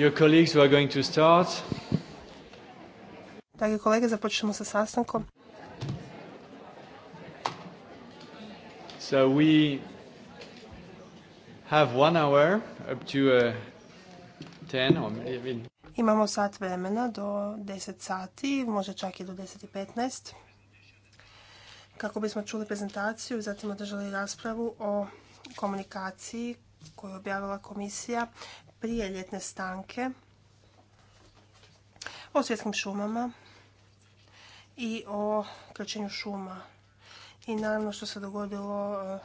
Dear colleagues, we are going to start. Dragi kolege, započnemo sa sastankom. So we have one hour up to uh, 10 or maybe... Imamo sat vremena do 10 sati, možda čak i do 10.15. Kako bismo čuli prezentaciju i zatim održali raspravu o komunikaciji koju je objavila komisija prije ljetne stanke o svjetskim šumama i o krećenju šuma. I naravno što se dogodilo eh,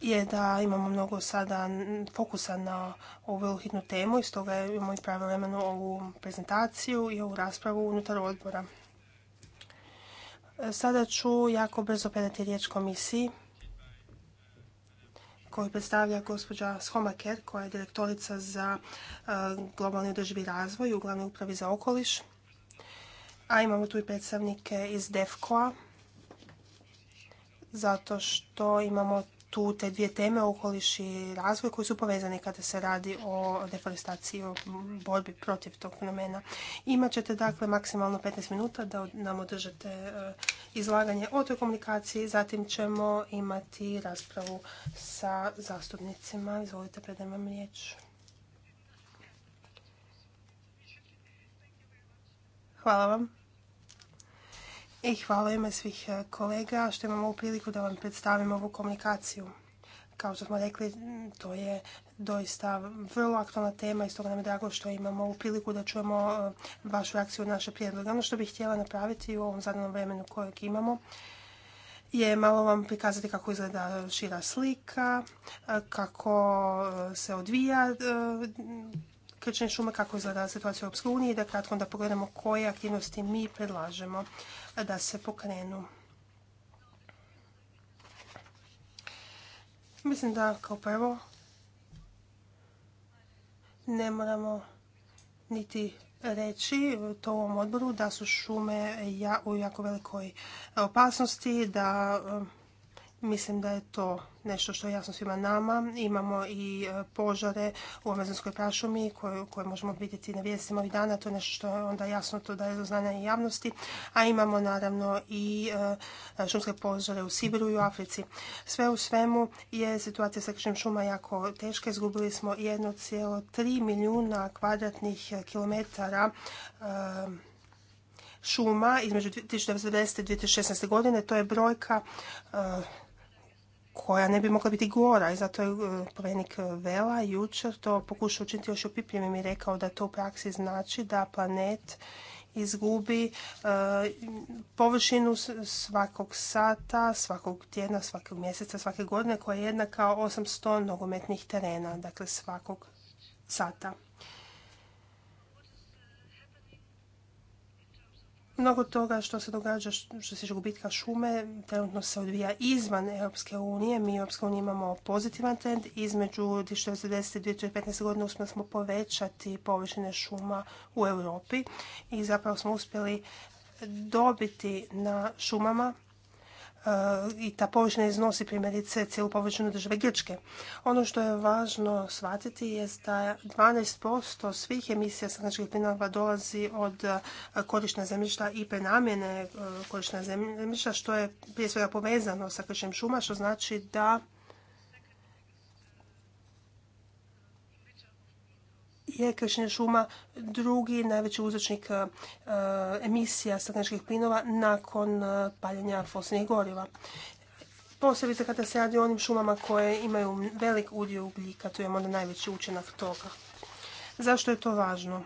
je da imamo mnogo sada fokusa na ovu vrlo hitnu temu i stoga imamo i pravovremeno ovu prezentaciju i ovu raspravu unutar odbora. Eh, sada ću jako brzo predati riječ komisiji koju predstavlja gospođa Schomaker, koja je direktorica za e, globalni održivi razvoj u glavnoj upravi za okoliš. A imamo tu i predstavnike iz DEFCO-a, zato što imamo tu te dvije teme, okoliš i razvoj, koji su povezani kada se radi o deforestaciji, o borbi protiv tog fenomena. Imaćete dakle maksimalno 15 minuta da nam održate e, izlaganje o toj komunikaciji, zatim ćemo imati raspravu sa zastupnicima. Izvolite, predajem vam riječ. Hvala vam. I e, hvala ime svih e, kolega što imamo ovu priliku da vam predstavim ovu komunikaciju. Kao što smo rekli, to je doista vrlo aktualna tema i stoga nam je drago što imamo ovu priliku da čujemo e, vašu reakciju na naše prijedloge. Ono što bih htjela napraviti u ovom zadanom vremenu kojeg imamo je malo vam prikazati kako izgleda šira slika, kako se odvija krčne šume, kako izgleda situacija u Europskoj i da kratko da pogledamo koje aktivnosti mi predlažemo da se pokrenu. Mislim da kao prvo ne moramo niti reći to u ovom odboru da su šume u jako velikoj opasnosti, da Mislim da je to nešto što je jasno svima nama. Imamo i e, požare u Amazonskoj prašumi koje, koje možemo vidjeti na vijestima ovih dana. To je nešto što je onda jasno to daje do znanja i javnosti. A imamo naravno i e, šumske požare u Sibiru i u Africi. Sve u svemu je situacija sa kršenjem šuma jako teška. Izgubili smo 1,3 milijuna kvadratnih e, kilometara šuma između 1990. i 2016. godine. To je brojka koja ne bi mogla biti gora i zato je e, povjerenik Vela jučer to pokušao učiniti još opipljivim i rekao da to u praksi znači da planet izgubi e, površinu svakog sata, svakog tjedna, svakog mjeseca, svake godine koja je jednaka 800 nogometnih terena, dakle svakog sata. Mnogo toga što se događa što se tiče gubitka šume trenutno se odvija izvan Europske unije. Mi u Europskoj imamo pozitivan trend. Između 2010. i 2015. godine uspjeli smo povećati površine šuma u Europi i zapravo smo uspjeli dobiti na šumama Eh, i ta površina iznosi primjerice cijelu površinu države Grčke. Ono što je važno shvatiti je da 12% svih emisija stakleničkih plinova dolazi od eh, korištenja zemljišta i prenamjene eh, korištenja zemljišta, što je prije svega povezano sa kršenjem šuma, što znači da je kršenje šuma drugi najveći uzročnik e, emisija stakleničkih plinova nakon e, paljenja fosilnih goriva. Posebice kada se radi o onim šumama koje imaju velik udio ugljika, tu je onda najveći učinak toga. Zašto je to važno?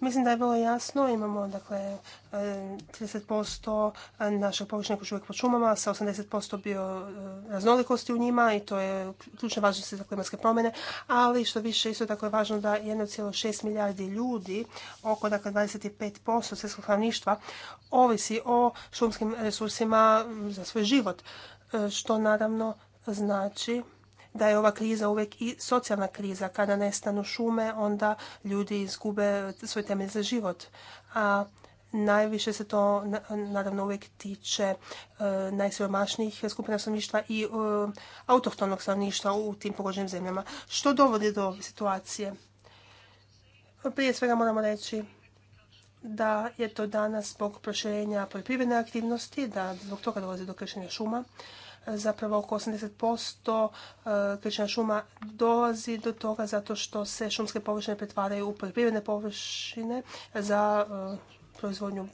Mislim da je bilo jasno, imamo dakle 30% e, našeg površnjaka koji uvijek po šumama, sa 80% bio e, raznolikosti u njima i to je ključna važnost za klimatske promjene, ali što više isto tako je važno da 1,6 milijardi ljudi, oko dakle 25% svjetskog hraništva, ovisi o šumskim resursima za svoj život, e, što naravno znači da je ova kriza uvijek i socijalna kriza. Kada nestanu šume, onda ljudi izgube svoj temelj za život. A najviše se to naravno uvijek tiče e, najsiromašnijih skupina stanovništva i e, autohtonog stanovništva u tim pogođenim zemljama. Što dovodi do ove situacije? Prije svega moramo reći da je to danas zbog proširenja poljoprivredne aktivnosti, da zbog toga dolazi do kršenja šuma, zapravo oko 80% krčna e, šuma dolazi do toga zato što se šumske površine pretvaraju u poljoprivredne površine za e, proizvodnju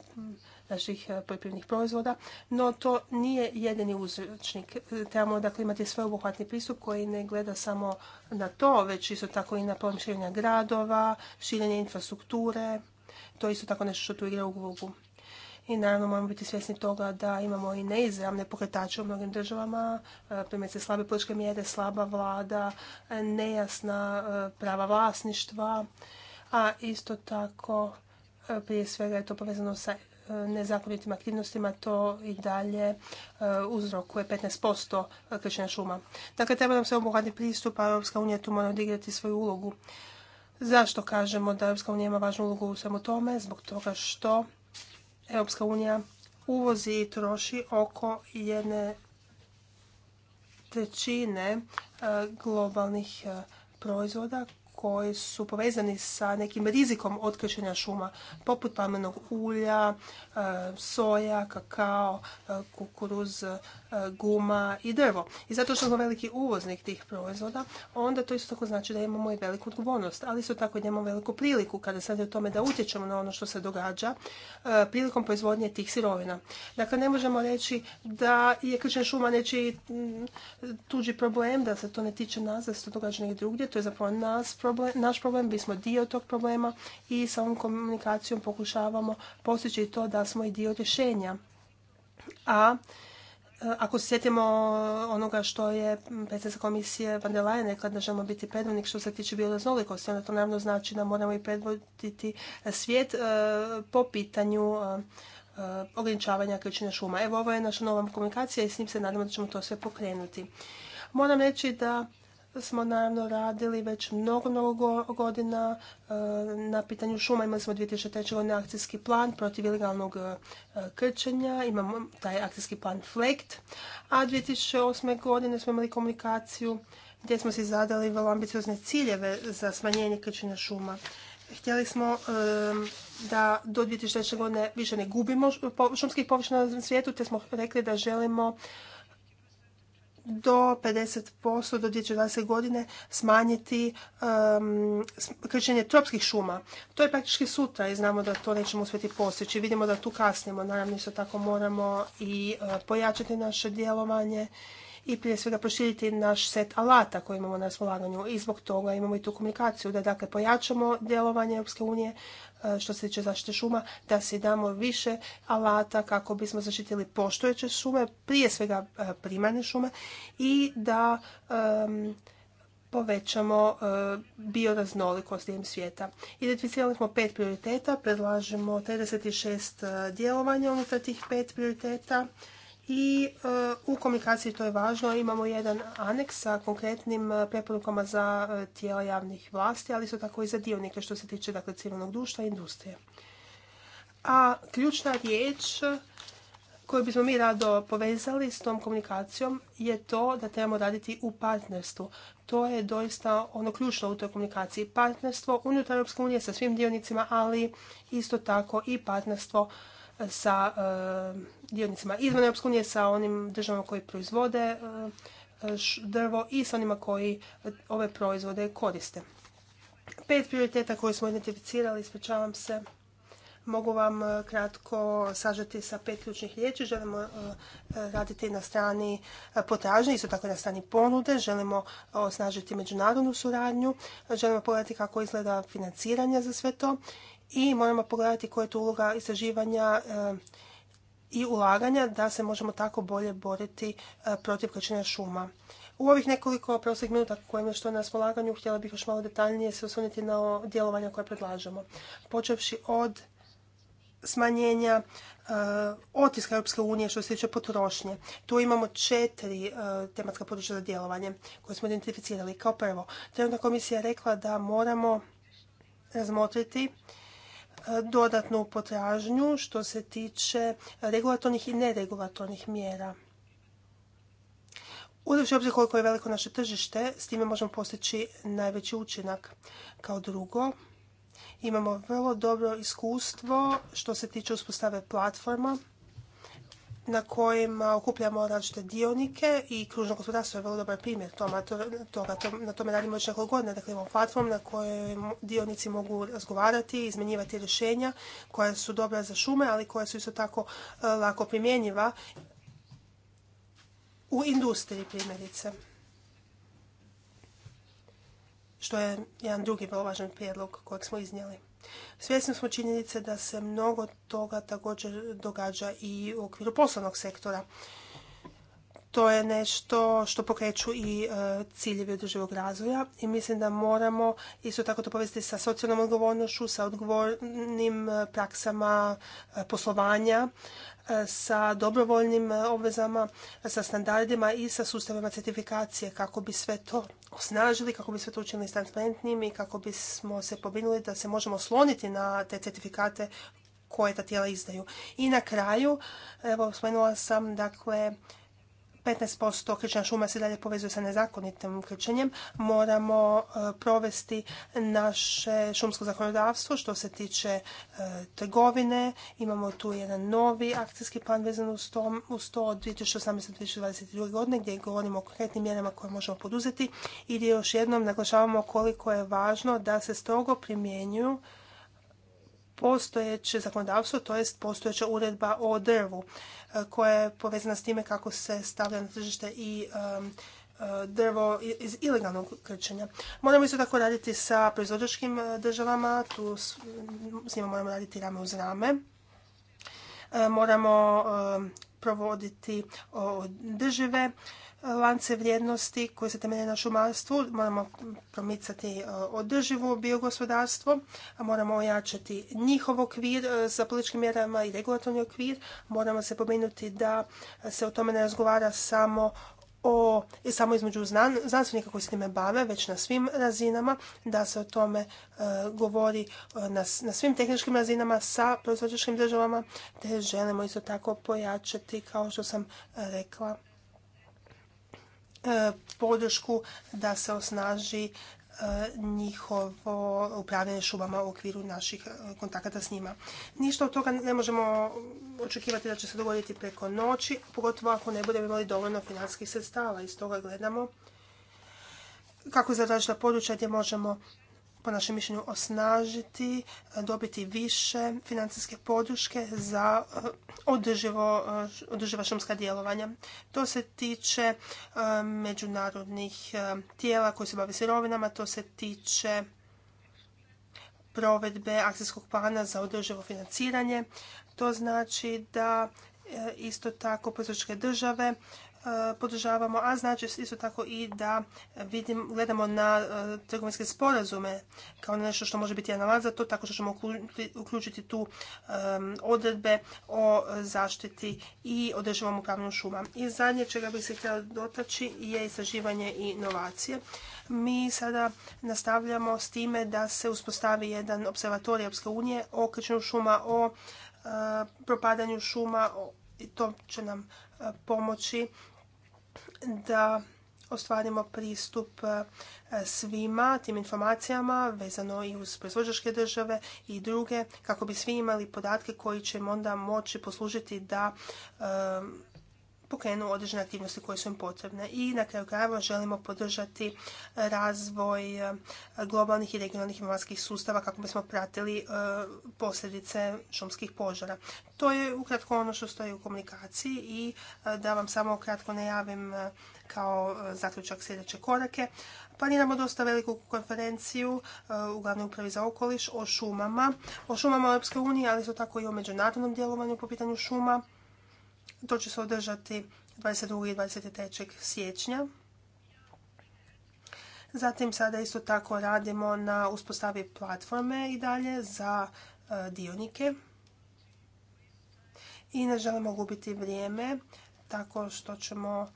naših e, poljoprivrednih proizvoda, no to nije jedini uzročnik. Trebamo dakle imati sveobuhvatni pristup koji ne gleda samo na to, već isto tako i na problem gradova, širenje infrastrukture, to je isto tako nešto što tu igra u glugu. I naravno moramo biti svjesni toga da imamo i neizravne pokretače u mnogim državama, e, primjerice slabe političke mjere, slaba vlada, e, nejasna e, prava vlasništva, a isto tako prije svega je to povezano sa nezakonitim aktivnostima to i dalje uzrokuje 15% kršenja šuma. Dakle, treba nam se obogati pristup, a Europska unija tu mora odigrati svoju ulogu. Zašto kažemo da Europska unija ima važnu ulogu u svemu tome? Zbog toga što Europska unija uvozi i troši oko jedne trećine e, globalnih e, proizvoda koji su povezani sa nekim rizikom od šuma, poput pamenog ulja, e, soja, kakao, e, kukuruz, e, guma i drvo. I zato što smo veliki uvoznik tih proizvoda, onda to isto tako znači da imamo i veliku odgovornost, ali isto tako da imamo veliku priliku kada sad o tome da utječemo na ono što se događa prilikom proizvodnje tih sirovina. Dakle, ne možemo reći da je kršenje šuma nečiji tuđi problem, da se to ne tiče nas, da se to događa negdje drugdje, to je zapravo nas problem, naš problem, bismo dio tog problema i sa ovom komunikacijom pokušavamo postići to da smo i dio rješenja. A e, ako se sjetimo onoga što je predsjednica komisije Van der Leyen da želimo biti predvodnik što se tiče bioraznolikosti, onda to naravno znači da moramo i predvoditi svijet e, po pitanju e, ograničavanja krčenja šuma. Evo, ovo je naša nova komunikacija i s njim se nadamo da ćemo to sve pokrenuti. Moram reći da smo naravno radili već mnogo, mnogo godina e, na pitanju šuma. Imali smo 2003. godine akcijski plan protiv ilegalnog e, krčenja, imamo taj akcijski plan FLECT, a 2008. godine smo imali komunikaciju gdje smo se zadali vrlo ambiciozne ciljeve za smanjenje krčenja šuma. Htjeli smo e, da do 2003. godine više ne gubimo šumskih površina na svijetu, te smo rekli da želimo do 50% do 2020. godine smanjiti um, tropskih šuma. To je praktički sutra i znamo da to nećemo uspjeti postići. Vidimo da tu kasnimo. Naravno, isto tako moramo i e, pojačati naše djelovanje i prije svega proširiti naš set alata koji imamo na raspolaganju i zbog toga imamo i tu komunikaciju da dakle pojačamo djelovanje Europske unije, E, što se tiče zaštite šuma, da si damo više alata kako bismo zaštitili poštojeće šume, prije svega e, primarne šume i da povećamo e, bioraznolikost diljem svijeta. Identificirali smo pet prioriteta, predlažemo 36 djelovanja unutar tih pet prioriteta i e, u komunikaciji to je važno. Imamo jedan aneks sa konkretnim e, preporukama za e, tijela javnih vlasti, ali isto tako i za dionike što se tiče dakle, civilnog društva i industrije. A ključna riječ koju bismo mi rado povezali s tom komunikacijom je to da trebamo raditi u partnerstvu. To je doista ono ključno u toj komunikaciji. Partnerstvo unutar Europske unije sa svim dionicima, ali isto tako i partnerstvo sa dionicima izvan EU sa onim državama koji proizvode e, e, drvo i sa onima koji e, ove proizvode koriste. Pet prioriteta koje smo identificirali, ispričavam se, mogu vam kratko sažeti sa pet ključnih riječi. Želimo raditi na strani potražnje, isto tako na strani ponude. Želimo osnažiti međunarodnu suradnju. Želimo pogledati kako izgleda financiranje za sve to. I moramo pogledati koja je tu uloga istraživanja i ulaganja da se možemo tako bolje boriti e, protiv krčenja šuma. U ovih nekoliko prošlih minuta koje mi je što na raspolaganju htjela bih još malo detaljnije se osvrnuti na djelovanja koje predlažemo. Počevši od smanjenja e, otiska Europske unije što se tiče potrošnje. Tu imamo četiri e, tematska područja za djelovanje koje smo identificirali. Kao prvo, trenutna komisija je rekla da moramo razmotriti dodatnu potražnju što se tiče regulatornih i neregulatornih mjera. Uzevši obzir koliko je veliko naše tržište, s time možemo postići najveći učinak. Kao drugo, imamo vrlo dobro iskustvo što se tiče uspostave platforma na kojima okupljamo različite dionike i kružno gospodarstvo je vrlo dobar primjer na tome radimo već nekoliko godina. Dakle, imamo platform na kojoj dionici mogu razgovarati, izmjenjivati rješenja koja su dobra za šume, ali koja su isto tako e, lako primjenjiva u industriji primjerice. Što je jedan drugi vrlo važan prijedlog kojeg smo iznijeli. Svjesni smo činjenice da se mnogo toga također događa i u okviru poslovnog sektora. To je nešto što pokreću i e, ciljevi održivog razvoja i mislim da moramo isto tako to povesti sa socijalnom odgovornošću, sa odgovornim e, praksama e, poslovanja sa dobrovoljnim e, obvezama, sa standardima i sa sustavima certifikacije kako bi sve to osnažili, kako bi sve to učinili transparentnim i kako bismo se pobinuli da se možemo osloniti na te certifikate koje ta tijela izdaju. I na kraju, evo, spomenula sam, dakle, 15% krčenja šuma se dalje povezuje sa nezakonitim krčenjem. Moramo e, provesti naše šumsko zakonodavstvo što se tiče e, trgovine. Imamo tu jedan novi akcijski plan vezan uz to, uz to od 2018-2022 godine gdje govorimo o konkretnim mjerama koje možemo poduzeti i gdje još jednom naglašavamo koliko je važno da se strogo primjenjuju postojeće zakonodavstvo, to jest postojeća uredba o drvu e, koja je povezana s time kako se stavlja na tržište i e, e, drvo iz ilegalnog krčenja. Moramo isto tako raditi sa proizvođačkim državama, tu s njima moramo raditi rame uz rame. Moramo provoditi držive lance vrijednosti koje se temelje na šumarstvu. Moramo promicati e, održivo biogospodarstvo, a moramo ojačati njihov okvir sa e, političkim mjerama i regulatorni okvir. Moramo se pominuti da se o tome ne razgovara samo o, samo između znanstvenika koji se time bave, već na svim razinama, da se o tome e, govori na, na svim tehničkim razinama sa proizvođačkim državama, te želimo isto tako pojačati, kao što sam rekla, E, podršku da se osnaži e, njihovo upravljanje šumama u okviru naših e, kontakata s njima. Ništa od toga ne možemo očekivati da će se dogoditi preko noći, pogotovo ako ne budemo imali dovoljno financijskih sredstava. Iz toga gledamo kako različita područja gdje možemo po našem mišljenju osnažiti, e, dobiti više financijske podrške za e, održivo, e, održiva šumska djelovanja. To se tiče međunarodnih tijela koji se bave sirovinama, to se tiče provedbe akcijskog plana za održivo financiranje. To znači da isto tako potrošačke države podržavamo, a znači isto tako i da vidim, gledamo na e, trgovinske sporazume kao nešto što može biti analaz za to, tako što ćemo uključiti tu odredbe o zaštiti i održivom upravljanju šuma. I zadnje čega bih se htjela dotaći je istraživanje i inovacije. Mi sada nastavljamo s time da se uspostavi jedan observatorij Europske unije o krčenju šuma, o e, propadanju šuma, i to će nam e, pomoći da ostvarimo pristup e, svima tim informacijama vezano i uz proizvođačke države i druge kako bi svi imali podatke koji će im onda moći poslužiti da e, pokrenu određene aktivnosti koje su im potrebne. I na kraju krajeva želimo podržati razvoj eh, globalnih i regionalnih informacijskih sustava kako bismo pratili eh, posljedice šumskih požara. To je ukratko ono što stoji u komunikaciji i eh, da vam samo kratko najavim kao zaključak sljedeće korake. Planiramo dosta veliku konferenciju u glavnoj upravi za okoliš o šumama, o šumama u EU, ali isto tako i o međunarodnom djelovanju po pitanju šuma to će se održati 22. i 23. siječnja. Zatim sada isto tako radimo na uspostavi platforme i dalje za e, dionike. I ne želimo gubiti vrijeme tako što ćemo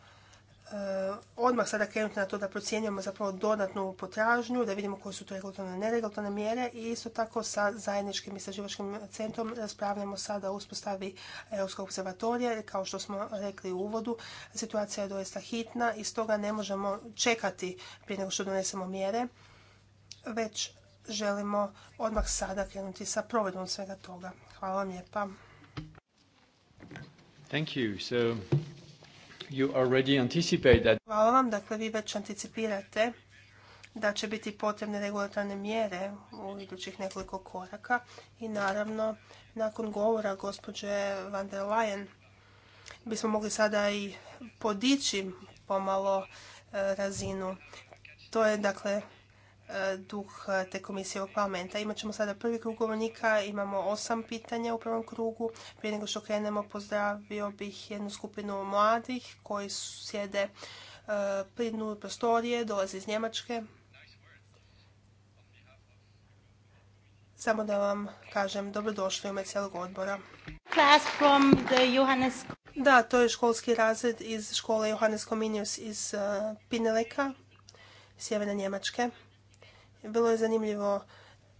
Eh, odmah sada krenuti na to da procjenjujemo zapravo dodatnu potražnju, da vidimo koje su to regulatorne i neregulatorne mjere i isto tako sa zajedničkim istraživačkim centrom raspravljamo sada o uspostavi Europskog observatorija. Kao što smo rekli u uvodu, situacija je doista hitna i stoga ne možemo čekati prije nego što donesemo mjere, već želimo odmah sada krenuti sa provedbom svega toga. Hvala vam lijepa. Hvala vam, dakle vi već anticipirate da će biti potrebne regulatorne mjere u idućih nekoliko koraka i naravno nakon govora gospođe van der Leyen bismo mogli sada i podići pomalo e, razinu. To je dakle duh eh, te komisije ovog parlamenta. Imat ćemo sada prvi krug govornika, imamo osam pitanja u prvom krugu. Prije nego što krenemo pozdravio bih jednu skupinu mladih koji sjede eh, pri prostorije, dolaze iz Njemačke. Samo da vam kažem, dobrodošli u ime cijelog odbora. Da, to je školski razred iz škole Johannes Cominius iz eh, Pineleka, sjeverne Njemačke. Vrlo je zanimljivo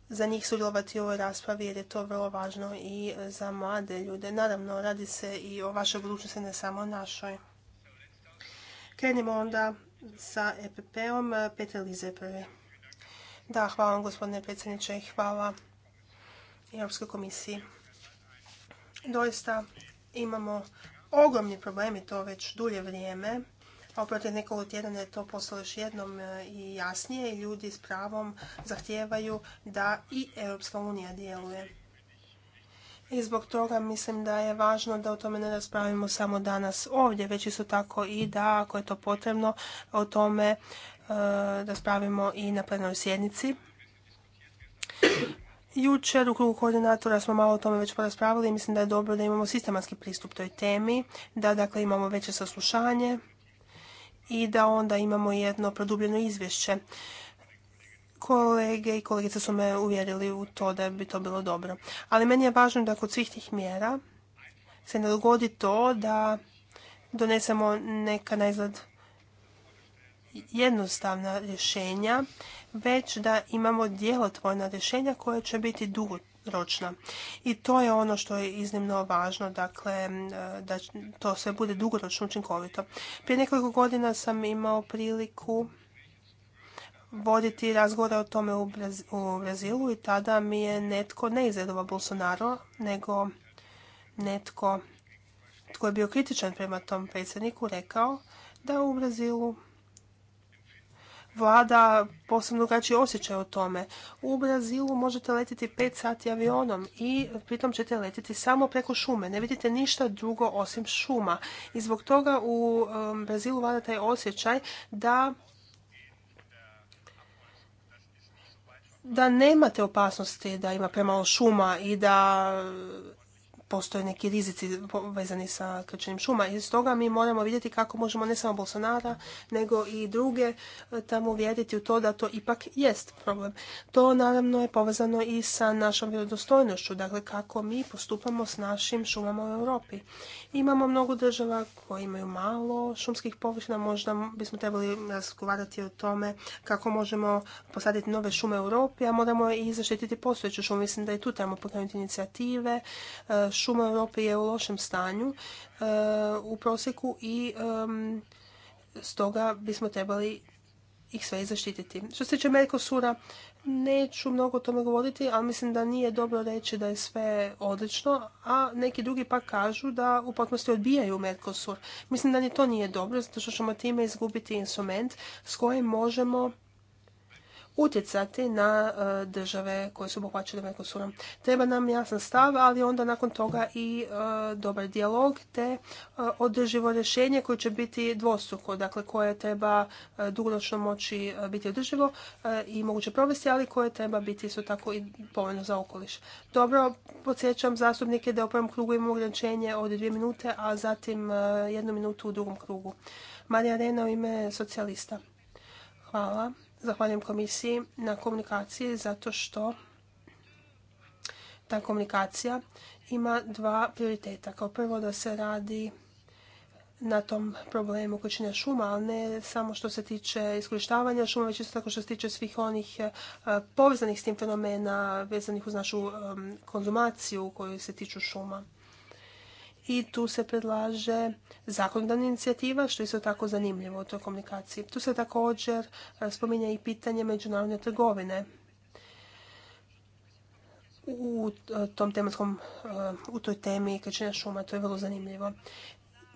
za njih sudjelovati u ovoj raspravi jer je to vrlo važno i za mlade ljude. Naravno, radi se i o vašoj budućnosti, ne samo o našoj. Krenimo onda sa EPP-om. Petra Lize prvi. Da, hvala vam gospodine predsjedniče i hvala Europskoj komisiji. Doista imamo ogromni problemi, to već dulje vrijeme a protiv nekoliko tjedana je to postalo još jednom e, i jasnije i ljudi s pravom zahtijevaju da i Europska unija djeluje. I zbog toga mislim da je važno da o tome ne raspravimo samo danas ovdje, već isto tako i da ako je to potrebno o tome e, raspravimo i na plenarnoj sjednici. Jučer u krugu koordinatora smo malo o tome već poraspravili i mislim da je dobro da imamo sistematski pristup toj temi, da dakle imamo veće saslušanje i da onda imamo jedno produbljeno izvješće. Kolege i kolegice su me uvjerili u to da bi to bilo dobro. Ali meni je važno da kod svih tih mjera se ne dogodi to da donesemo neka najzad jednostavna rješenja, već da imamo djelotvorna rješenja koja će biti dugo, ročna. I to je ono što je iznimno važno, dakle, da to sve bude dugoročno učinkovito. Prije nekoliko godina sam imao priliku voditi razgovore o tome u, Brazilu i tada mi je netko ne iz Bolsonaro, nego netko tko je bio kritičan prema tom predsjedniku rekao da u Brazilu vlada posebno drugačiji osjećaj o tome. U Brazilu možete letiti 5 sati avionom i pritom ćete letiti samo preko šume. Ne vidite ništa drugo osim šuma. I zbog toga u um, Brazilu vlada taj osjećaj da da nemate opasnosti da ima premalo šuma i da postoje neki rizici povezani sa krčenim šuma. I stoga mi moramo vidjeti kako možemo ne samo Bolsonara, nego i druge e, tamo uvjeriti u to da to ipak jest problem. To naravno je povezano i sa našom vjerodostojnošću, dakle kako mi postupamo s našim šumama u Europi. Imamo mnogo država koje imaju malo šumskih površina, možda bismo trebali razgovarati o tome kako možemo posaditi nove šume u Europi, a moramo i zaštititi postojeću šumu. Mislim da i tu trebamo pokrenuti inicijative, e, šuma u Europi je u lošem stanju e, u prosjeku i stoga bismo trebali ih sve zaštititi. Što se tiče Mercosura, neću mnogo o tome govoriti, ali mislim da nije dobro reći da je sve odlično, a neki drugi pa kažu da u potpunosti odbijaju Mercosur. Mislim da ni to nije dobro, zato što ćemo time izgubiti instrument s kojim možemo utjecati na e, države koje su obuhvaćene Mercosurom. Treba nam jasan stav, ali onda nakon toga i e, dobar dijalog te e, održivo rješenje koje će biti dvostruko, dakle koje treba dugoročno moći biti održivo i moguće provesti, ali koje treba biti isto tako i povoljno za okoliš. Dobro, podsjećam zastupnike da u prvom krugu imamo ograničenje od dvije minute, a zatim jednu minutu u drugom krugu. Marija Rena u ime socijalista. Hvala. Zahvaljujem komisiji na komunikaciji zato što ta komunikacija ima dva prioriteta. Kao prvo da se radi na tom problemu kočenja šuma, ali ne samo što se tiče iskorištavanja šuma, već isto tako što se tiče svih onih e, povezanih s tim fenomena, vezanih uz našu e, konzumaciju koju se tiču šuma i tu se predlaže zakonodavna inicijativa, što je isto tako zanimljivo u toj komunikaciji. Tu se također e, spominje i pitanje međunarodne trgovine. U e, tom tematskom, e, u toj temi krećenja šuma, to je vrlo zanimljivo.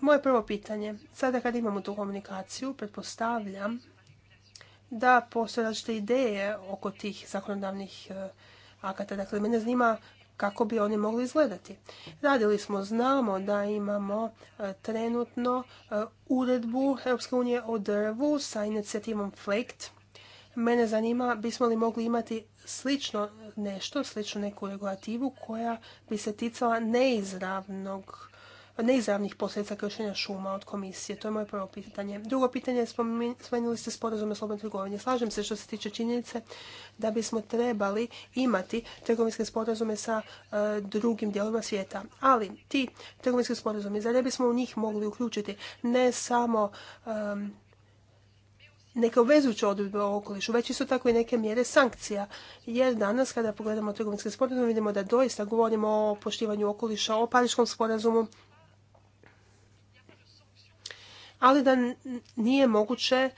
Moje prvo pitanje, sada kad imamo tu komunikaciju, pretpostavljam da postoje različite ideje oko tih zakonodavnih akata. Dakle, mene zanima kako bi oni mogli izgledati. Radili smo, znamo da imamo e, trenutno e, uredbu Europske unije o drvu sa inicijativom FLEKT. Mene zanima bismo li mogli imati slično nešto, sličnu neku regulativu koja bi se ticala neizravnog pa neizravnih posljedica kršenja šuma od komisije? To je moje prvo pitanje. Drugo pitanje, spomenuli ste sporazum o slobodnoj trgovini. Slažem se što se tiče činjenice da bismo trebali imati trgovinske sporazume sa e, drugim dijelovima svijeta. Ali ti trgovinski sporazumi, zar ne bismo u njih mogli uključiti ne samo neke obvezujuće odredbe o okolišu, već isto tako i neke mjere sankcija. Jer danas kada pogledamo trgovinske sporazume vidimo da doista govorimo o poštivanju okoliša, o pariškom sporazumu, ali da nije moguće e,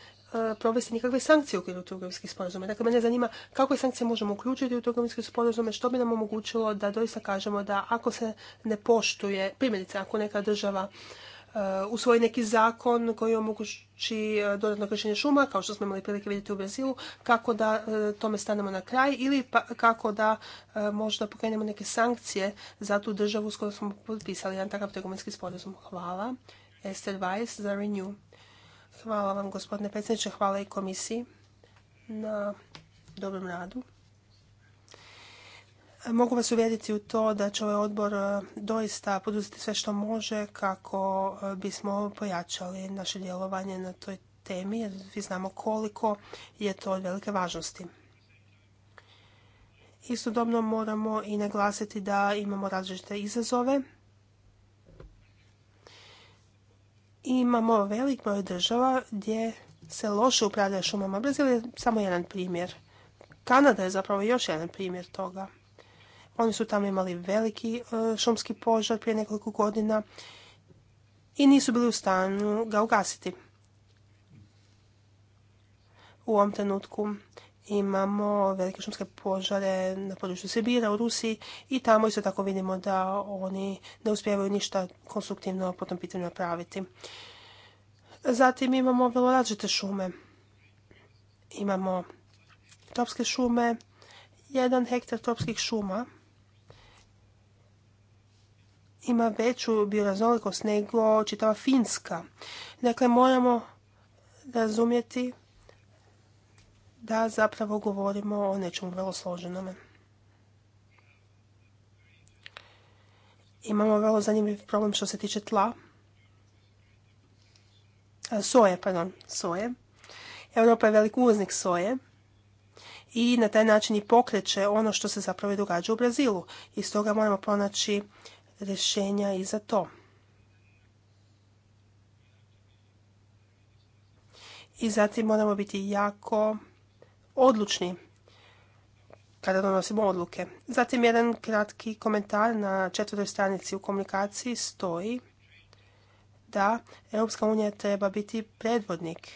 provesti nikakve sankcije u okviru trgovinskih sporazuma. Dakle, mene zanima je sankcije možemo uključiti u trgovinske sporazume, što bi nam omogućilo da doista kažemo da ako se ne poštuje, primjerice ako neka država e, usvoji neki zakon koji omogući e, dodatno kršenje šuma, kao što smo imali prilike vidjeti u Brazilu, kako da tome stanemo na kraj ili pa, kako da možda pokrenemo neke sankcije za tu državu s kojom smo potpisali jedan takav trgovinski sporazum. Hvala. Esther Weiss za Renew. Hvala vam gospodine predsjedniče, hvala i komisiji na dobrom radu. Mogu vas uvjeriti u to da će ovaj odbor e, doista poduzeti sve što može kako e, bismo pojačali naše djelovanje na toj temi jer vi znamo koliko je to od velike važnosti. Istodobno moramo i naglasiti da imamo različite izazove imamo velik broj država gdje se loše upravlja šumama. Brazil je samo jedan primjer. Kanada je zapravo još jedan primjer toga. Oni su tamo imali veliki e, šumski požar prije nekoliko godina i nisu bili u stanju ga ugasiti. U ovom trenutku imamo velike šumske požare na području Sibira u Rusiji i tamo isto tako vidimo da oni ne uspjevaju ništa konstruktivno po tom pitanju napraviti. Zatim imamo vrlo šume. Imamo tropske šume, jedan hektar tropskih šuma ima veću bioraznolikost nego čitava Finska. Dakle, moramo razumjeti da zapravo govorimo o nečemu vrlo složenome. Imamo vrlo zanimljiv problem što se tiče tla. E, soje, pardon, soje. Europa je velik uvoznik soje i na taj način i pokreće ono što se zapravo i događa u Brazilu. I stoga moramo pronaći rješenja i za to. I zatim moramo biti jako odlučni kada donosimo odluke. Zatim jedan kratki komentar na četvrtoj stranici u komunikaciji stoji da Europska unija treba biti predvodnik.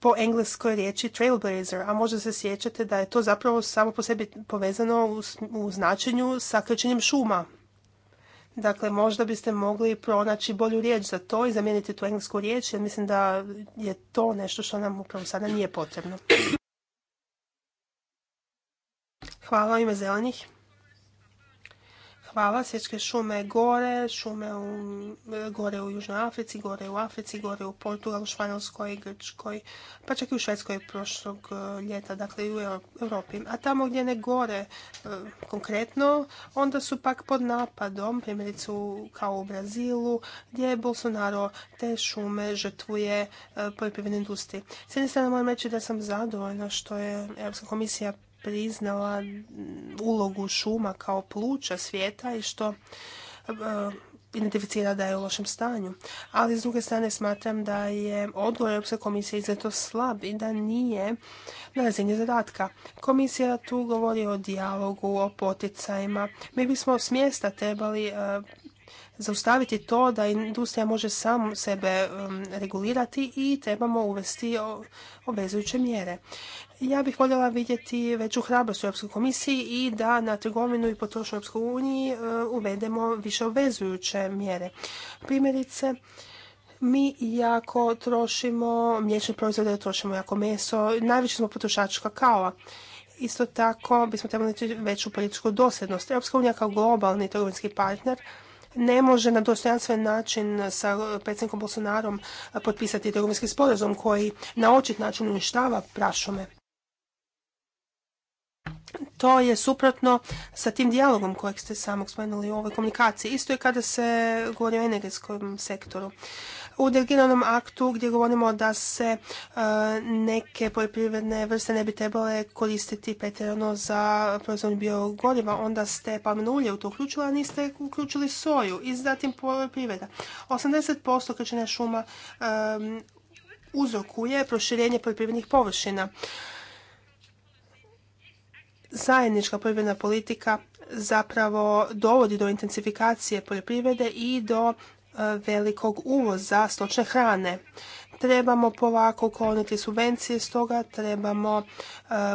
Po engleskoj riječi trailblazer, a možda se sjećate da je to zapravo samo po sebi povezano u, značenju sa krećenjem šuma Dakle, možda biste mogli pronaći bolju riječ za to i zamijeniti tu englesku riječ, jer mislim da je to nešto što nam upravo sada nije potrebno. Hvala ime zelenih. Hvala, sječke šume gore, šume u, gore u Južnoj Africi, gore u Africi, gore u Portugalu, Španjolskoj, Grčkoj, pa čak i u Švedskoj prošlog e, ljeta, dakle i u Europi. A tamo gdje ne gore e, konkretno, onda su pak pod napadom, primjerice kao u Brazilu, gdje je Bolsonaro te šume žrtvuje e, poljoprivredne industrije. S jedne strane moram reći da sam zadovoljna što je Europska komisija priznala ulogu šuma kao pluća svijeta i što e, identificira da je u lošem stanju. Ali s druge strane smatram da je odgovor Europske komisije izuzetno slab i da nije na razini zadatka. Komisija tu govori o dijalogu, o poticajima. Mi bismo s mjesta trebali e, zaustaviti to da industrija može sam sebe e, regulirati i trebamo uvesti obvezujuće mjere ja bih voljela vidjeti veću hrabrost u Europskoj komisiji i da na trgovinu i potrošnju Europskoj uniji e, uvedemo više obvezujuće mjere. Primjerice, mi jako trošimo mliječne proizvode, trošimo jako meso, najviše smo potrošači kakaova. Isto tako bismo trebali veću političku dosljednost. Europska unija kao globalni trgovinski partner ne može na dostojanstven način sa predsjednikom Bolsonarom potpisati trgovinski sporazum koji na očit način uništava prašume to je suprotno sa tim dijalogom kojeg ste samog spomenuli u ovoj komunikaciji. Isto je kada se govori o energetskom sektoru. U delegiranom aktu gdje govorimo da se e, neke poljoprivredne vrste ne bi trebale koristiti pretjerano za proizvodnju biogoriva, onda ste palmino ulje u to uključili, a niste uključili soju i zatim poljoprivreda. 80% krećenja šuma e, uzrokuje proširenje poljoprivrednih površina zajednička poljoprivredna politika zapravo dovodi do intensifikacije poljoprivrede i do e, velikog uvoza stočne hrane. Trebamo polako ukloniti subvencije, stoga trebamo e,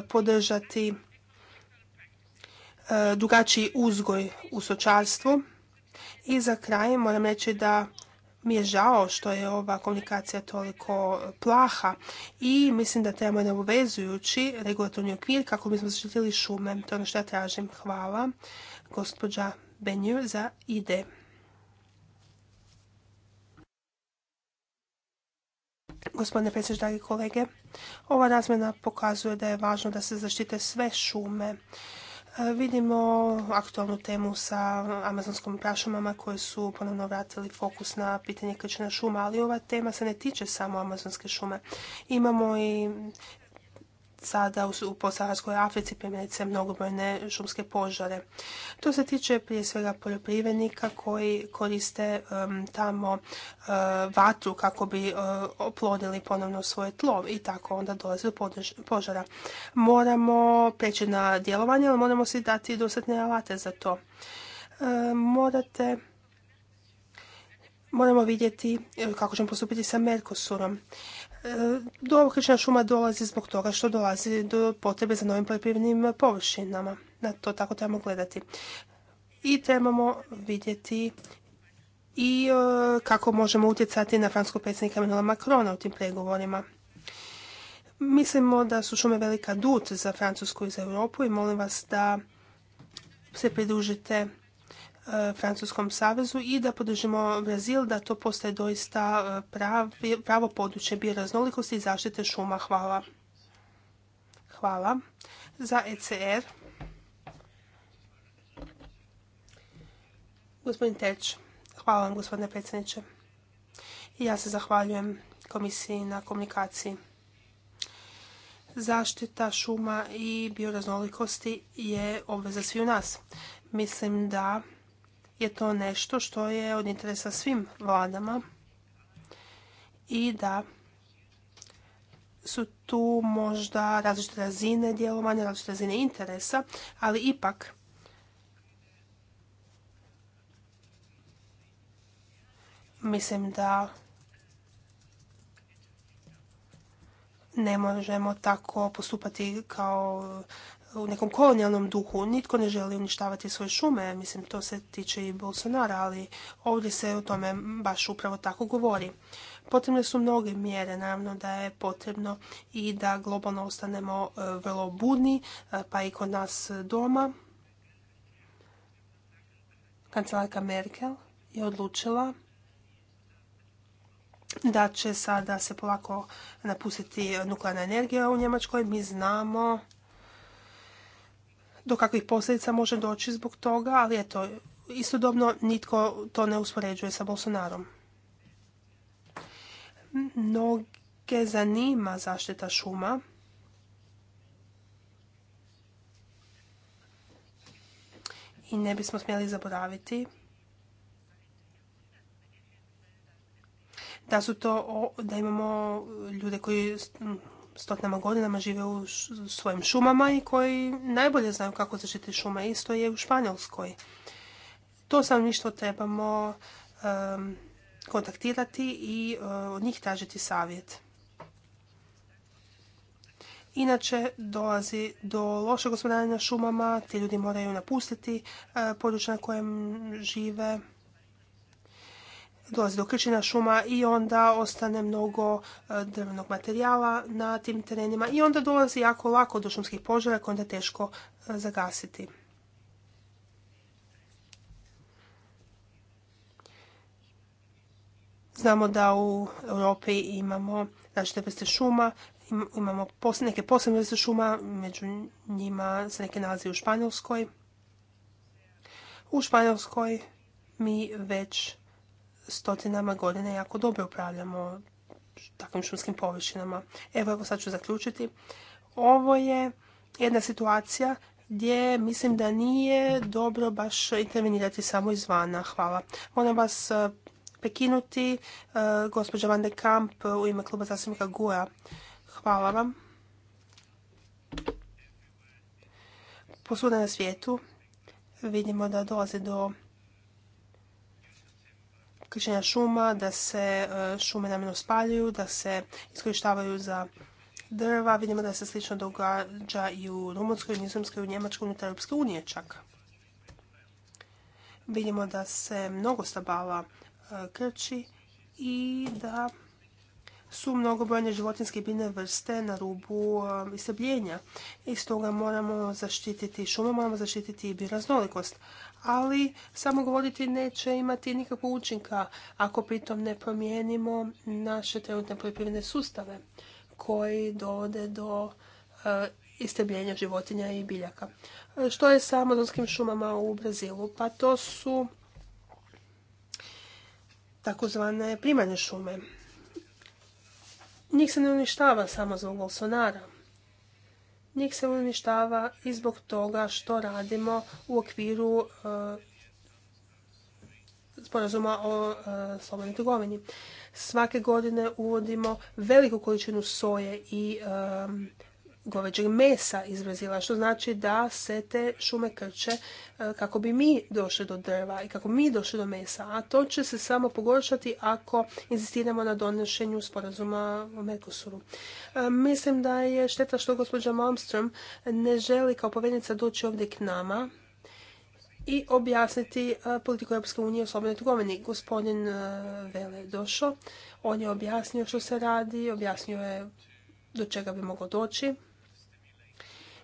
podržati e, drugačiji uzgoj u sočarstvu. I za kraj moram reći da mi je žao što je ova komunikacija toliko plaha i mislim da trebamo jedan obvezujući regulatorni okvir kako bismo zaštitili šume. To je ono što ja tražim. Hvala gospođa Benju, za ide. Gospodine predsjedniče, dragi kolege, ova razmjena pokazuje da je važno da se zaštite sve šume Vidimo aktualnu temu sa amazonskom prašumama koje su ponovno vratili fokus na pitanje krčenja šuma, ali ova tema se ne tiče samo amazonske šume. Imamo i sada u posaharskoj Africi primjerice mnogobrojne šumske požare. To se tiče prije svega poljoprivrednika koji koriste tamo eh, vatru kako bi eh, oplodili ponovno svoje tlo i tako onda dolazi do požara. Moramo preći na djelovanje, ali moramo si dati dostatne alate za to. Eh, morate Moramo vidjeti kako ćemo postupiti sa Merkosurom do okrećaja šuma dolazi zbog toga što dolazi do potrebe za novim poljoprivrednim površinama. Na to tako trebamo gledati. I trebamo vidjeti i e, kako možemo utjecati na francuskog predsjednika Emmanuela Macrona u tim pregovorima. Mislimo da su šume velika dut za Francusku i za Europu i molim vas da se pridružite E, Francuskom savezu i da podržimo Brazil da to postaje doista e, pravo područje bioraznolikosti i zaštite šuma. Hvala. Hvala. Za ECR. Gospodin Teć, hvala vam gospodine predsjedniče. ja se zahvaljujem komisiji na komunikaciji. Zaštita šuma i bioraznolikosti je obveza svi u nas. Mislim da je to nešto što je od interesa svim vladama i da su tu možda različite razine djelovanja, različite razine interesa, ali ipak mislim da ne možemo tako postupati kao u nekom kolonijalnom duhu. Nitko ne želi uništavati svoje šume, mislim to se tiče i Bolsonara, ali ovdje se o tome baš upravo tako govori. Potrebne su mnoge mjere, naravno da je potrebno i da globalno ostanemo e, vrlo budni, e, pa i kod nas doma. Kancelarka Merkel je odlučila da će sada se polako napustiti nuklearna energija u Njemačkoj. Mi znamo do kakvih posljedica može doći zbog toga, ali eto, istodobno nitko to ne uspoređuje sa Bolsonarom. Mnoge zanima zaštita šuma. I ne bismo smjeli zaboraviti da su to, da imamo ljude koji Stotnama godinama žive u svojim šumama i koji najbolje znaju kako zaštiti šume. Isto je u Španjolskoj. To ništa trebamo kontaktirati i e, od njih tražiti savjet. Inače, dolazi do lošeg gospodarenja šumama, ti ljudi moraju napustiti e, područja na kojem žive dolazi do krčina šuma i onda ostane mnogo e, drvenog materijala na tim terenima i onda dolazi jako lako do šumskih požara koje onda je teško e, zagasiti. Znamo da u Europi imamo različite vrste šuma, imamo neke posebne vrste šuma, među njima se neke nalazi u Španjolskoj. U Španjolskoj mi već stotinama godina jako dobro upravljamo takvim šumskim površinama. Evo, evo sad ću zaključiti. Ovo je jedna situacija gdje mislim da nije dobro baš intervenirati samo izvana. Hvala. Moram vas e, prekinuti. E, gospođa Van de Kamp u ime kluba zastupnika GUA. Hvala vam. Posuda na svijetu vidimo da dolazi do krišenja šuma, da se e, šume namjerno spaljuju, da se iskorištavaju za drva. Vidimo da se slično događa i u Rumunskoj, Nizozemskoj, u Njemačkoj, unutar Europske unije čak. Vidimo da se mnogo stabala e, krči i da su mnogobrojne životinske biljne vrste na rubu e, istrebljenja. I stoga moramo zaštititi šume, moramo zaštititi i bioraznolikost ali samo govoriti neće imati nikakvog učinka ako pritom ne promijenimo naše trenutne poljoprivredne sustave koji dovode do eh, istrebljenja životinja i biljaka. Što je sa amazonskim šumama u Brazilu? Pa to su takozvane primarne šume. Njih se ne uništava samo zbog Bolsonara njih se uništava i zbog toga što radimo u okviru e, sporazuma o e, slobodnoj trgovini. Svake godine uvodimo veliku količinu soje i e, goveđeg mesa iz Brazila, što znači da se te šume krče e, kako bi mi došli do drva i kako bi mi došli do mesa, a to će se samo pogoršati ako insistiramo na donošenju sporazuma u Mercosuru. E, mislim da je šteta što gospođa Malmström ne želi kao povednica doći ovdje k nama i objasniti e, politiku Europske unije u slobodnoj trgovini. Gospodin Vele je došao, on je objasnio što se radi, objasnio je do čega bi moglo doći.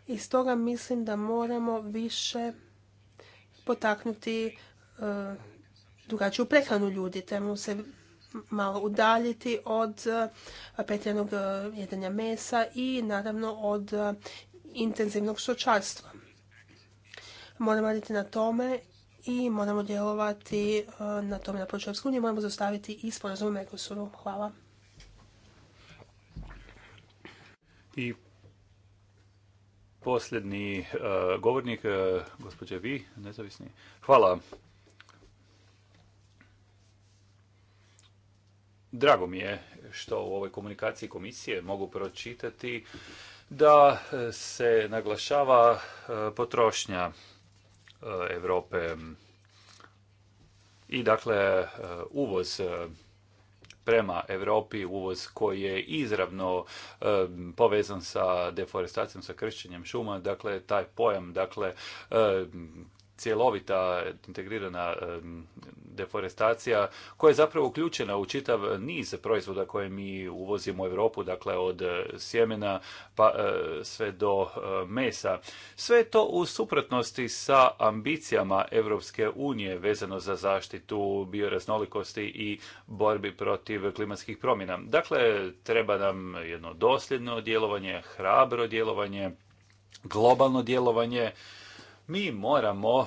I stoga mislim da moramo više potaknuti e, drugačiju prehranu ljudi. Trebamo se malo udaljiti od e, petljenog e, jedanja mesa i naravno od intenzivnog sočarstva. Moramo raditi na tome i moramo djelovati na tome na području Moramo zastaviti i sporazum Mekosuru. Hvala. I Posljednji e, govornik, e, gospođe, Vi, nezavisni. Hvala. Drago mi je što u ovoj komunikaciji komisije mogu pročitati da e, se naglašava potrošnja Europe i dakle uvoz prema Europi uvoz koji je izravno povezan sa deforestacijom, sa kršćenjem šuma, dakle taj pojam dakle cjelovita integrirana deforestacija koja je zapravo uključena u čitav niz proizvoda koje mi uvozimo u Europu, dakle od e, sjemena pa e, sve do e, mesa. Sve je to u suprotnosti sa ambicijama Europske unije vezano za zaštitu bioraznolikosti i borbi protiv klimatskih promjena. Dakle, treba nam jedno dosljedno djelovanje, hrabro djelovanje, globalno djelovanje mi moramo e,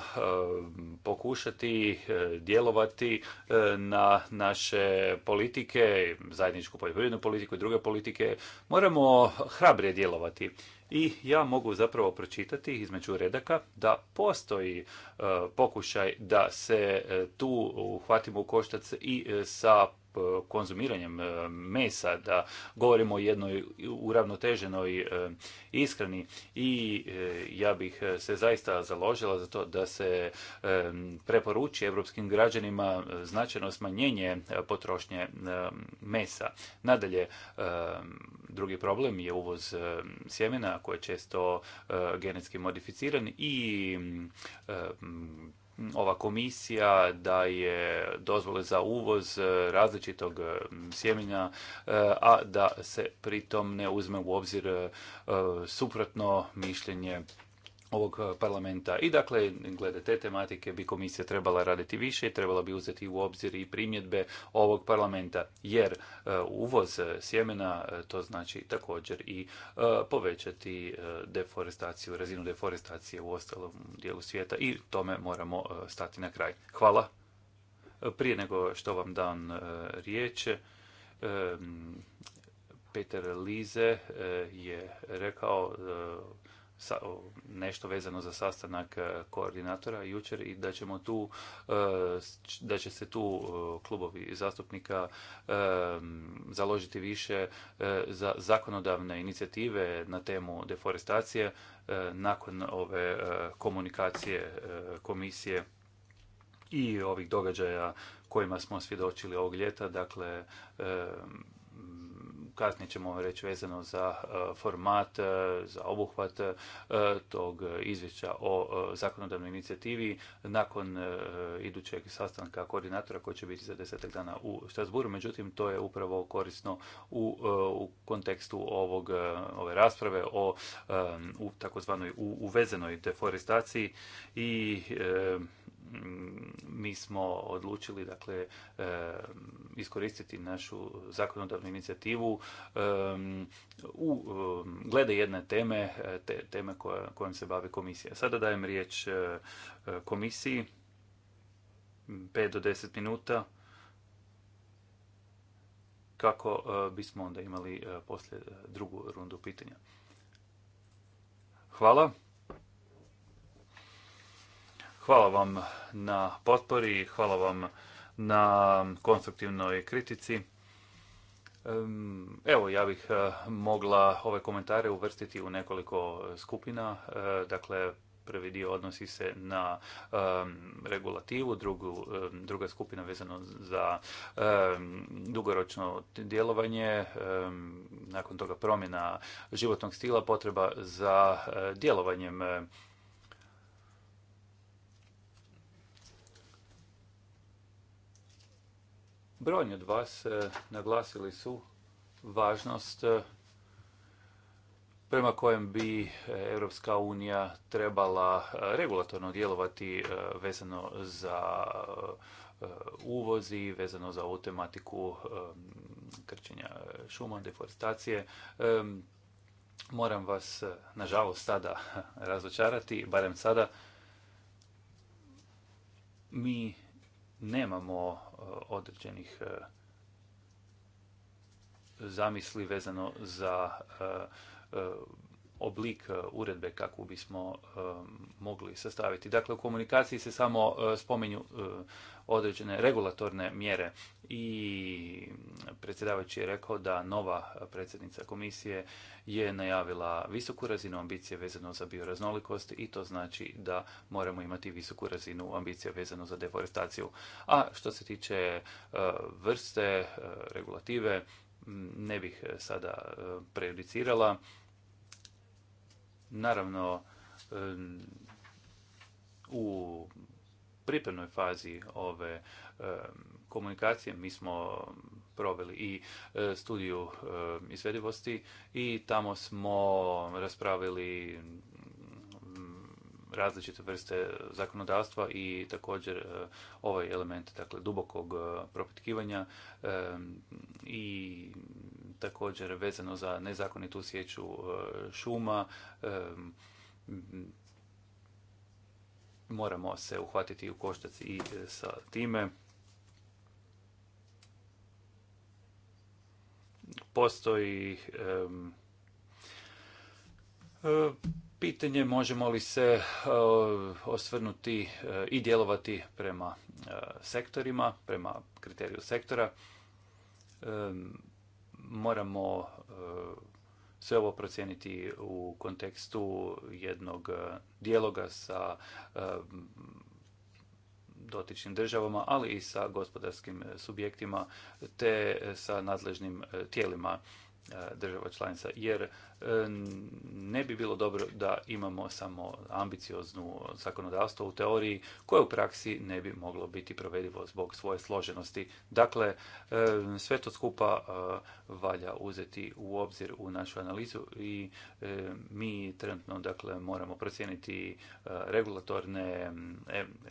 pokušati e, djelovati e, na naše politike, zajedničku poljoprivrednu politiku i druge politike. Moramo hrabrije djelovati. I ja mogu zapravo pročitati između redaka da postoji pokušaj da se tu uhvatimo u koštac i sa E, konzumiranjem e, mesa, da govorimo o jednoj uravnoteženoj e, ishrani i ja bih se zaista založila za to da se preporuči evropskim građanima značajno smanjenje potrošnje mesa. Nadalje, drugi problem je uvoz sjemena koji je često genetski modificiran i ova komisija daje dozvole za uvoz e, različitog e, sjemenja, e, a da se pritom ne uzme u obzir suprotno mišljenje ovog eh, parlamenta. I dakle, glede te tematike bi komisija trebala raditi više i trebala bi uzeti u obzir i primjedbe ovog parlamenta, jer eh, uvoz eh, sjemena to znači također i povećati deforestaciju, razinu deforestacije u ostalom dijelu svijeta i tome moramo stati na kraj. Hvala. Prije nego što vam dan riječ, Peter Lize je rekao sa nešto vezano za sastanak e, koordinatora jučer i da ćemo tu e, da će se tu klubovi zastupnika e, založiti više za zakonodavne inicijative na temu deforestacije nakon ove komunikacije komisije i ovih događaja kojima smo svjedočili ovog ljeta, dakle kasnije ćemo reći vezano za e, format, e, za obuhvat e, tog izvješća o zakonodavnoj inicijativi nakon idućeg sastanka koordinatora koji će biti za desetak dana u Štrasburu. Međutim, to je upravo korisno u, kontekstu ovog, ove rasprave o u takozvanoj uvezenoj deforestaciji i mi smo odlučili dakle e, iskoristiti našu zakonodavnu inicijativu u glede jedne teme, te, teme koja, kojom se bavi komisija. Sada dajem riječ e, komisiji 5 do 10 minuta kako e, bismo onda imali poslije drugu rundu pitanja. Hvala. Hvala vam na potpori, hvala vam na konstruktivnoj kritici. Evo, ja bih eh, mogla ove komentare uvrstiti u nekoliko skupina. Eh, dakle, prvi dio odnosi se na regulativu, drugu, druga skupina vezano za dugoročno djelovanje, nakon toga promjena životnog stila, potreba za eh, djelovanjem Brojni od vas e, naglasili su važnost e, prema kojem bi e, Europska unija trebala regulatorno djelovati vezano za uvozi, vezano za ovu tematiku krčenja šuma, deforestacije. Moram vas, nažalost, sada razočarati, barem sada. Mi nemamo e, određenih e, zamisli vezano za e, oblik e, uredbe kakvu bismo e, mogli sastaviti. Dakle, u komunikaciji se samo e, spomenju određene regulatorne mjere i predsjedavajući je rekao da nova predsjednica komisije je najavila visoku razinu ambicije vezano za bioraznolikost i to znači da moramo imati visoku razinu ambicije vezano za deforestaciju. A što se tiče vrste regulative, ne bih sada prejudicirala Naravno, u pripremnoj fazi ove komunikacije mi smo proveli i e, studiju izvedivosti i tamo smo raspravili različite vrste zakonodavstva i također e, ovaj element dakle dubokog e, propitkivanja i također vezano za nezakonitu sjeću e, šuma. E, moramo se uhvatiti u koštac i e, sa time. Postoji pitanje možemo li se osvrnuti i djelovati prema sektorima, prema kriteriju sektora moramo e, sve ovo procijeniti u kontekstu jednog e, dijaloga sa e, dotičnim državama, ali i sa gospodarskim subjektima te sa nadležnim tijelima država članica jer E, ne bi bilo dobro da imamo samo ambicioznu zakonodavstvo u teoriji koje u praksi ne bi moglo biti provedivo zbog svoje složenosti. Dakle, e, sve to skupa e, valja uzeti u obzir u našu analizu i mi trenutno dakle, moramo procijeniti regulatorne,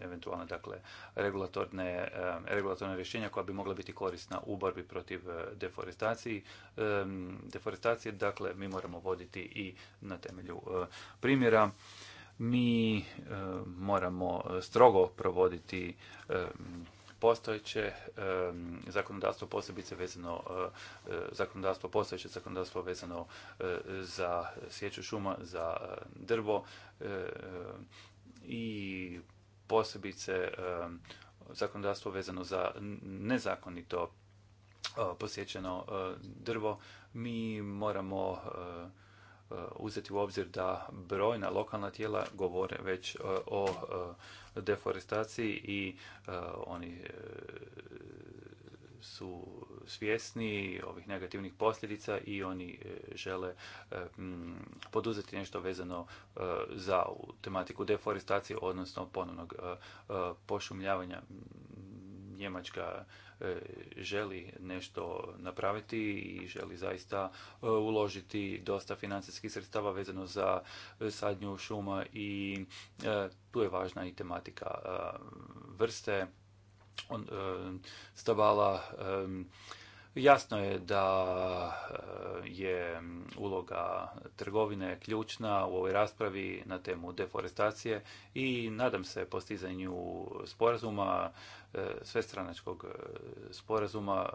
eventualne dakle, regulatorne, regulatorne rješenja koja bi mogla biti korisna u borbi protiv deforestacije. Deforestacije, dakle, mi moramo voditi i na temelju e, primjera. Mi e, moramo strogo provoditi e, postojeće zakonodavstvo posebice vezano zakonodavstvo postojeće zakonodavstvo vezano za sječu šuma za drvo i posebice zakonodavstvo vezano za nezakonito E, posjećeno e, drvo, mi moramo e, uzeti u obzir da brojna lokalna tijela govore već o deforestaciji i oni su svjesni ovih negativnih posljedica i oni žele poduzeti nešto vezano za tematiku deforestacije, odnosno ponovnog pošumljavanja. Njemačka e, želi nešto napraviti i želi zaista e, uložiti dosta financijskih sredstava vezano za e, sadnju šuma i tu je važna i tematika vrste stabala Jasno je da e, je uloga trgovine ključna u ovoj raspravi na temu deforestacije i nadam se postizanju sporazuma, e, svestranačkog e, sporazuma.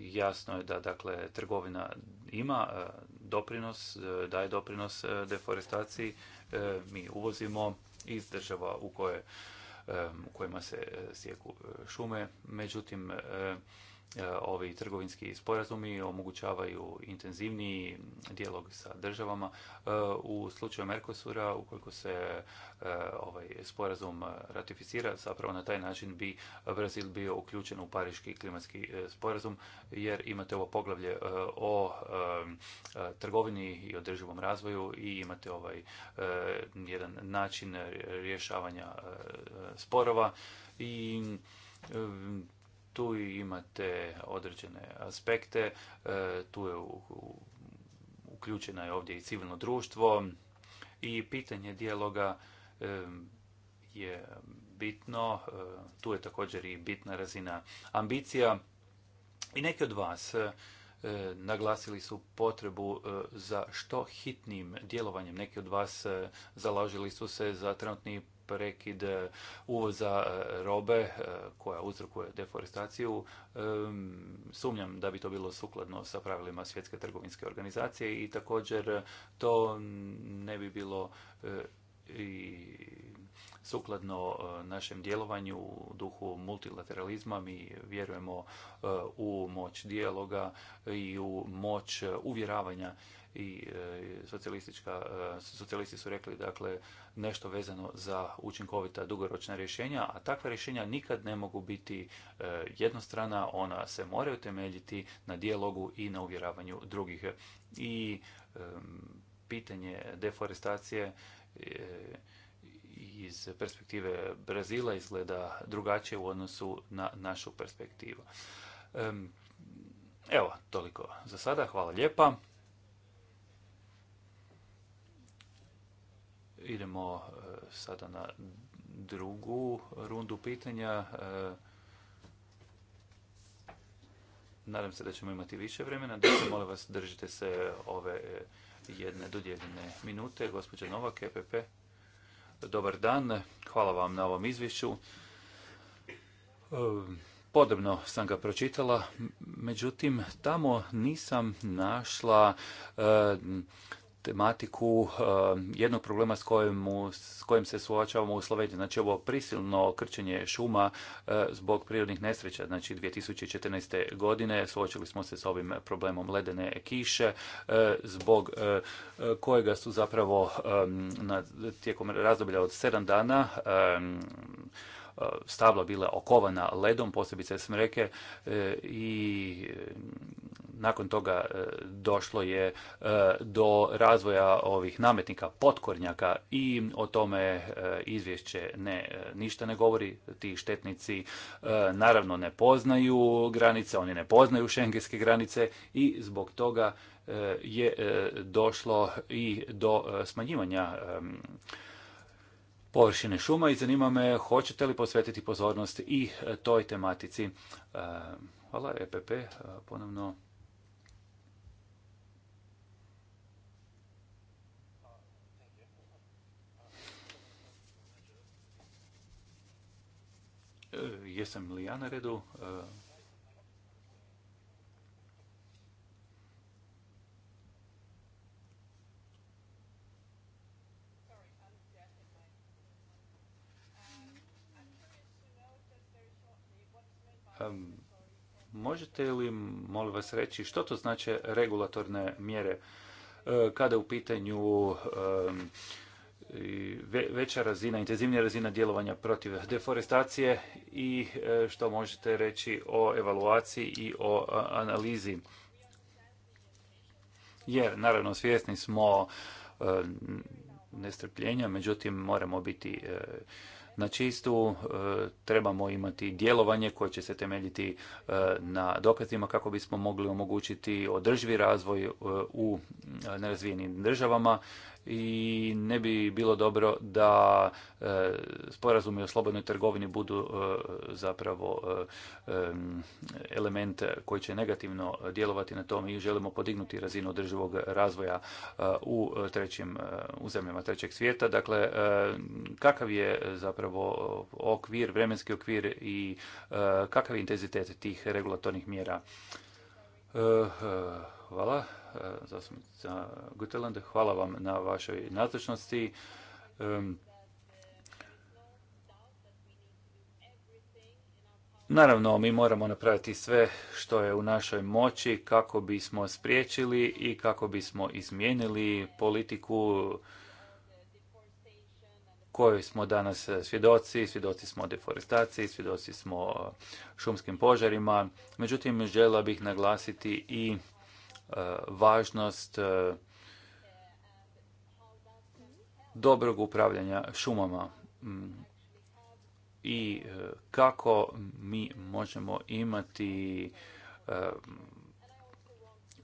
Jasno je da dakle trgovina ima doprinos, daje doprinos deforestaciji. Mi uvozimo iz država u koje u kojima se sjeku šume. Međutim, E, ovi trgovinski sporazumi omogućavaju intenzivniji dijalog sa državama. E, u slučaju Mercosura, ukoliko se e, ovaj sporazum ratificira, zapravo na taj način bi Brazil bio uključen u Pariški klimatski sporazum, jer imate ovo poglavlje o trgovini i održivom razvoju i imate ovaj jedan način rješavanja sporova i tu imate određene aspekte, e, tu je uključena je ovdje i civilno društvo i pitanje dijaloga e, je bitno, e, tu je također i bitna razina ambicija. I neki od vas naglasili su potrebu za što hitnim djelovanjem. Neki od vas zalažili su se za trenutni prekid e, uvoza e, robe e, koja uzrokuje deforestaciju. Sumnjam da bi to bilo sukladno sa pravilima svjetske trgovinske organizacije i također to ne bi bilo i sukladno našem djelovanju u duhu multilateralizma mi vjerujemo u moć dijaloga i u moć uvjeravanja E, i socijalistička, e, socijalisti su rekli dakle nešto vezano za učinkovita dugoročna rješenja, a takva rješenja nikad ne mogu biti e, jednostrana, ona se moraju utemeljiti na dijalogu i na uvjeravanju drugih. I pitanje deforestacije iz perspektive Brazila izgleda drugačije u odnosu na našu perspektivu. Evo, toliko za sada. Hvala lijepa. Idemo e, sada na drugu rundu pitanja. E, nadam se da ćemo imati više vremena. Dakle, molim vas, držite se ove jedne dodijeljene minute. Gospođa Novak, EPP. Dobar dan, hvala vam na ovom izvješću. E, Podobno sam ga pročitala, međutim, tamo nisam našla tematiku e, jednog problema s kojim, s kojim se suočavamo u Sloveniji. Znači ovo prisilno krčenje šuma e, zbog prirodnih nesreća. Znači 2014. godine suočili smo se s ovim problemom ledene kiše e, zbog kojega su zapravo na, tijekom razdoblja od 7 dana stabla bila okovana ledom, posebice smreke e, i e, nakon toga e, došlo je do razvoja ovih nametnika, potkornjaka i o tome izvješće ne, ništa ne govori. Ti štetnici naravno ne poznaju granice, oni ne poznaju šengenske granice i zbog toga je došlo i do smanjivanja površine šuma i zanima me hoćete li posvetiti pozornost i e, toj tematici. E, hvala EPP e, ponovno. Jesam li ja na redu? Možete li, molim vas, reći što to znače regulatorne mjere e, kada u pitanju veća razina, intenzivnija razina djelovanja protiv deforestacije i e, što možete reći o evaluaciji i o analizi. Jer, naravno, svjesni smo e, nestrpljenja, međutim, moramo biti na čistu, e, trebamo imati djelovanje koje će se temeljiti e, na dokazima kako bismo mogli omogućiti održivi razvoj e, u nerazvijenim državama i ne bi bilo dobro da e, sporazumi o slobodnoj trgovini budu e, zapravo e, element koji će negativno djelovati na tome i želimo podignuti razinu održivog razvoja u, trećim, u zemljama trećeg svijeta. Dakle, kakav je zapravo okvir, vremenski okvir i kakav je intenzitet tih regulatornih mjera? Hvala. Eh, zastupnica Guteland, hvala vam na vašoj nazočnosti. Naravno, mi moramo napraviti sve što je u našoj moći kako bismo spriječili i kako bismo izmijenili politiku kojoj smo danas svjedoci, svjedoci smo deforestaciji, svjedoci smo šumskim požarima. Međutim, žela bih naglasiti i Eh, važnost eh, dobrog upravljanja šumama mm. i eh, kako mi možemo imati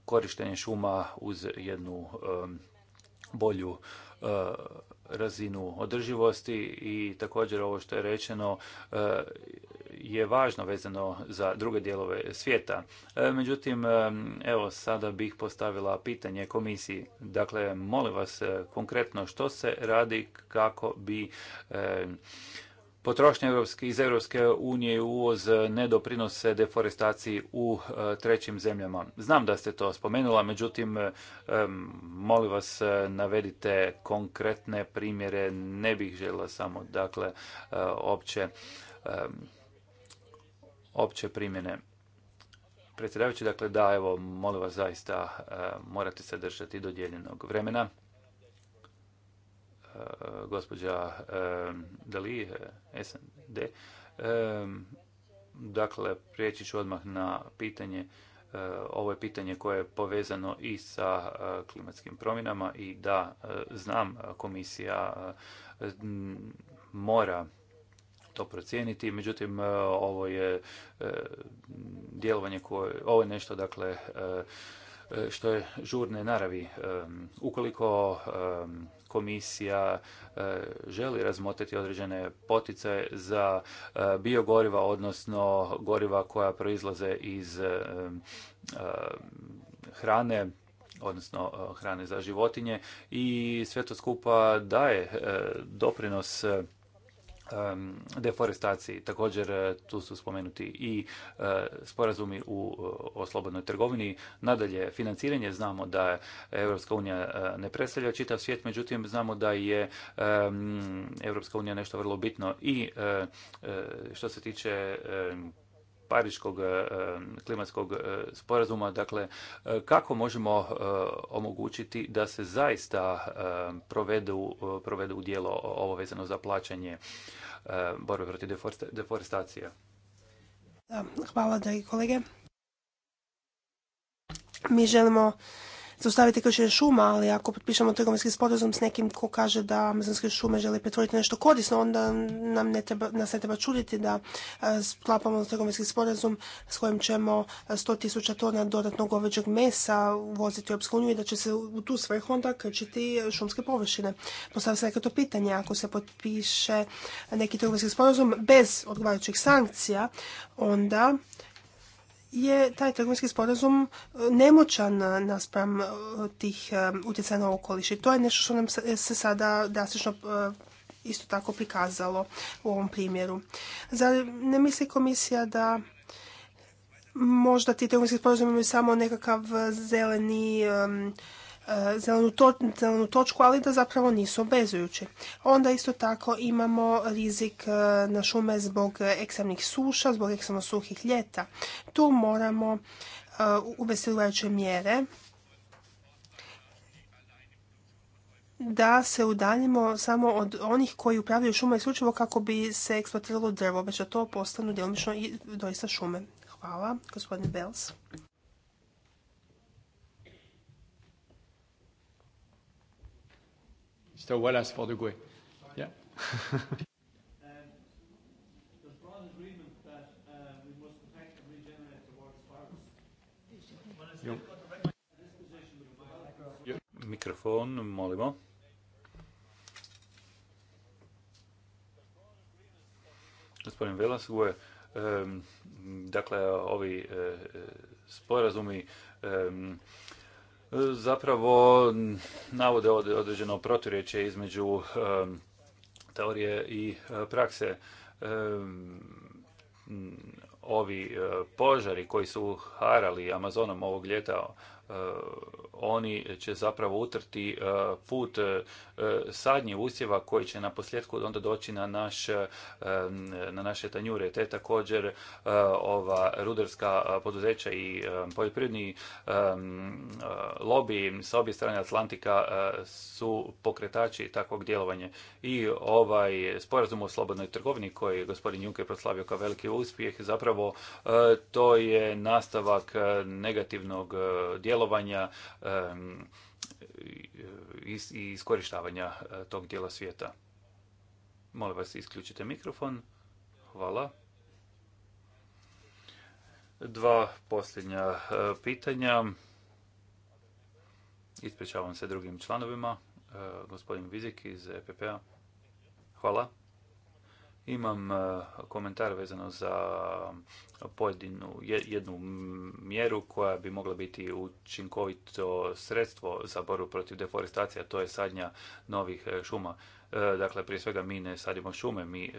korištenje šuma uz jednu bolju razinu održivosti i također ovo što je rečeno je važno vezano za druge dijelove svijeta. E, međutim, e, evo sada bih postavila pitanje komisiji. Dakle, molim vas e, konkretno što se radi kako bi potrošnja iz Europske unije uvoz ne doprinose deforestaciji u trećim zemljama. Znam da ste to spomenula, međutim, molim vas navedite konkretne primjere, ne bih željela samo, dakle, opće opće primjene. Predsjedavajući, dakle da, evo, molim vas zaista, e, morate se držati dodijeljenog vremena. E, gospođa e, Dali, SND. Dakle, prijeći ću odmah na pitanje. Ovo je pitanje koje je povezano i sa klimatskim promjenama i da, znam, komisija mora to procijeniti, međutim e, ovo je e, djelovanje koje, ovo je nešto dakle e, što je žurne naravi. Ukoliko komisija želi razmotriti određene poticaje za biogoriva, odnosno goriva koja proizlaze iz hrane, odnosno hrane za životinje i sve to skupa daje doprinos deforestaciji. Također e, tu su spomenuti i e, sporazumi u, o slobodnoj trgovini. Nadalje, financiranje znamo da Europska unija e, ne predstavlja čitav svijet, međutim znamo da je Europska unija nešto vrlo bitno i što se tiče pariškog e, e, klimatskog e, sporazuma, dakle kako možemo omogućiti da se zaista provedu, provedu u dijelo ovo vezano za plaćanje borbe protiv deforestacije? Hvala, dragi kolege. Mi želimo zaustaviti kršenje šuma, ali ako potpišemo trgovinski sporazum s nekim ko kaže da amazonske šume žele pretvoriti nešto korisno, onda nam ne treba, nas ne treba čuditi da e, sklapamo trgovinski sporazum s kojim ćemo 100.000 tona dodatnog goveđeg mesa uvoziti u Uniju i da će se u tu svrhu onda krčiti šumske površine. Postavlja se neko to pitanje, ako se potpiše neki trgovinski sporazum bez odgovarajućih sankcija, onda je taj trgovinski sporazum e, nemoćan e, naspram e, tih utjecaja na okoliš i to je nešto što nam se sada drastično isto tako prikazalo u ovom primjeru. Zar ne misli komisija da možda ti trgovinski sporazumi imaju samo nekakav zeleni Eh, zelenu, točku, ali da zapravo nisu obezujući. Onda isto tako imamo rizik eh, na šume zbog ekstremnih suša, zbog ekstremno suhih ljeta. Tu moramo eh, uvesti važeće mjere da se udaljimo samo od onih koji upravljaju šume isključivo kako bi se eksploatiralo drvo, već da to postanu djelomično i doista šume. Hvala, gospodine Bels. Mr. Wallace for the GUE. Yeah. Mikrofon, molimo. Gospodin Velas, dakle, ovi e, e, sporazumi zapravo navode određeno proturječje između teorije i e, prakse. Ovi e, požari koji su harali Amazonom ovog ljeta e, oni će zapravo utrti e, put e, sadnje usjeva koji će na posljedku onda doći na, naš, e, na naše tanjure. Te također ova rudarska poduzeća i poljoprivredni lobi sa obje strane Atlantika su pokretači takvog djelovanja. I ovaj sporazum o slobodnoj trgovini koji je gospodin Juncker proslavio kao veliki uspjeh, zapravo to je nastavak negativnog djelovanja i iskorištavanja e, tog dijela svijeta. Molim vas, isključite mikrofon. Hvala. Dva posljednja e, pitanja. Ispričavam se drugim članovima. E, gospodin Vizik iz EPP-a. Hvala. Imam e, komentar vezano za pojedinu jednu mjeru koja bi mogla biti učinkovito sredstvo za borbu protiv deforestacije, a to je sadnja novih e, šuma. E, dakle, prije svega mi ne sadimo šume, mi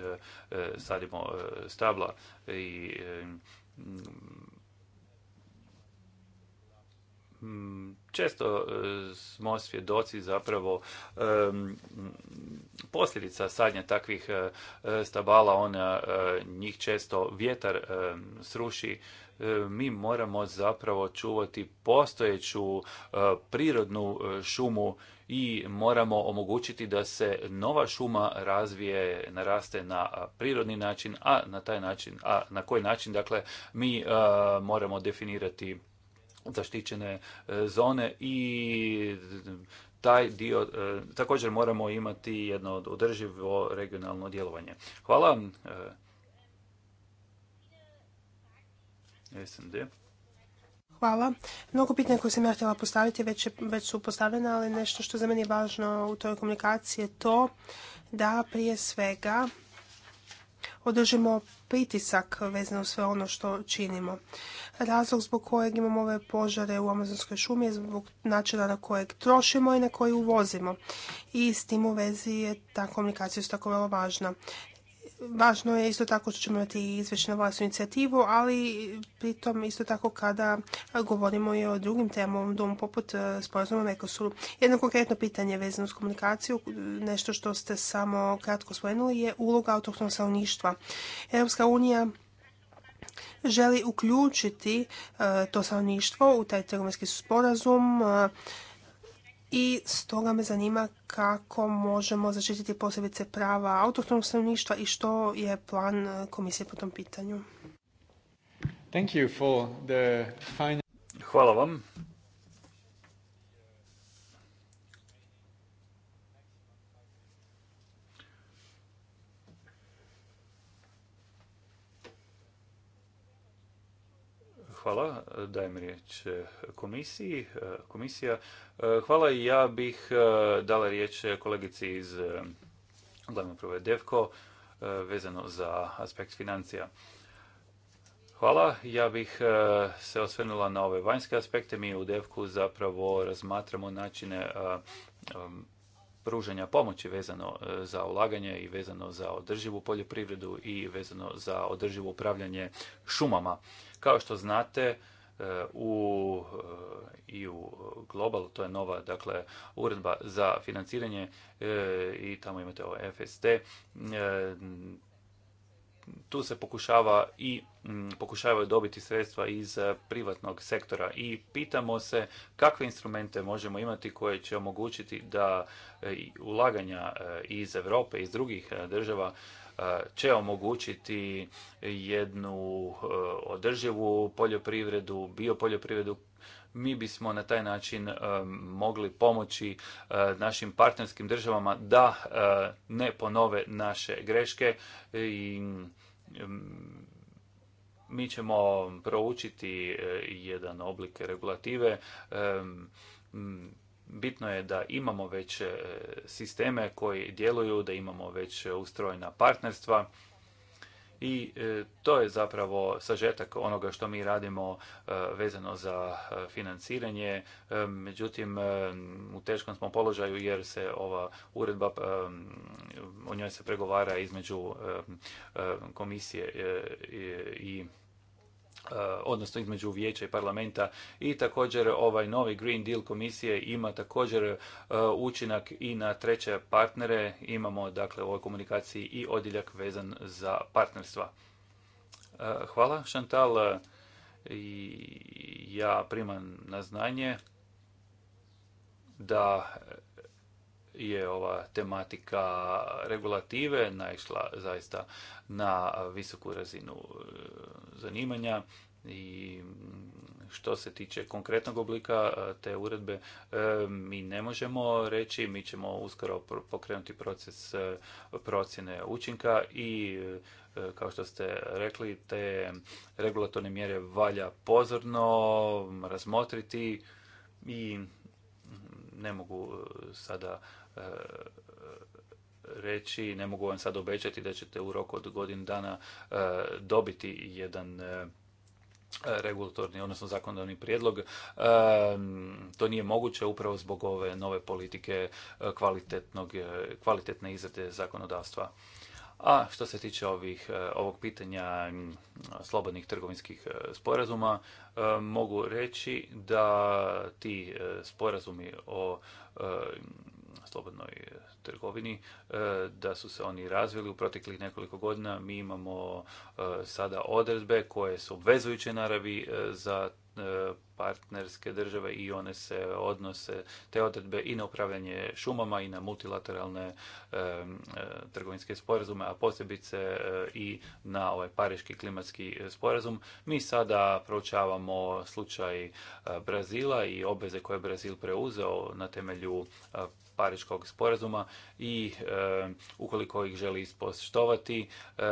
sadimo stabla i Hmm, često e, smo svjedoci zapravo e, posljedica sadnja takvih e, stabala, ona njih često vjetar sruši, mi moramo zapravo čuvati postojeću prirodnu šumu i moramo omogućiti da se nova šuma razvije, naraste na prirodni način, a na taj način, a na koji način dakle mi moramo definirati zaštićene e, zone i taj dio e, također moramo imati jedno održivo regionalno djelovanje. Hvala. E, SND. Hvala. Mnogo pitanja koje sam ja htjela postaviti već, je, već su postavljena, ali nešto što za meni je važno u toj komunikaciji je to da prije svega održimo pritisak vezano sve ono što činimo. Razlog zbog kojeg imamo ove požare u Amazonskoj šumi je zbog načina na kojeg trošimo i na koji uvozimo. I s tim u vezi je ta komunikacija isto tako vrlo važna. Važno je isto tako što ćemo imati izvješće na vlastnu inicijativu, ali pritom isto tako kada govorimo i o drugim temom, u domu poput e, sporazuma Mekosuru. Jedno konkretno pitanje vezano s komunikaciju, nešto što ste samo kratko spomenuli, je uloga autohtonog stanovništva. Europska unija želi uključiti e, to stanovništvo u taj trgovinski sporazum e, i stoga me zanima kako možemo zaštititi posebice prava autohtonog stanovništva i što je plan e, komisije po tom pitanju. Hvala vam Hvala, dajem riječ e, komisiji. E, komisija, e, hvala i ja bih dala riječ kolegici iz glavne DEVKO vezano za aspekt financija. Hvala. Ja bih se osvrnula na ove vanjske aspekte. Mi u Devku zapravo razmatramo načine pružanja pomoći vezano za ulaganje i vezano za održivu poljoprivredu i vezano za održivo upravljanje šumama. Kao što znate, e, u, e, i u Global, to je nova dakle, uredba za financiranje e, i tamo imate ovo FST. Tu se pokušava i pokušavaju dobiti sredstva iz privatnog sektora i pitamo se kakve instrumente možemo imati koje će omogućiti da ulaganja iz Europe, iz drugih država će omogućiti jednu e, održivu poljoprivredu, biopoljoprivredu. Mi bismo na taj način e, mogli pomoći e, našim partnerskim državama da ne ponove naše greške i mi ćemo proučiti jedan oblik regulative Bitno je da imamo već e, sisteme koji djeluju, da imamo već ustrojena partnerstva i e, to je zapravo sažetak onoga što mi radimo e, vezano za financiranje. Međutim, u teškom smo položaju jer se ova uredba, o njoj se pregovara između komisije i Eh, odnosno između vijeća i parlamenta i također ovaj novi Green Deal komisije ima također eh, učinak i na treće partnere. Imamo dakle u ovoj komunikaciji i odjeljak vezan za partnerstva. Eh, hvala Šantal, ja primam na znanje da je ova tematika regulative naišla zaista na visoku razinu e, zanimanja i što se tiče konkretnog oblika e, te uredbe, e, mi ne možemo reći, mi ćemo uskoro pokrenuti proces procjene učinka i kao što ste rekli, te regulatorne mjere valja pozorno razmotriti i ne mogu sada reći, ne mogu vam sad obećati da ćete u roku od godin dana e, dobiti jedan e, regulatorni, odnosno zakonodavni prijedlog. E, to nije moguće upravo zbog ove nove politike kvalitetnog, kvalitetne izrade zakonodavstva. A što se tiče ovih, ovog pitanja slobodnih trgovinskih sporazuma, mogu reći da ti sporazumi o slobodnoj e, trgovini, e, da su se oni razvili u proteklih nekoliko godina. Mi imamo e, sada odredbe koje su obvezujuće naravi za partnerske države i one se odnose te odredbe i na upravljanje šumama i na multilateralne trgovinske sporazume, a posebice i na ovaj pariški klimatski sporazum. Mi sada proučavamo slučaj Brazila i obveze koje je Brazil preuzeo na temelju Pariškog sporazuma i ukoliko ih želi ispoštovati, e,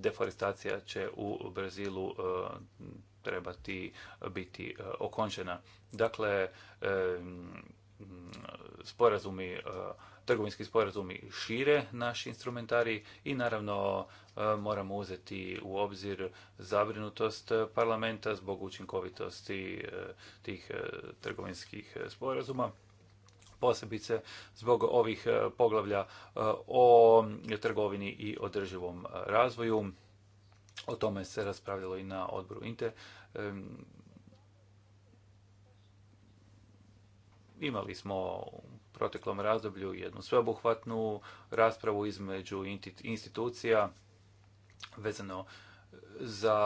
deforestacija će u Brazilu e, trebati biti e, okončena. Dakle, sporazumi, e, trgovinski sporazumi šire naši instrumentari i naravno moramo uzeti u obzir zabrinutost parlamenta zbog učinkovitosti tih trgovinskih sporazuma posebice zbog ovih e, poglavlja e, o trgovini i održivom razvoju. O tome se raspravljalo i na odboru INTE. Imali smo u proteklom razdoblju jednu sveobuhvatnu raspravu između institucija vezano za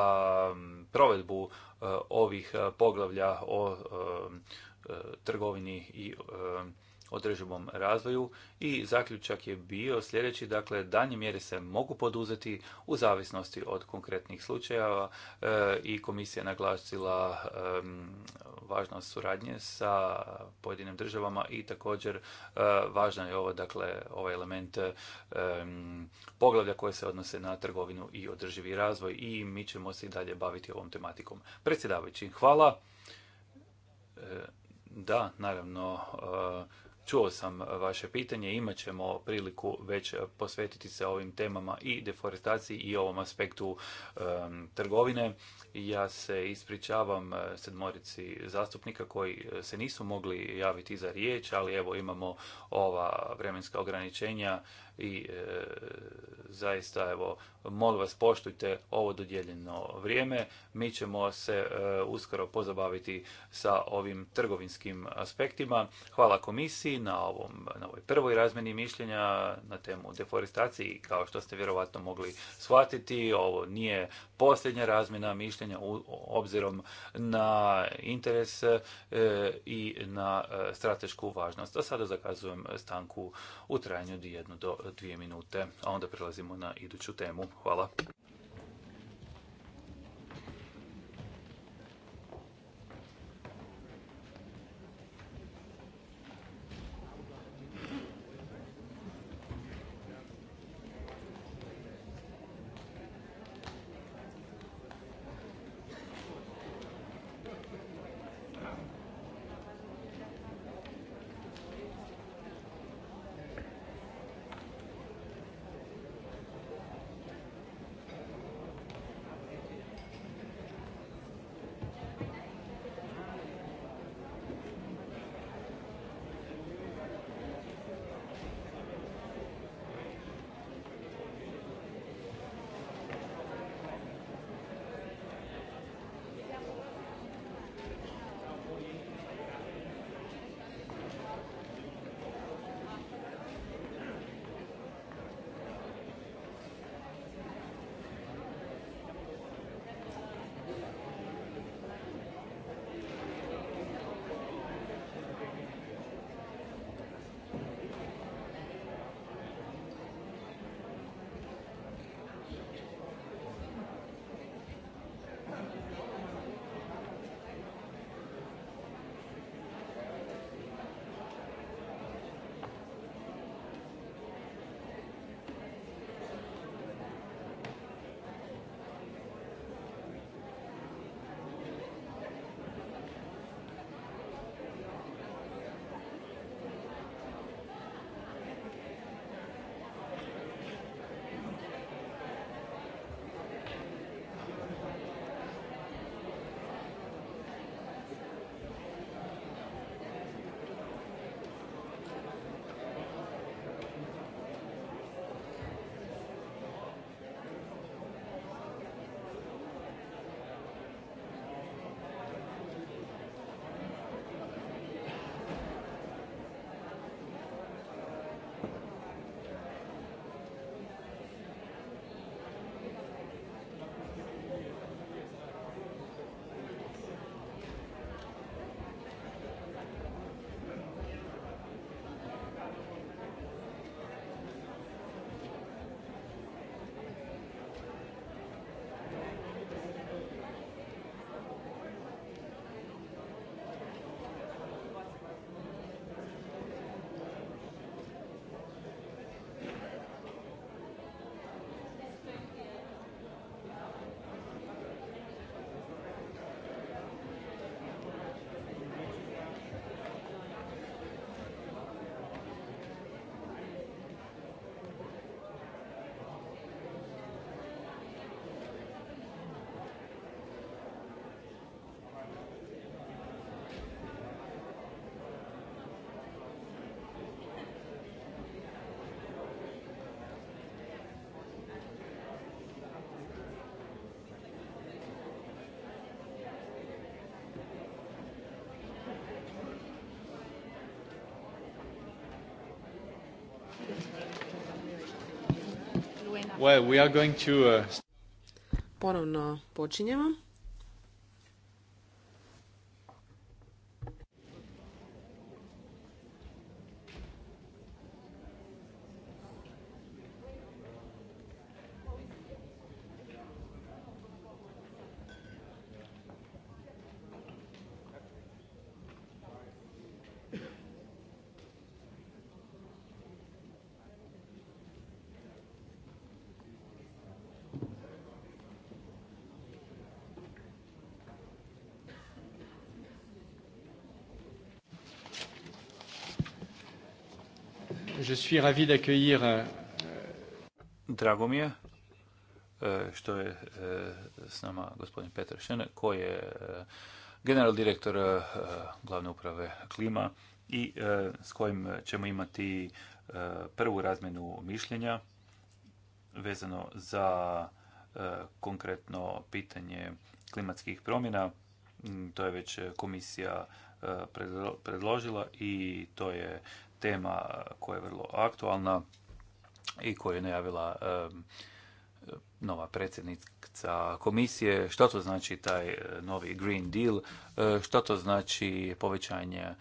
provedbu e, ovih poglavlja o trgovini i održivom razvoju i zaključak je bio sljedeći, dakle danje mjere se mogu poduzeti u zavisnosti od konkretnih slučajeva e, i komisija je naglasila važnost suradnje sa pojedinim državama i također e, je ovo, dakle ovaj element poglavlja koje se odnose na trgovinu i održivi razvoj i mi ćemo se i dalje baviti ovom tematikom. Predsjedavajući, hvala. E, da, naravno, e, Čuo sam e, vaše pitanje, imat ćemo priliku već e, posvetiti se ovim temama i deforestaciji i ovom aspektu trgovine. Ja se ispričavam e, sedmorici zastupnika koji se nisu mogli javiti za riječ, ali evo imamo ova vremenska ograničenja i e, zaista evo molim vas poštujte ovo dodijeljeno vrijeme. Mi ćemo se e, uskoro pozabaviti sa ovim trgovinskim aspektima. Hvala komisiji na ovom na ovoj prvoj razmjeni mišljenja na temu deforestacije kao što ste vjerojatno mogli shvatiti, ovo nije posljednja razmjena mišljenja u, obzirom na interes e, i na stratešku važnost. A sada zakazujem stanku u trajanju od jednu do dvije minute, a onda prelazimo na iduću temu. Hvala. Well, we are going to, uh... Ponovno počinjemo. ravi d'accueillir... Euh, Drago mi je e, što je e, s nama gospodin Petar Šene, koji je e, general direktor glavne uprave klima i s kojim ćemo imati prvu razmjenu mišljenja vezano za konkretno pitanje klimatskih promjena. Mm, to je već komisija predložila i to je tema koja je vrlo aktualna i koju je najavila nova predsjednica komisije. Što to znači taj e, novi Green Deal? E, što to znači povećanje e,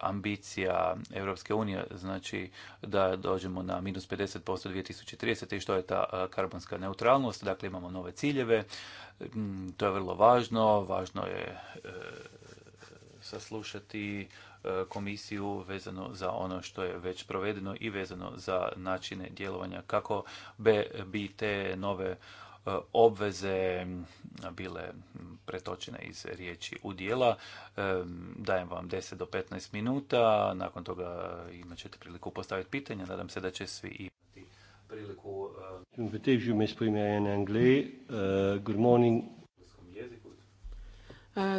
ambicija Europske unije? Znači da dođemo na minus 50% 2030. i što je ta karbonska neutralnost? Dakle, imamo nove ciljeve. Mm, to je vrlo važno. Važno je saslušati E, komisiju vezano za ono što je već provedeno i vezano za načine djelovanja kako bi te nove e, obveze bile pretočene iz riječi u dijela. E, dajem vam 10 do 15 minuta, nakon toga imat ćete priliku postaviti pitanja. Nadam se da će svi imati priliku...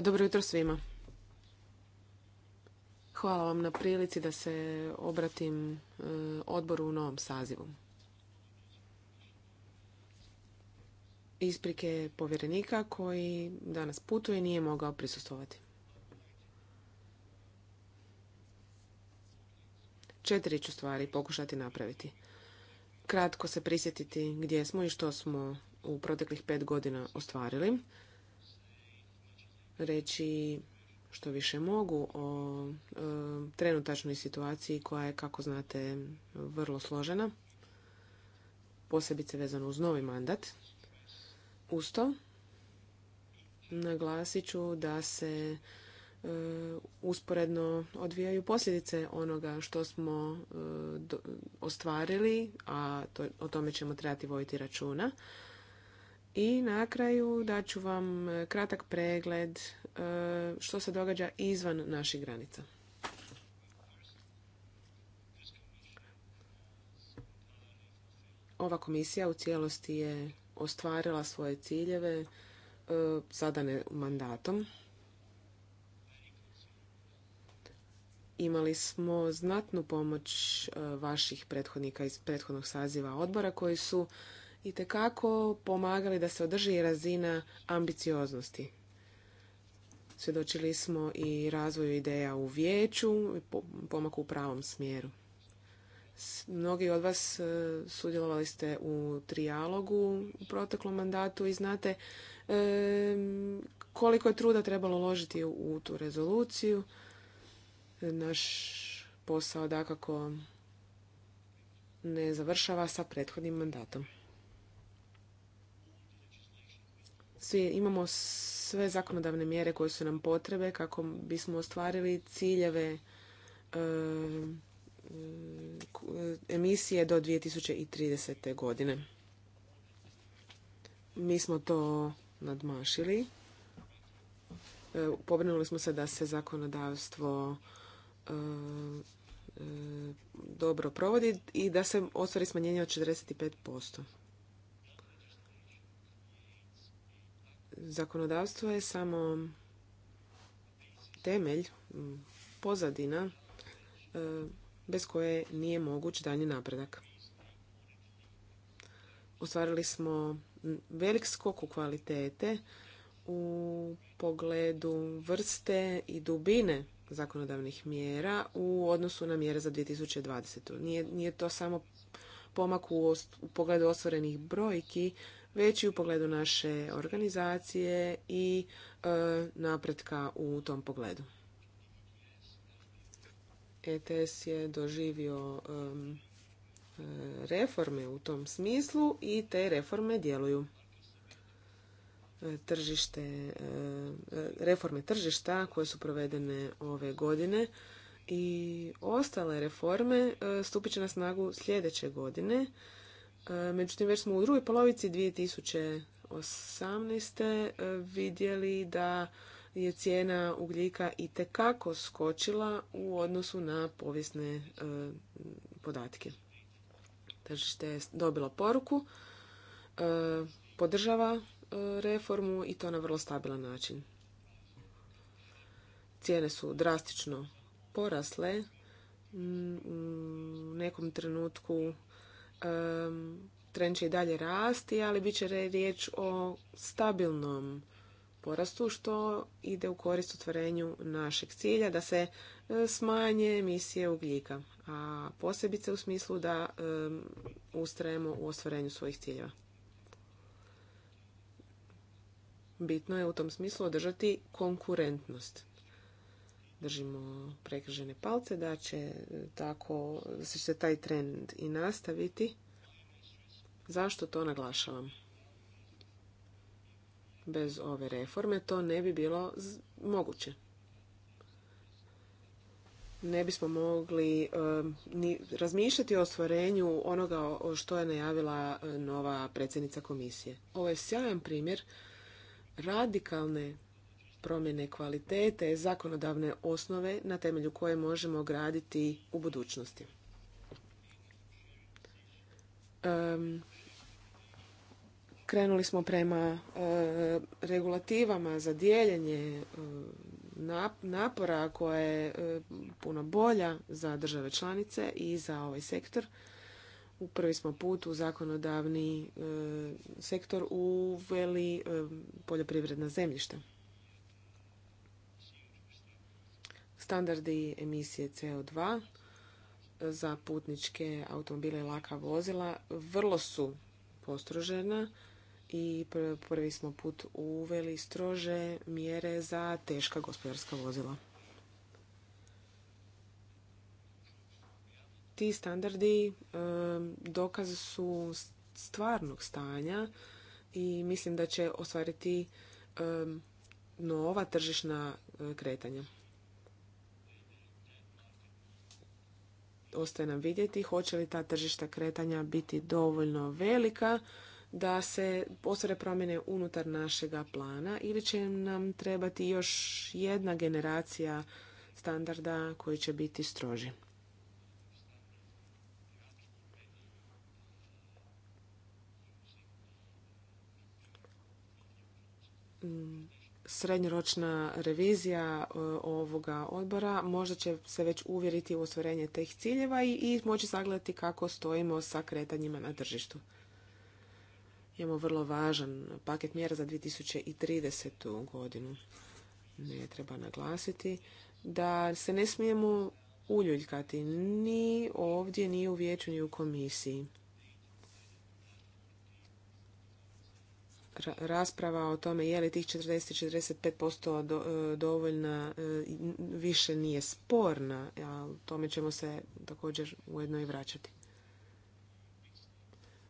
Dobro jutro svima. Hvala vam na prilici da se obratim e, odboru u novom sazivu. Isprike povjerenika koji danas putuje nije mogao prisustovati. Četiri ću stvari pokušati napraviti. Kratko se prisjetiti gdje smo i što smo u proteklih pet godina ostvarili. Reći što više mogu o e, trenutačnoj situaciji koja je, kako znate, vrlo složena, posebice vezano uz novi mandat. Uz to naglasit ću da se e, usporedno odvijaju posljedice onoga što smo e, ostvarili, a to, o tome ćemo trebati vojiti računa. I na kraju daću vam e, kratak pregled e, što se događa izvan naših granica. Ova komisija u cijelosti je ostvarila svoje ciljeve e, zadane mandatom. Imali smo znatnu pomoć vaših prethodnika iz prethodnog saziva odbora koji su i tekako pomagali da se održi razina ambicioznosti. Svjedočili smo i razvoju ideja u vijeću i pomaku u pravom smjeru. Mnogi od vas e, sudjelovali ste u trijalogu u proteklom mandatu i znate e, koliko je truda trebalo ložiti u tu rezoluciju. Naš posao dakako ne završava sa prethodnim mandatom. svi imamo sve zakonodavne mjere koje su nam potrebe kako bismo ostvarili ciljeve e, e, emisije do 2030. godine. Mi smo to nadmašili. E, pobrinuli smo se da se zakonodavstvo dobro provodi i da se ostvari smanjenje od 45%. Zakonodavstvo je samo temelj, pozadina e, bez koje nije moguć dalji napredak. Ostvarili smo velik skok u kvalitete u pogledu vrste i dubine zakonodavnih mjera u odnosu na mjere za 2020. Nije, nije to samo pomak u, u pogledu ostvarenih brojki, već i u pogledu naše organizacije i e, napretka u tom pogledu. ETS je doživio e, reforme u tom smislu i te reforme djeluju. E, tržište, reforme tržišta koje su provedene ove godine i ostale reforme stupit će na snagu sljedeće godine Međutim, već smo u drugoj polovici 2018. E, vidjeli da je cijena ugljika i tekako skočila u odnosu na povijesne e, podatke. Tržište je dobilo poruku, e, podržava reformu i to na vrlo stabilan način. Cijene su drastično porasle, u nekom trenutku trend će i dalje rasti, ali bit će riječ o stabilnom porastu što ide u korist otvorenju našeg cilja da se e, smanje emisije ugljika, a posebice u smislu da ustrajemo u ostvarenju svojih ciljeva. Bitno je u tom smislu održati konkurentnost držimo prekrižene palce da će e, tako, da će se taj trend i nastaviti. Zašto to naglašavam? Bez ove reforme to ne bi bilo moguće. Ne bismo mogli e, ni razmišljati o ostvarenju onoga što je najavila e, nova predsjednica komisije. Ovo je sjajan primjer radikalne promjene kvalitete, zakonodavne osnove na temelju koje možemo graditi u budućnosti. Krenuli smo prema e, regulativama za dijeljenje e, napora koja je e, puno bolja za države članice i za ovaj sektor. U prvi smo put u zakonodavni sektor uveli poljoprivredna zemljišta. standardi emisije CO2 za putničke automobile i laka vozila vrlo su postrožena i prvi smo put uveli strože mjere za teška gospodarska vozila. Ti standardi dokaz su stvarnog stanja i mislim da će ostvariti nova tržišna e, kretanja. ostaje nam vidjeti hoće li ta tržišta kretanja biti dovoljno velika da se ostvare promjene unutar našega plana ili će nam trebati još jedna generacija standarda koji će biti stroži. Mm srednjoročna revizija e, ovoga odbora možda će se već uvjeriti u ostvarenje teh ciljeva i moći sagledati kako stojimo sa kretanjima na tržištu. Imamo vrlo važan paket mjera za 2030. godinu. Ne treba naglasiti da se ne smijemo uljuljkati ni ovdje, ni u vijeću, ni u komisiji. rasprava o tome je li tih 40-45% e, dovoljna e, više nije sporna, a tome ćemo se također ujedno i vraćati.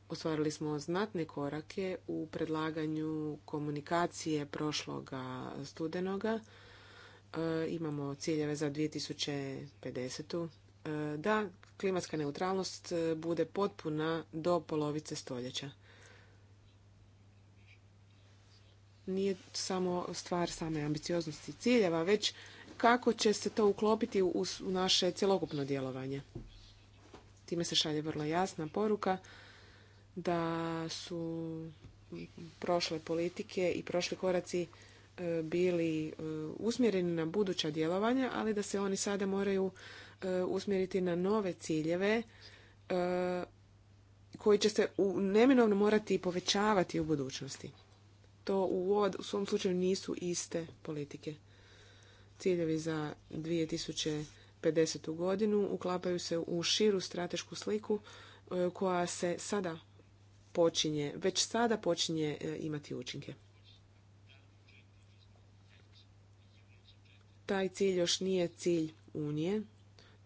Ostvarili smo znatne korake u predlaganju komunikacije prošloga studenoga. E, imamo ciljeve za 2050. Da klimatska neutralnost bude potpuna do polovice stoljeća. nije samo stvar same ambicioznosti ciljeva, već kako će se to uklopiti u naše cjelokupno djelovanje. Time se šalje vrlo jasna poruka da su prošle politike i prošli koraci e, bili e, usmjereni na buduća djelovanja, ali da se oni sada moraju e, usmjeriti na nove ciljeve koji će se neminovno morati povećavati u budućnosti to u, svom slučaju nisu iste politike. Ciljevi za 2050. godinu uklapaju se u širu stratešku sliku e, koja se sada počinje, već sada počinje e, imati učinke. Taj cilj još nije cilj Unije,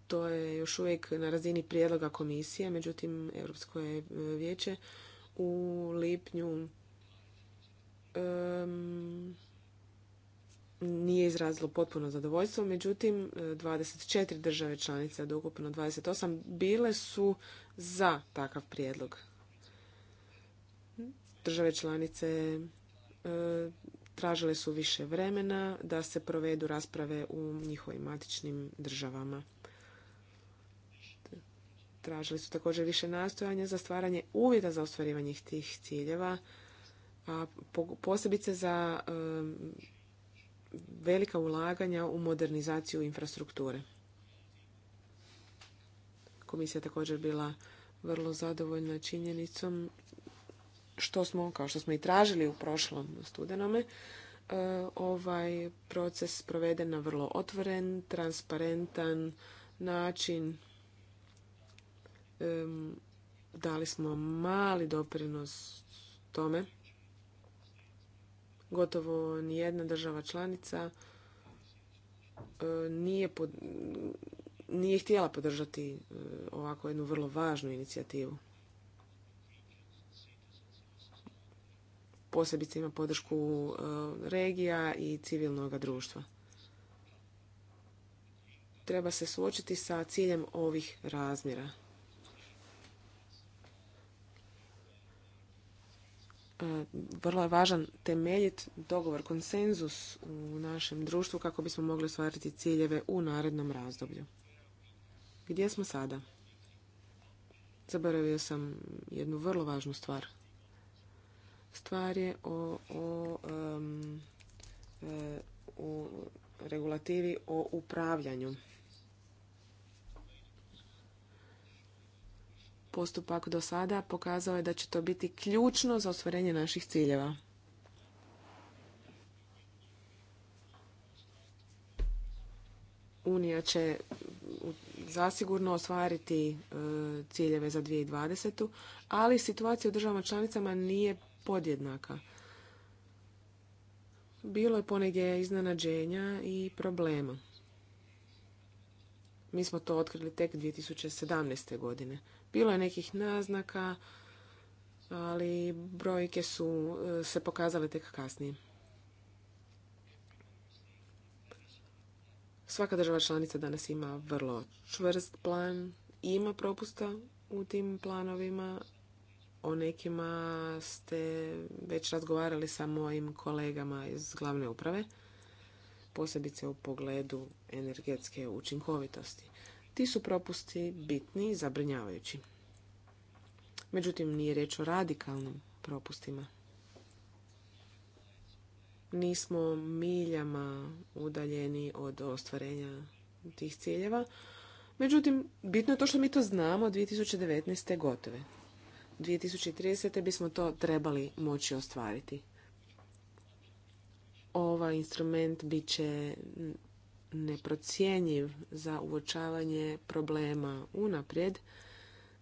to je još uvijek na razini prijedloga komisije, međutim Europsko je e, vijeće u lipnju nije izrazilo potpuno zadovoljstvo, međutim 24 e, države članice od ukupno 28 bile su za takav prijedlog. Države članice e, tražile su više vremena da se provedu rasprave u njihovim matičnim državama. Tražili su također više nastojanja za stvaranje uvjeta za ostvarivanje tih ciljeva a posebice za velika ulaganja u modernizaciju infrastrukture. Komisija je također bila vrlo zadovoljna činjenicom što smo, kao što smo i tražili u prošlom studenome, e, ovaj proces proveden na vrlo otvoren, transparentan način. Dali smo mali doprinos tome Gotovo nijedna država članica e, nije, pod, nije htjela podržati e, ovako jednu vrlo važnu inicijativu. Posebice ima podršku e, regija i civilnog društva. Treba se suočiti sa ciljem ovih razmjera. E, vrlo je važan temeljit dogovor, konsenzus u našem društvu kako bismo mogli ostvariti ciljeve u narednom razdoblju. Gdje smo sada? Zaboravio sam jednu vrlo važnu stvar. Stvar je o, o e, regulativi o upravljanju. postupak do sada pokazao je da će to biti ključno za ostvarenje naših ciljeva. Unija će zasigurno ostvariti e, ciljeve za 2020. ali situacija u državama članicama nije podjednaka. Bilo je ponegdje iznenađenja i problema. Mi smo to otkrili tek 2017. godine. Bilo je nekih naznaka, ali brojke su e, se pokazale tek kasnije. Svaka država članica danas ima vrlo čvrst plan, ima propusta u tim planovima. O nekima ste već razgovarali sa mojim kolegama iz glavne uprave, posebice u pogledu energetske učinkovitosti. Ti su propusti bitni i zabrinjavajući. Međutim, nije riječ o radikalnim propustima. Nismo miljama udaljeni od ostvarenja tih ciljeva. Međutim, bitno je to što mi to znamo 2019. gotove. 2030. bismo to trebali moći ostvariti. Ova instrument bit će neprocjenjiv za uočavanje problema unaprijed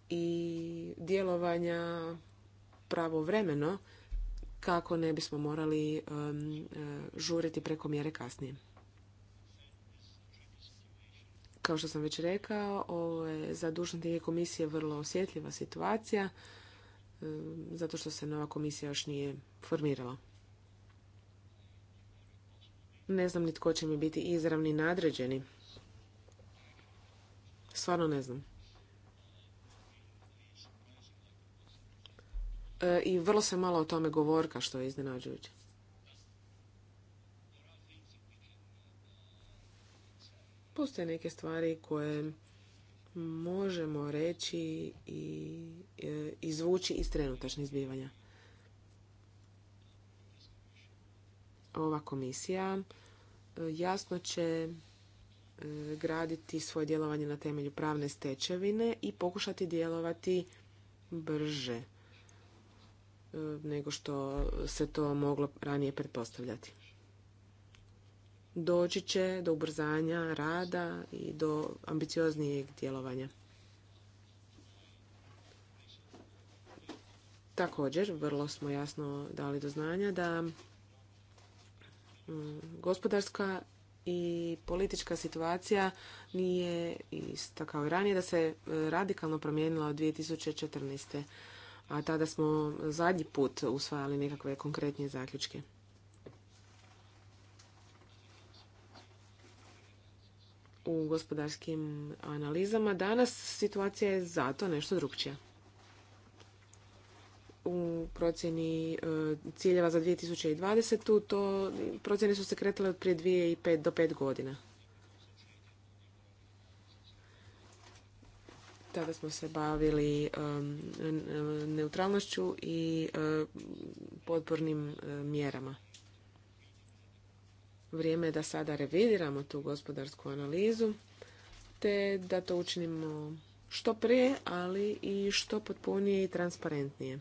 i djelovanja pravovremeno kako ne bismo morali e, žuriti preko mjere kasnije. Kao što sam već rekao, ovo je za dužnostnike komisije vrlo osjetljiva situacija zato što se nova komisija još nije formirala. Ne znam ni tko će mi biti izravni nadređeni. Stvarno ne znam. E, I vrlo se malo o tome govorka, što je iznenađujuće. Postoje neke stvari koje možemo reći i e, izvući iz trenutačnih zbivanja. ova komisija e, jasno će e, graditi svoje djelovanje na temelju pravne stečevine i pokušati djelovati brže e, nego što se to moglo ranije pretpostavljati. Doći će do ubrzanja rada i do ambicioznijeg djelovanja. Također, vrlo smo jasno dali do znanja da Mm, gospodarska i politička situacija nije ista kao i ranije, da se e, radikalno promijenila od 2014. A tada smo zadnji put usvajali nekakve konkretnije zaključke. U gospodarskim analizama danas situacija je zato nešto drugčija u procjeni e, ciljeva za 2020. To procjene su se kretale od prije 2,5 do 5 godina. Tada smo se bavili neutralnošću i e, potpornim e, mjerama. Vrijeme je da sada revidiramo tu gospodarsku analizu te da to učinimo što prije, ali i što potpunije i transparentnije.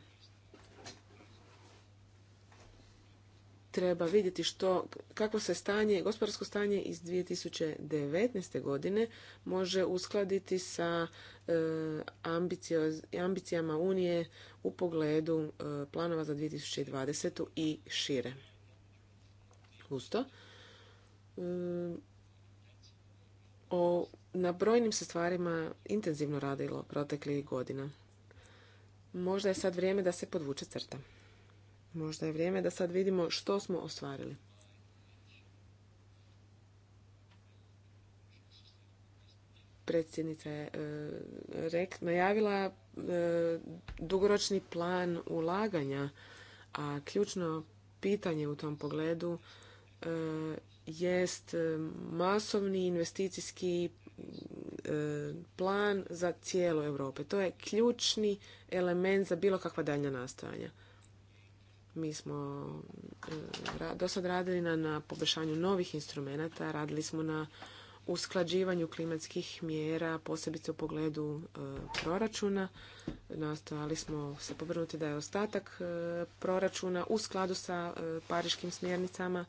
treba vidjeti što, kako se stanje, gospodarsko stanje iz 2019. godine može uskladiti sa e, ambicijama Unije u pogledu e, planova za 2020. i šire. Usto. E, o, na brojnim se stvarima intenzivno radilo proteklih godina. Možda je sad vrijeme da se podvuče crta. Možda je vrijeme da sad vidimo što smo ostvarili. Predsjednica je e, najavila e, dugoročni plan ulaganja, a ključno pitanje u tom pogledu e, jest masovni investicijski plan za cijelu Europe. To je ključni element za bilo kakva daljnja nastojanja. Mi smo e, do sad radili na, na poboljšanju novih instrumenata, radili smo na usklađivanju klimatskih mjera, posebice u pogledu e, proračuna. Nastojali smo se povrnuti da je ostatak e, proračuna u skladu sa pariškim smjernicama,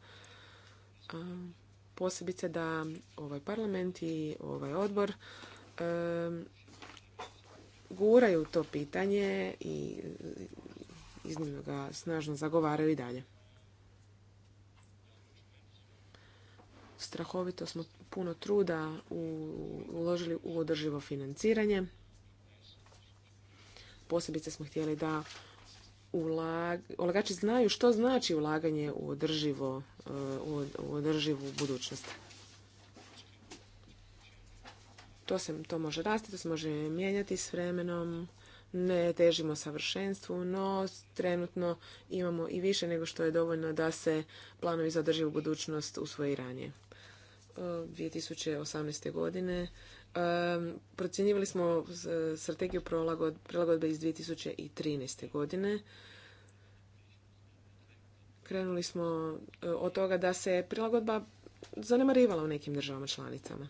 posebice da ovaj parlament i ovaj odbor guraju to pitanje i iznimno ga snažno zagovaraju i dalje. Strahovito smo puno truda uložili u održivo financiranje. Posebice smo htjeli da ulagači znaju što znači ulaganje u održivo eh, u održivu budućnost. To se to može rasti, to se može mijenjati s vremenom ne težimo savršenstvu, no trenutno imamo i više nego što je dovoljno da se planovi za u budućnost usvoji ranije. 2018. E, godine e, procjenjivali smo strategiju prilagodbe iz 2013. godine. Krenuli smo e, od toga da se prilagodba zanemarivala u nekim državama članicama.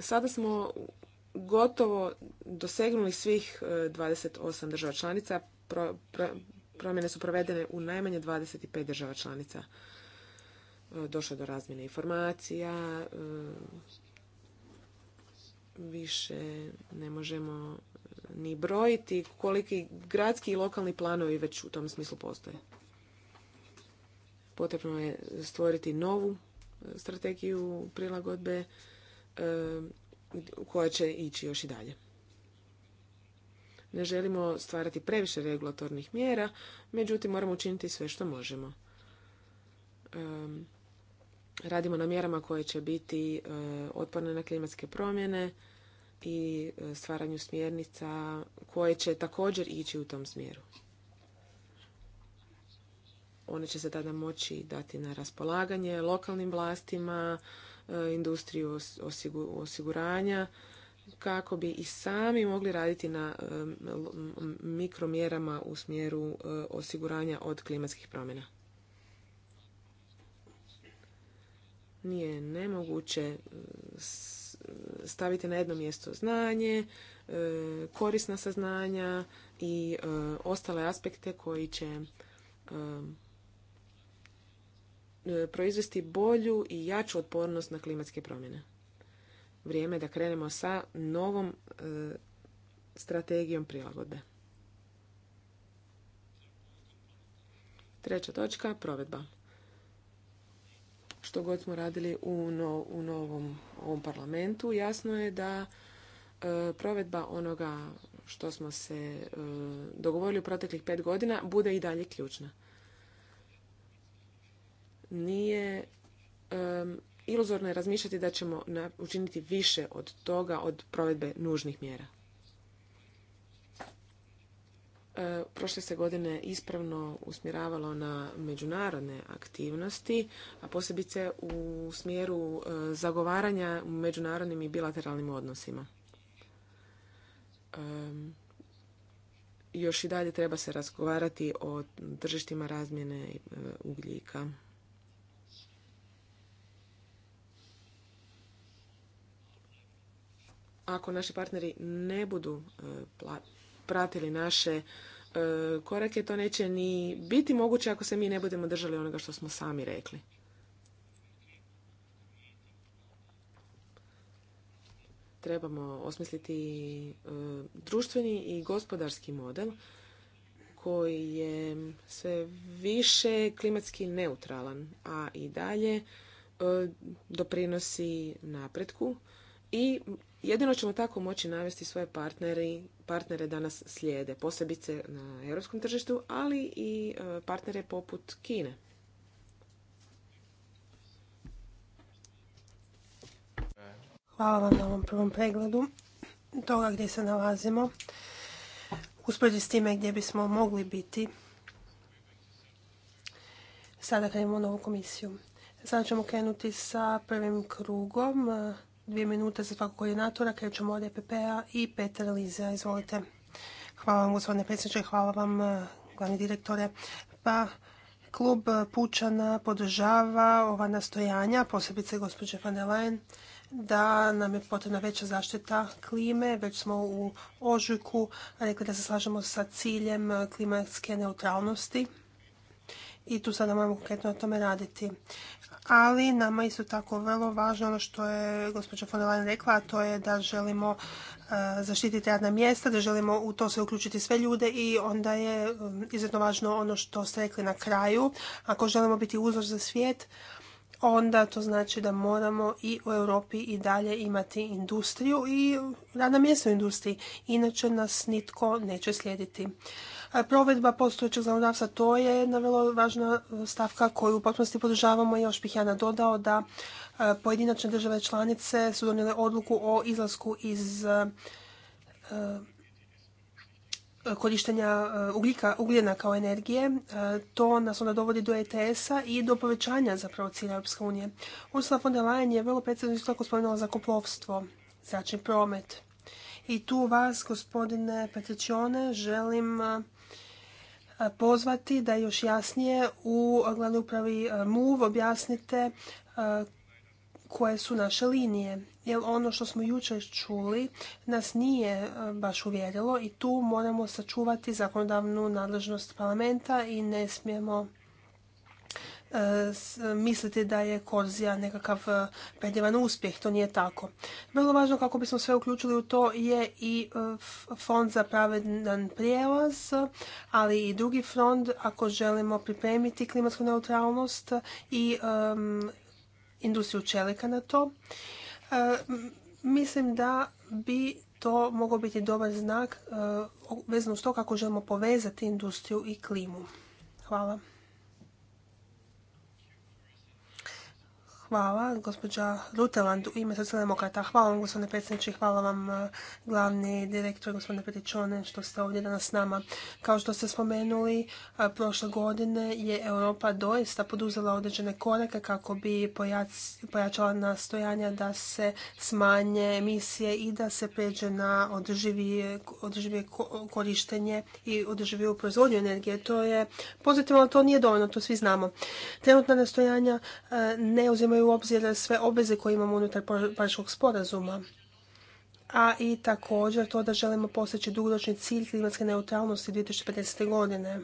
Sada smo gotovo dosegnuli svih 28 e, država članica. promjene su provedene u najmanje 25 država članica. E, došlo do razmjene informacija. E, više ne možemo ni brojiti koliki gradski i lokalni planovi već u tom smislu postoje. Potrebno je stvoriti novu strategiju prilagodbe koja će ići još i dalje. Ne želimo stvarati previše regulatornih mjera, međutim moramo učiniti sve što možemo. Radimo na mjerama koje će biti e, otporne na klimatske promjene i e, stvaranju smjernica koje će također ići u tom smjeru. One će se tada moći dati na raspolaganje lokalnim vlastima, E, industriju osiguranja kako bi i sami mogli raditi na e, mikromjerama u smjeru e, osiguranja od klimatskih promjena. Nije nemoguće staviti na jedno mjesto znanje, korisna saznanja i ostale aspekte koji će E, proizvesti bolju i jaču otpornost na klimatske promjene. Vrijeme je da krenemo sa novom e, strategijom prilagodbe. Treća točka, provedba. Što god smo radili u, u novom ovom parlamentu, jasno je da e, provedba onoga što smo se dogovorili u proteklih pet godina bude i dalje ključna nije iluzorno je razmišljati da ćemo učiniti više od toga od provedbe nužnih mjera. E, prošle se godine ispravno usmjeravalo na međunarodne aktivnosti, a posebice u smjeru e, zagovaranja u međunarodnim i bilateralnim odnosima. još i dalje treba se razgovarati o tržištima razmjene e, ugljika. ako naši partneri ne budu e, pratili naše e, korake, to neće ni biti moguće ako se mi ne budemo držali onoga što smo sami rekli. Trebamo osmisliti e, društveni i gospodarski model koji je sve više klimatski neutralan, a i dalje doprinosi napretku i Jedino ćemo tako moći navesti svoje partneri, partnere danas slijede, posebice na europskom tržištu, ali i e, partnere poput Kine. Hvala vam na ovom prvom pregledu toga gdje se nalazimo. usporedbi s time gdje bismo mogli biti sada krenemo u novu komisiju. Sada ćemo krenuti sa prvim krugom Dvije minute za svakog koordinatora. Krećemo od EPP-a i Petra Liza. Izvolite. Hvala vam, gospodine predsjedniče. Hvala vam, eh, glavni direktore. Pa, klub Pučana podržava ova nastojanja, posebice gospođe van der Leyen, da nam je potrebna veća zaštita klime. Već smo u ožujku rekli da se slažemo sa ciljem eh, klimatske neutralnosti i tu sada moramo konkretno na tome raditi. Ali nama isto tako vrlo važno ono što je gospođa von Leyen rekla, a to je da želimo e, zaštititi radna mjesta, da želimo u to sve uključiti sve ljude i onda je izuzetno važno ono što ste rekli na kraju. Ako želimo biti uzor za svijet, onda to znači da moramo i u Europi i dalje imati industriju i radna mjesta u industriji. Inače nas nitko neće slijediti. Provedba postojećeg zakonodavstva to je jedna vrlo važna stavka koju u potpunosti podržavamo. Još bih ja nadodao da e, pojedinačne države članice su donijele odluku o izlasku iz e, e, korištenja ugljika, ugljena kao energije. To nas onda dovodi do ETS-a i do povećanja zapravo cilja Europske unije. Ursula von der Leyen je vrlo predsjedno isto tako spomenula koplovstvo, zračni promet. I tu vas, gospodine Petricione, želim pozvati da još jasnije u glavnoj upravi e, MUV objasnite e, koje su naše linije. Jer ono što smo jučer čuli nas nije e, baš uvjerilo i tu moramo sačuvati zakonodavnu nadležnost parlamenta i ne smijemo misliti da je Korzija nekakav e, predjevan uspjeh. To nije tako. Vrlo važno kako bismo sve uključili u to je i e, fond za pravedan prijelaz, ali i drugi fond ako želimo pripremiti klimatsku neutralnost i industriju čelika na to. E, mislim da bi to mogao biti dobar znak vezano s to kako želimo povezati industriju i klimu. Hvala. Hvala, gospođa Ruteland, u ime socijaldemokrata. Hvala vam, gospodine predsjedniče, hvala vam, eh, glavni direktor, gospodine Petričone što ste ovdje danas s nama. Kao što ste spomenuli, eh, prošle godine je Europa doista poduzela određene korake kako bi pojačala nastojanja da se smanje emisije i da se pređe na održivije korištenje i održiviju proizvodnju energije. To je pozitivno, ali to nije dovoljno, to svi znamo. Trenutna nastojanja eh, ne uzimaju uzimaju u obzir sve obveze koje imamo unutar Pariškog sporazuma, a i također to da želimo postići dugoročni cilj klimatske neutralnosti 2050. godine.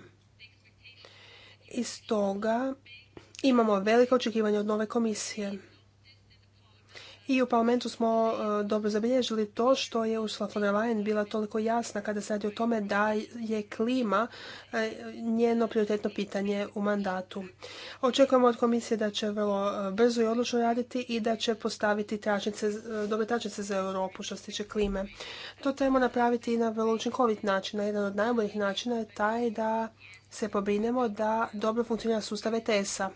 I toga imamo velike očekivanje od nove komisije. I u parlamentu smo e, dobro zabilježili to što je u von der bila toliko jasna kada se radi o tome da je klima e, njeno prioritetno pitanje u mandatu. Očekujemo od komisije da će vrlo e, brzo i odlučno raditi i da će postaviti dobre tračnice za Europu što se tiče klime. To trebamo napraviti i na vrlo učinkovit način. Na jedan od najboljih načina je taj da se pobrinemo da dobro funkcionira sustav ETS-a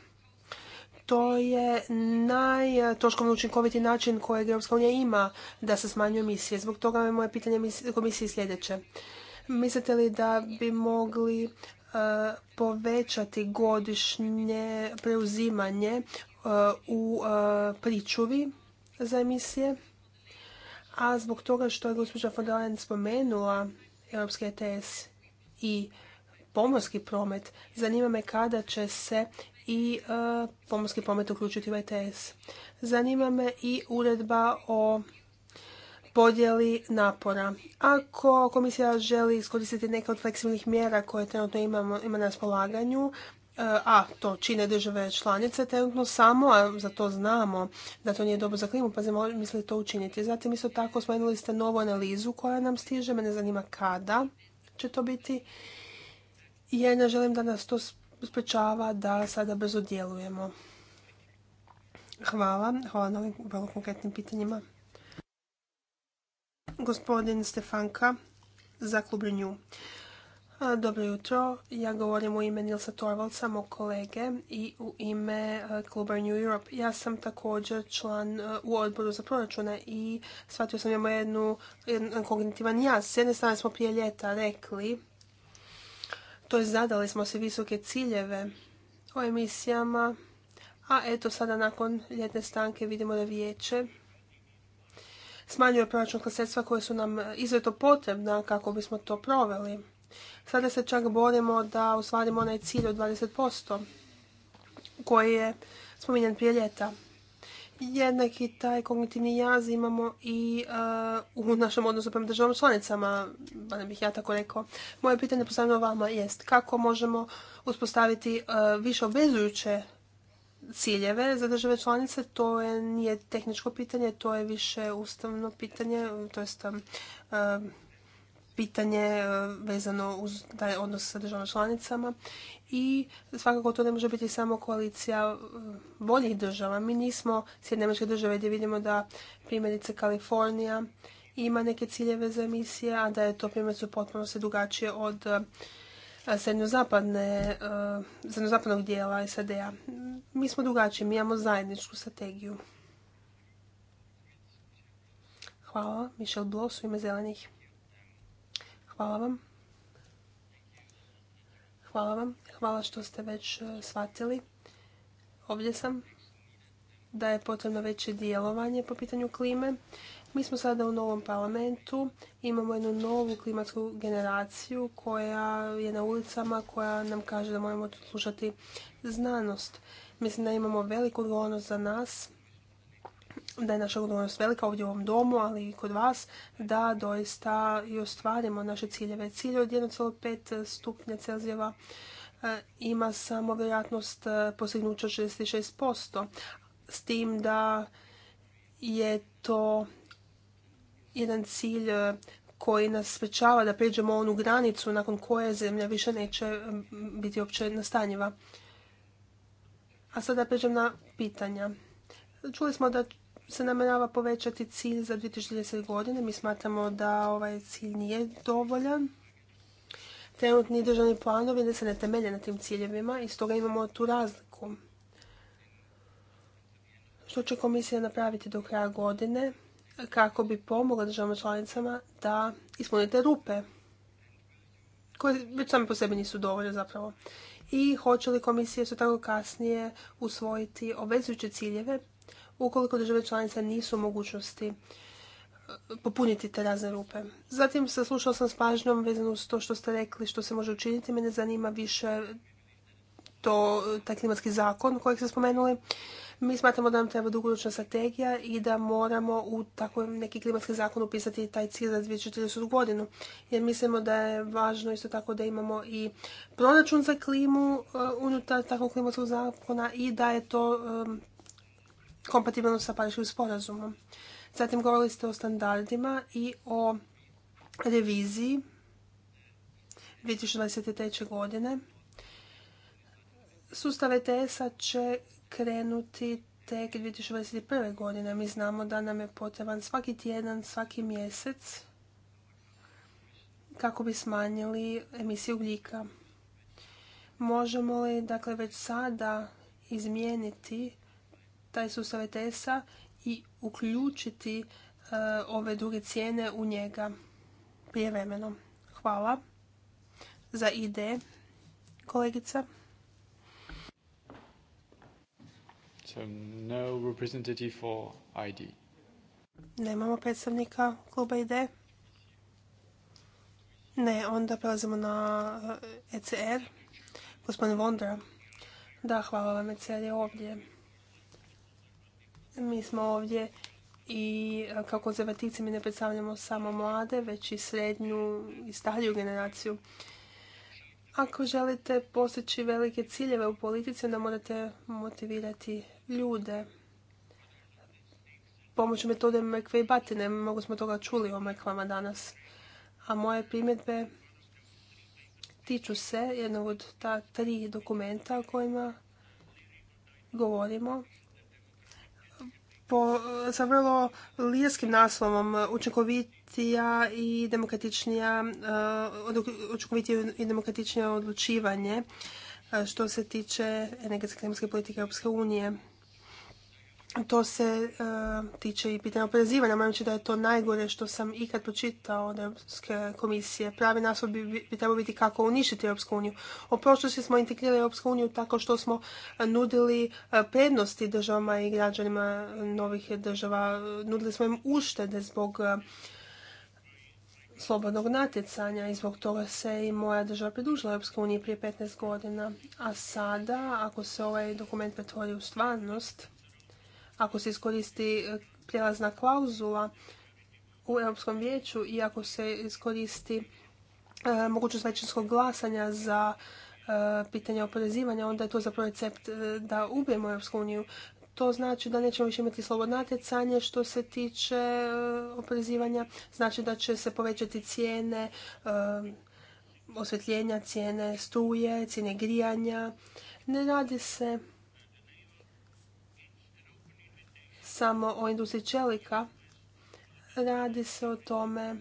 to je najtroškovno učinkoviti način kojeg Europska unija ima da se smanjuje emisije. Zbog toga je moje pitanje komisiji sljedeće. Mislite li da bi mogli e, povećati godišnje preuzimanje e, u e, pričuvi za emisije? A zbog toga što je gospođa von der spomenula Europski ETS i pomorski promet, zanima me kada će se i e, pomorski promet uključiti u ETS. Zanima me i uredba o podjeli napora. Ako komisija želi iskoristiti neke od fleksibilnih mjera koje trenutno imamo, ima na raspolaganju, e, a to čine države članice trenutno samo, a za to znamo da to nije dobro za klimu, pa znamo misli to učiniti. Zatim isto tako spomenuli ste novu analizu koja nam stiže, mene zanima kada će to biti, jer ne želim da nas to sprečava da sada brzo djelujemo. Hvala. Hvala na ovim vrlo konkretnim pitanjima. Gospodin Stefanka za klub Renew. Dobro jutro. Ja govorim u ime Nilsa Torvalca, mog kolege, i u ime kluba New Europe. Ja sam također član u odboru za proračune i shvatio sam imamo jednu, kognitivan jaz. S jedne strane smo prije ljeta rekli to zadali smo se visoke ciljeve o emisijama, a eto sada nakon ljetne stanke vidimo da vijeće smanjuje proračunska sredstva koje su nam izuzetno potrebna kako bismo to proveli. Sada se čak borimo da ostvarimo onaj cilj od 20% koji je spominjan prije ljeta jednaki taj kognitivni jaz imamo i uh, u našem odnosu prema državama članicama, barem bih ja tako rekao. Moje pitanje postavljeno vama jest kako možemo uspostaviti uh, više obvezujuće ciljeve za države članice, to je, nije tehničko pitanje, to je više ustavno pitanje, to jest um, pitanje e, vezano uz taj odnos sa državama članicama i svakako to ne može biti samo koalicija e, boljih država. Mi nismo sjednjemačke države gdje vidimo da primjerice Kalifornija ima neke ciljeve za emisije, a da je to primjerice potpuno se drugačije od e, srednjozapadne, srednjozapadnog dijela SAD-a. Mi smo drugačiji, mi imamo zajedničku strategiju. Hvala, Michel Blos u ime zelenih. Hvala vam. Hvala vam. Hvala što ste već e, shvatili. Ovdje sam da je potrebno veće djelovanje po pitanju klime. Mi smo sada u novom parlamentu, imamo jednu novu klimatsku generaciju koja je na ulicama, koja nam kaže da moramo slušati znanost. Mislim da imamo veliku odgovornost za nas da je naša odgovornost velika ovdje u ovom domu, ali i kod vas, da doista i ostvarimo naše ciljeve. Cilj od 1,5 stupnja Celzijeva e, ima samo vjerojatnost e, postignuća 66%, s tim da je to jedan cilj e, koji nas sprečava da pređemo onu granicu nakon koje zemlja više neće biti uopće nastanjiva. A sada pređem na pitanja. Čuli smo da se namjerava povećati cilj za 2010. godine. Mi smatramo da ovaj cilj nije dovoljan. Trenutni državni planovi da se ne temelje na tim ciljevima i stoga imamo tu razliku. Što će komisija napraviti do kraja godine kako bi pomogla državama članicama da ispunite rupe koje već same po sebi nisu dovoljne zapravo. I hoće li komisija su tako kasnije usvojiti obvezujuće ciljeve ukoliko države članice nisu u mogućnosti e, popuniti te razne rupe. Zatim saslušao sam s pažnjom vezano uz to što ste rekli, što se može učiniti. Mene zanima više to, taj klimatski zakon kojeg ste spomenuli. Mi smatramo da nam treba dugoročna strategija i da moramo u tako neki klimatski zakon upisati taj cilj za 2040. godinu. Jer mislimo da je važno isto tako da imamo i proračun za klimu e, unutar takvog klimatskog zakona i da je to e, kompatibilno sa sporazumom. Zatim govorili ste o standardima i o reviziji 2023. godine. Sustav ETS-a će krenuti tek 2021. godine. Mi znamo da nam je potreban svaki tjedan, svaki mjesec kako bi smanjili emisiju ugljika. Možemo li dakle već sada izmijeniti taj sustav ETS-a i uključiti e, ove druge cijene u njega prijevremeno. Hvala za ID, kolegica. no Nemamo predstavnika kluba ID. Ne, onda prelazimo na ECR. E Gospodin Vondra. Da, hvala vam, ECR je ovdje. Mi smo ovdje i e, kao konzervativci mi ne predstavljamo samo mlade, već i srednju i stariju generaciju. Ako želite postići velike ciljeve u politici, onda morate motivirati ljude. Pomoću metode mekve i batine, Mogu smo toga čuli o mekvama danas. A moje primjedbe tiču se jednog od ta tri dokumenta o kojima govorimo sa vrlo lijeskim naslovom e, učinkovitija i demokratičnija, e, učinkovitije i demokratičnije odlučivanje e, što se tiče energetske klimatske politike Europske unije to se e, tiče i pitanja oporezivanja, će da je to najgore što sam ikad pročitao od Europske komisije. Pravi naslov bi, trebao biti kako uništiti Europsku uniju. U prošlosti smo integrirali Europsku uniju tako što smo nudili e, prednosti državama i građanima novih država. Nudili smo im uštede zbog e, slobodnog natjecanja i zbog toga se i moja država pridružila Europskoj uniji prije 15 godina. A sada, ako se ovaj dokument pretvori u stvarnost, ako se iskoristi eh, prijelazna klauzula u Europskom vijeću i ako se iskoristi eh, mogućnost većinskog glasanja za eh, pitanje oporezivanja, onda je to zapravo recept da ubijemo Europsku uniju. To znači da nećemo više imati slobodno natjecanje što se tiče oporezivanja, znači da će se povećati cijene osvjetljenja, cijene struje, cijene grijanja. Ne radi se samo o industriji čelika, radi se o tome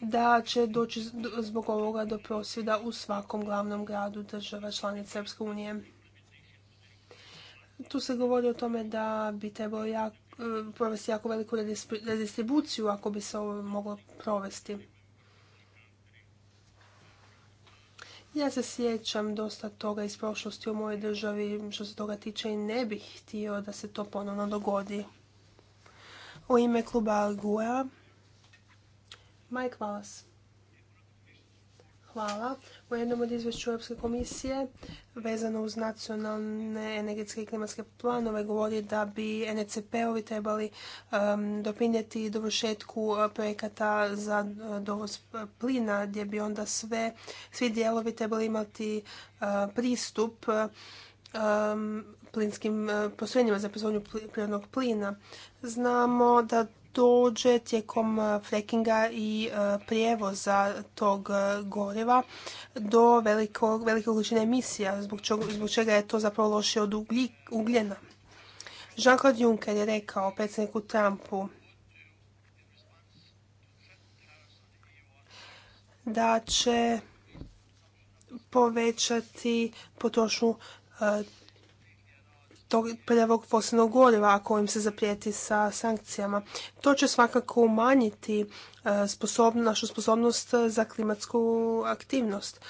da će doći zbog ovoga do prosvjeda u svakom glavnom gradu država članica Srpske unije. Tu se govori o tome da bi trebalo eh, provesti jako veliku redistribuciju ako bi se ovo moglo provesti. Ja se sjećam dosta toga iz prošlosti u mojoj državi što se toga tiče i ne bih htio da se to ponovno dogodi. U ime kluba Algua, Mike Wallace hvala. U jednom od izvješću Europske komisije vezano uz nacionalne energetske i klimatske planove govori da bi ncp e ovi trebali um, doprinijeti dovršetku uh, projekata za uh, dovoz uh, plina gdje bi onda sve, svi dijelovi trebali imati pristup um, plinskim uh, za proizvodnju prirodnog plina. Znamo da dođe tijekom e, frekinga i e, prijevoza tog e, goriva do velikog velike količine emisija, zbog, čega je to zapravo loše od ugljena. Jean-Claude Juncker je rekao predsjedniku Trumpu da će povećati potrošnju tog prvog fosilnog goriva ako im se zaprijeti sa sankcijama. To će svakako umanjiti e, našu sposobnost e, za klimatsku aktivnost.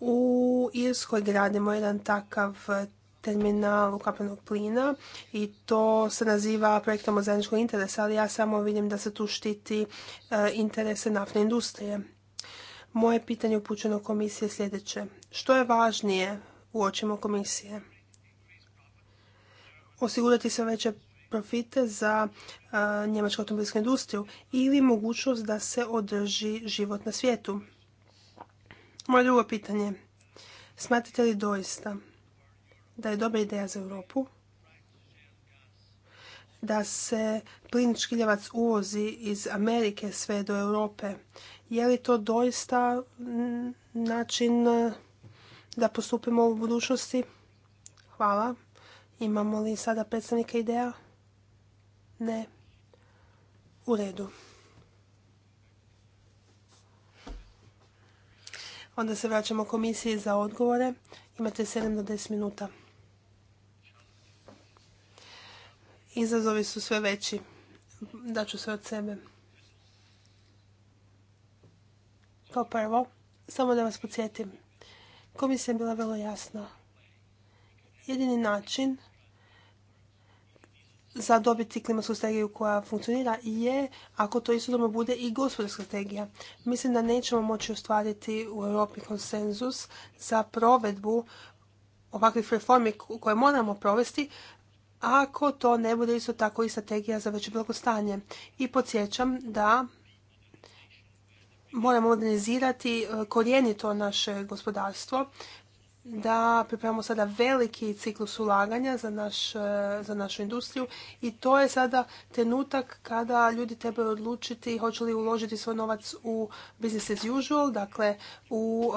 U Irskoj gradimo jedan takav e, terminal ukapljenog plina i to se naziva projektom od zajedničkog interesa, ali ja samo vidim da se tu štiti interese naftne industrije. Moje pitanje upućeno komisije je sljedeće. Što je važnije u očima komisije? osigurati sve veće profite za njemačku automobilsku industriju ili mogućnost da se održi život na svijetu. Moje drugo pitanje. Smatrate li doista da je dobra ideja za Europu da se plin škiljevac uvozi iz Amerike sve do Europe? Je li to doista način e, da postupimo u budućnosti? Hvala. Imamo li sada predstavnika ideja? Ne. U redu. Onda se vraćamo komisiji za odgovore. Imate 7 do 10 minuta. Izazovi su sve veći. Daću sve od sebe. Kao prvo, samo da vas podsjetim. Komisija je bila vrlo jasna jedini način za dobiti klimatsku strategiju koja funkcionira je ako to istodobno bude i gospodarska strategija. Mislim da nećemo moći ostvariti u Europi konsenzus za provedbu ovakvih reformi koje moramo provesti ako to ne bude isto tako i strategija za veće blagostanje. I podsjećam da moramo organizirati e, korijenito naše gospodarstvo da pripremamo sada veliki ciklus ulaganja za, naš, e, za našu industriju i to je sada trenutak kada ljudi trebaju odlučiti hoće li uložiti svoj novac u business as usual, dakle u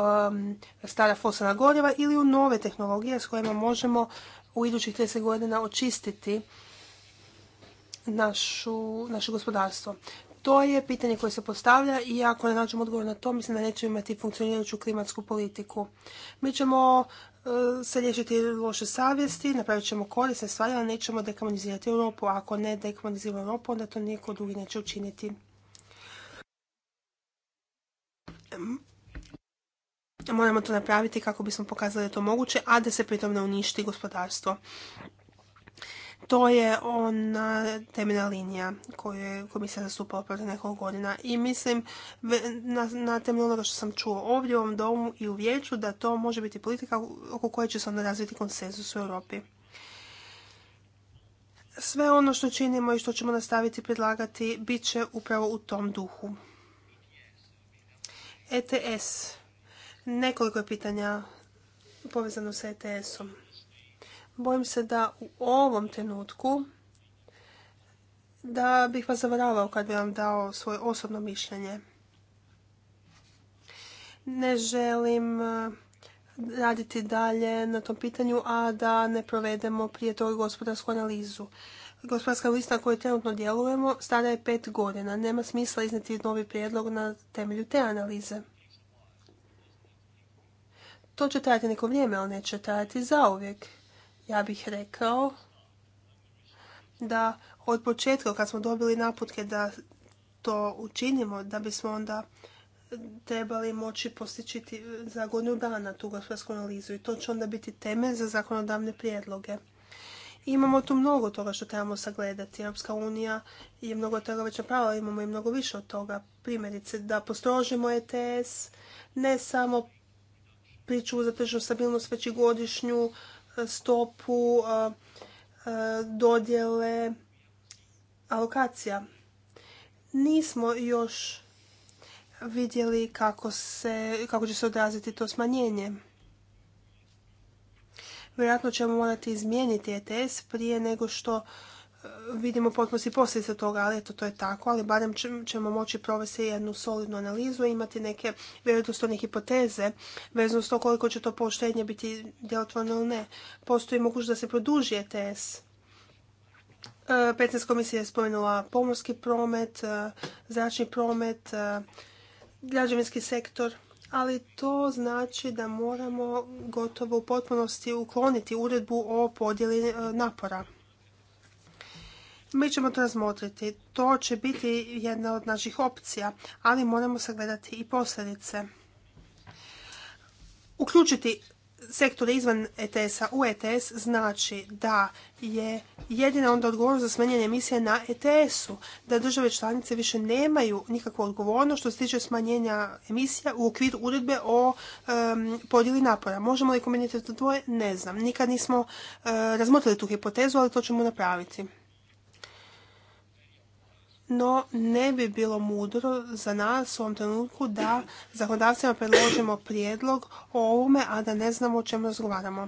stara fosilna goriva ili u nove tehnologije s kojima možemo u idućih 30 godina očistiti našu, naše gospodarstvo. To je pitanje koje se postavlja i ako ne nađemo odgovor na to, mislim da nećemo imati funkcionirajuću klimatsku politiku. Mi ćemo e, se liječiti loše savjesti, napravit ćemo korisne stvari, ali nećemo dekomunizirati Europu. ako ne dekomuniziramo Europu, onda to nijeko drugi neće učiniti. Moramo to napraviti kako bismo pokazali da je to moguće, a da se pritom ne uništi gospodarstvo. To je ona temeljna linija koju je komisija zastupala protiv nekoliko godina i mislim na, na temelju onoga što sam čuo ovdje u ovom domu i u vijeću da to može biti politika oko koje će se onda razviti konsenzus u Europi. Sve ono što činimo i što ćemo nastaviti predlagati bit će upravo u tom duhu. ETS. Nekoliko je pitanja povezano sa ETS-om. Bojim se da u ovom trenutku da bih vas zavaravao kad bi vam dao svoje osobno mišljenje. Ne želim e, raditi dalje na tom pitanju, a da ne provedemo prije toga gospodarsku analizu. Gospodarska lista na koju trenutno djelujemo stara je pet godina. Nema smisla izneti novi prijedlog na temelju te analize. To će trajati neko vrijeme, ali neće trajati zauvijek. Ja bih rekao da od početka kad smo dobili naputke da to učinimo, da bismo onda trebali moći postići za godinu dana tu gospodarsku analizu i to će onda biti temelj za zakonodavne prijedloge. Imamo tu mnogo toga što trebamo sagledati. Europska unija je mnogo toga već napravila, imamo i mnogo više od toga. Primjerice da postrožimo ETS, ne samo priču za tržnu stabilnost, već i godišnju stopu dodjele alokacija. Nismo još vidjeli kako, se, kako će se odraziti to smanjenje. Vjerojatno ćemo morati izmijeniti ETS prije nego što vidimo potpunosti posljedice toga, ali eto, to je tako, ali barem ćemo moći provesti jednu solidnu analizu i imati neke vjerodostojne hipoteze vezano s to koliko će to poštenje biti djelotvorno ili ne. Postoji mogućnost da se produži e e, ETS. 15 komisija je spomenula pomorski promet, e, zračni promet, građevinski sektor, ali to znači da moramo gotovo u potpunosti ukloniti uredbu o podjeli napora. Mi ćemo to razmotriti. To će biti jedna od naših opcija, ali moramo sagledati i posljedice. Uključiti sektore izvan ETS-a u ETS znači da je jedina onda odgovornost za smanjenje emisije na ETS-u, da države članice više nemaju nikakvu odgovornost što se tiče smanjenja emisija u okviru uredbe o podjeli napora. Možemo li komentirati to dvoje? Ne znam. Nikad nismo eh, razmotrili tu hipotezu, ali to ćemo napraviti no ne bi bilo mudro za nas u ovom trenutku da zakonodavcima predložimo prijedlog o ovome, a da ne znamo o čemu razgovaramo.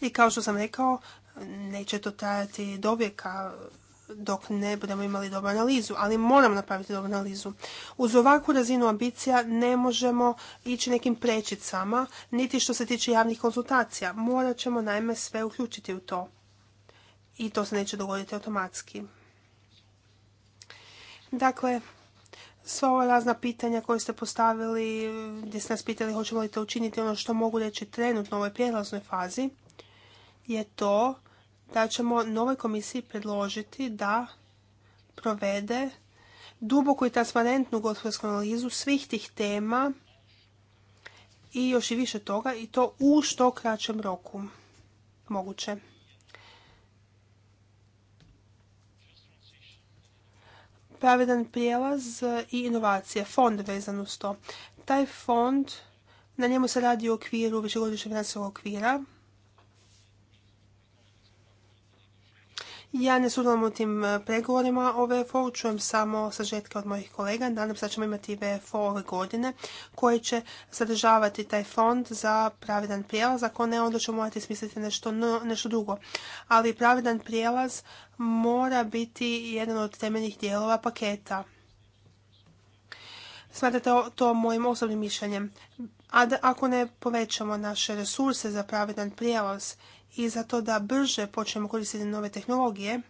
I kao što sam rekao, neće to trajati do vijeka dok ne budemo imali dobru analizu, ali moramo napraviti dobru analizu. Uz ovakvu razinu ambicija ne možemo ići nekim prečicama, niti što se tiče javnih konzultacija. Morat ćemo naime sve uključiti u to. I to se neće dogoditi automatski. Dakle, sva ova razna pitanja koje ste postavili, gdje ste nas pitali hoćemo li to učiniti, ono što mogu reći trenutno u ovoj prijelaznoj fazi, je to da ćemo novoj komisiji predložiti da provede duboku i transparentnu gospodarsku analizu svih tih tema i još i više toga i to u što kraćem roku moguće. pravedan prijelaz e, i inovacije, fond vezan uz to. Taj fond, na njemu se radi u okviru višegodišnjeg finansijskog okvira Ja ne sudjelujem u tim e, pregovorima o VFO, čujem samo sažetke od mojih kolega. Nadam se da ćemo imati VFO ove godine koji će sadržavati taj fond za pravedan prijelaz. Ako ne, onda ćemo morati smisliti nešto, nešto drugo. Ali pravedan prijelaz mora biti jedan od temeljnih dijelova paketa. Smatrate to mojim osobnim mišljenjem. A ako ne povećamo naše resurse za pravedan prijelaz i za to da brže počnemo koristiti nove tehnologije,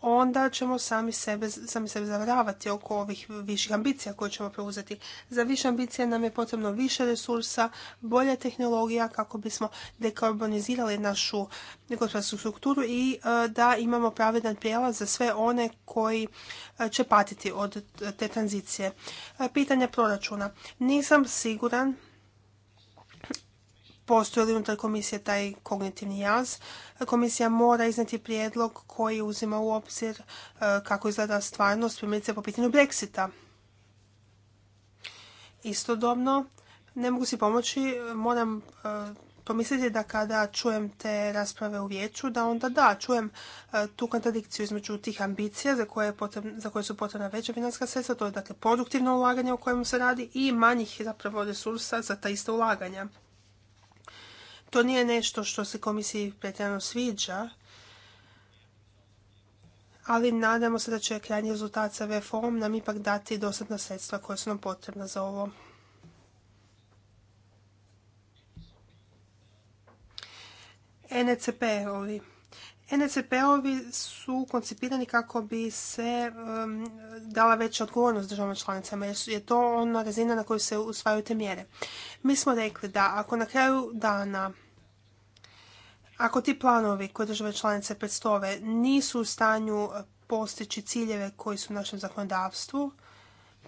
onda ćemo sami sebe, sami sebe zavaravati oko ovih viših ambicija koje ćemo preuzeti. Za više ambicije nam je potrebno više resursa, bolja tehnologija kako bismo dekarbonizirali našu gospodarsku strukturu i e, da imamo pravedan prijelaz za sve one koji e, će patiti od te tranzicije. E, pitanje proračuna. Nisam siguran postoji li unutar komisije taj kognitivni jaz. Komisija mora izneti prijedlog koji uzima u obzir e, kako izgleda stvarnost primjerice po pitanju Brexita. Istodobno, ne mogu si pomoći, moram e, pomisliti da kada čujem te rasprave u vijeću, da onda da, čujem e, tu kontradikciju između tih ambicija za koje, su potrebna veća finanska sredstva, to je dakle produktivno ulaganje o kojem se radi i manjih zapravo resursa za ta ista ulaganja. To nije nešto što se komisiji pretjerano sviđa, ali nadamo se da će krajnji rezultat sa vfo nam ipak dati dostatna sredstva koja su nam potrebna za ovo. NCP, e ovi NCP-ovi su koncipirani kako bi se dala veća odgovornost državama članicama, jer je to ona razina na koju se usvajaju te mjere. Mi smo rekli da ako na kraju dana, ako ti planovi koje države članice predstove nisu u stanju postići ciljeve koji su u našem zakonodavstvu,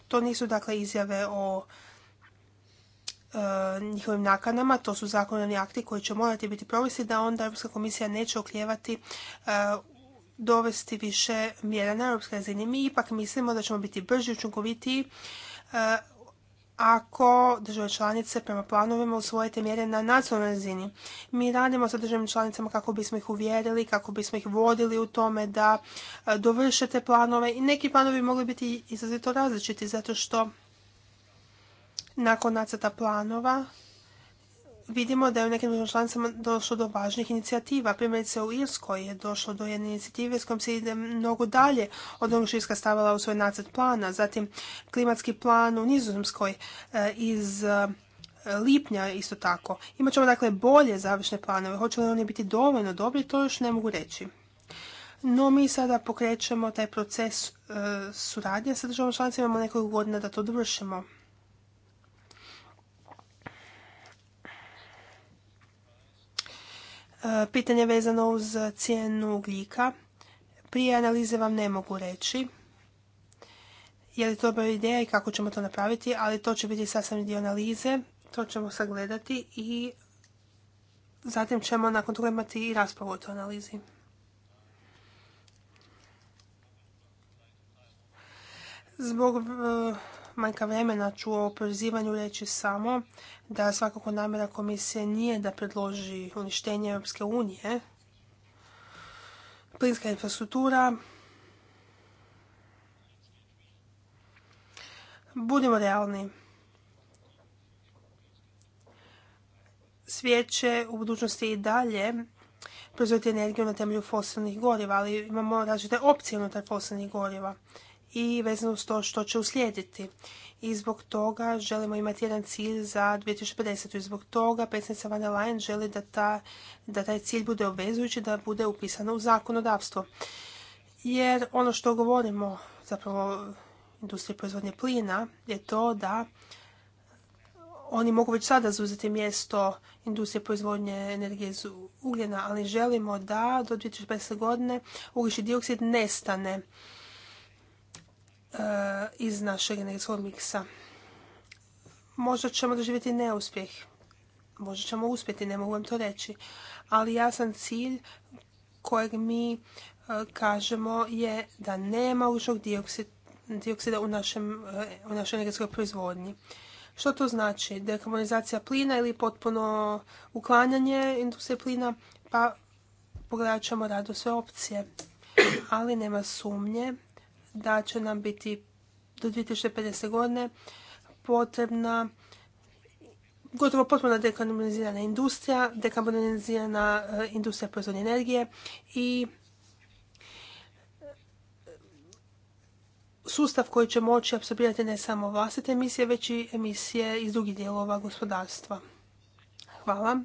to nisu dakle izjave o E, njihovim nakanama, to su zakonodavni akti koji će morati biti provesti, da onda Europska komisija neće oklijevati e, dovesti više mjera na europskoj razini. Mi ipak mislimo da ćemo biti brži i učinkovitiji e, ako države članice prema planovima usvojite mjere na nacionalnoj razini. Mi radimo sa državnim članicama kako bismo ih uvjerili, kako bismo ih vodili u tome da dovršete planove i neki planovi mogli biti izrazito različiti zato što nakon nacrta planova vidimo da je u nekim državama članicama došlo do važnih inicijativa. Primjerice u Irskoj je došlo do jedne inicijative s kojom se ide mnogo dalje od onog što je stavila u svoj nacrt plana. Zatim klimatski plan u Nizozemskoj e, iz e, lipnja isto tako. Imat ćemo dakle bolje završne planove. Hoće li oni biti dovoljno dobri, to još ne mogu reći. No mi sada pokrećemo taj proces e, suradnje sa državom članicama, imamo nekoliko godina da to dovršimo. E, pitanje vezano uz cijenu ugljika. Prije analize vam ne mogu reći je li to dobra ideja i kako ćemo to napraviti, ali to će biti sasvim dio analize, to ćemo sagledati i zatim ćemo nakon toga imati i raspravu o toj analizi. Zbog e, manjka vremena ću o oporezivanju reći samo da svakako namjera komisije nije da predloži uništenje Europske unije. Plinska infrastruktura, budimo realni. svijeće u budućnosti i dalje proizvoditi energiju na temelju fosilnih goriva, ali imamo različite opcije unutar fosilnih goriva i vezano s to što će uslijediti. I zbog toga želimo imati jedan cilj za 2050. I zbog toga predsjednica van der Leyen želi da, ta, da taj cilj bude obvezujući, da bude upisano u zakonodavstvo. Jer ono što govorimo zapravo industrije proizvodnje plina je to da oni mogu već sada zauzeti mjesto industrije proizvodnje energije iz ugljena, ali želimo da do 2050. godine ugljični dioksid nestane E, iz našeg energetskog miksa. Možda ćemo doživjeti neuspjeh, možda ćemo uspjeti, ne mogu vam to reći, ali jasan cilj kojeg mi e, kažemo je da nema ušog dioksida e, u, našoj energetskoj proizvodnji. Što to znači? Dekarbonizacija plina ili potpuno uklanjanje industrije plina? Pa pogledat ćemo rado sve opcije. Ali nema sumnje da će nam biti do 2050. godine potrebna gotovo potpuno dekarbonizirana industrija, dekarbonizirana e, industrija proizvodnje energije i sustav koji će moći apsorbirati ne samo vlastite emisije, već i emisije iz drugih dijelova gospodarstva. Hvala.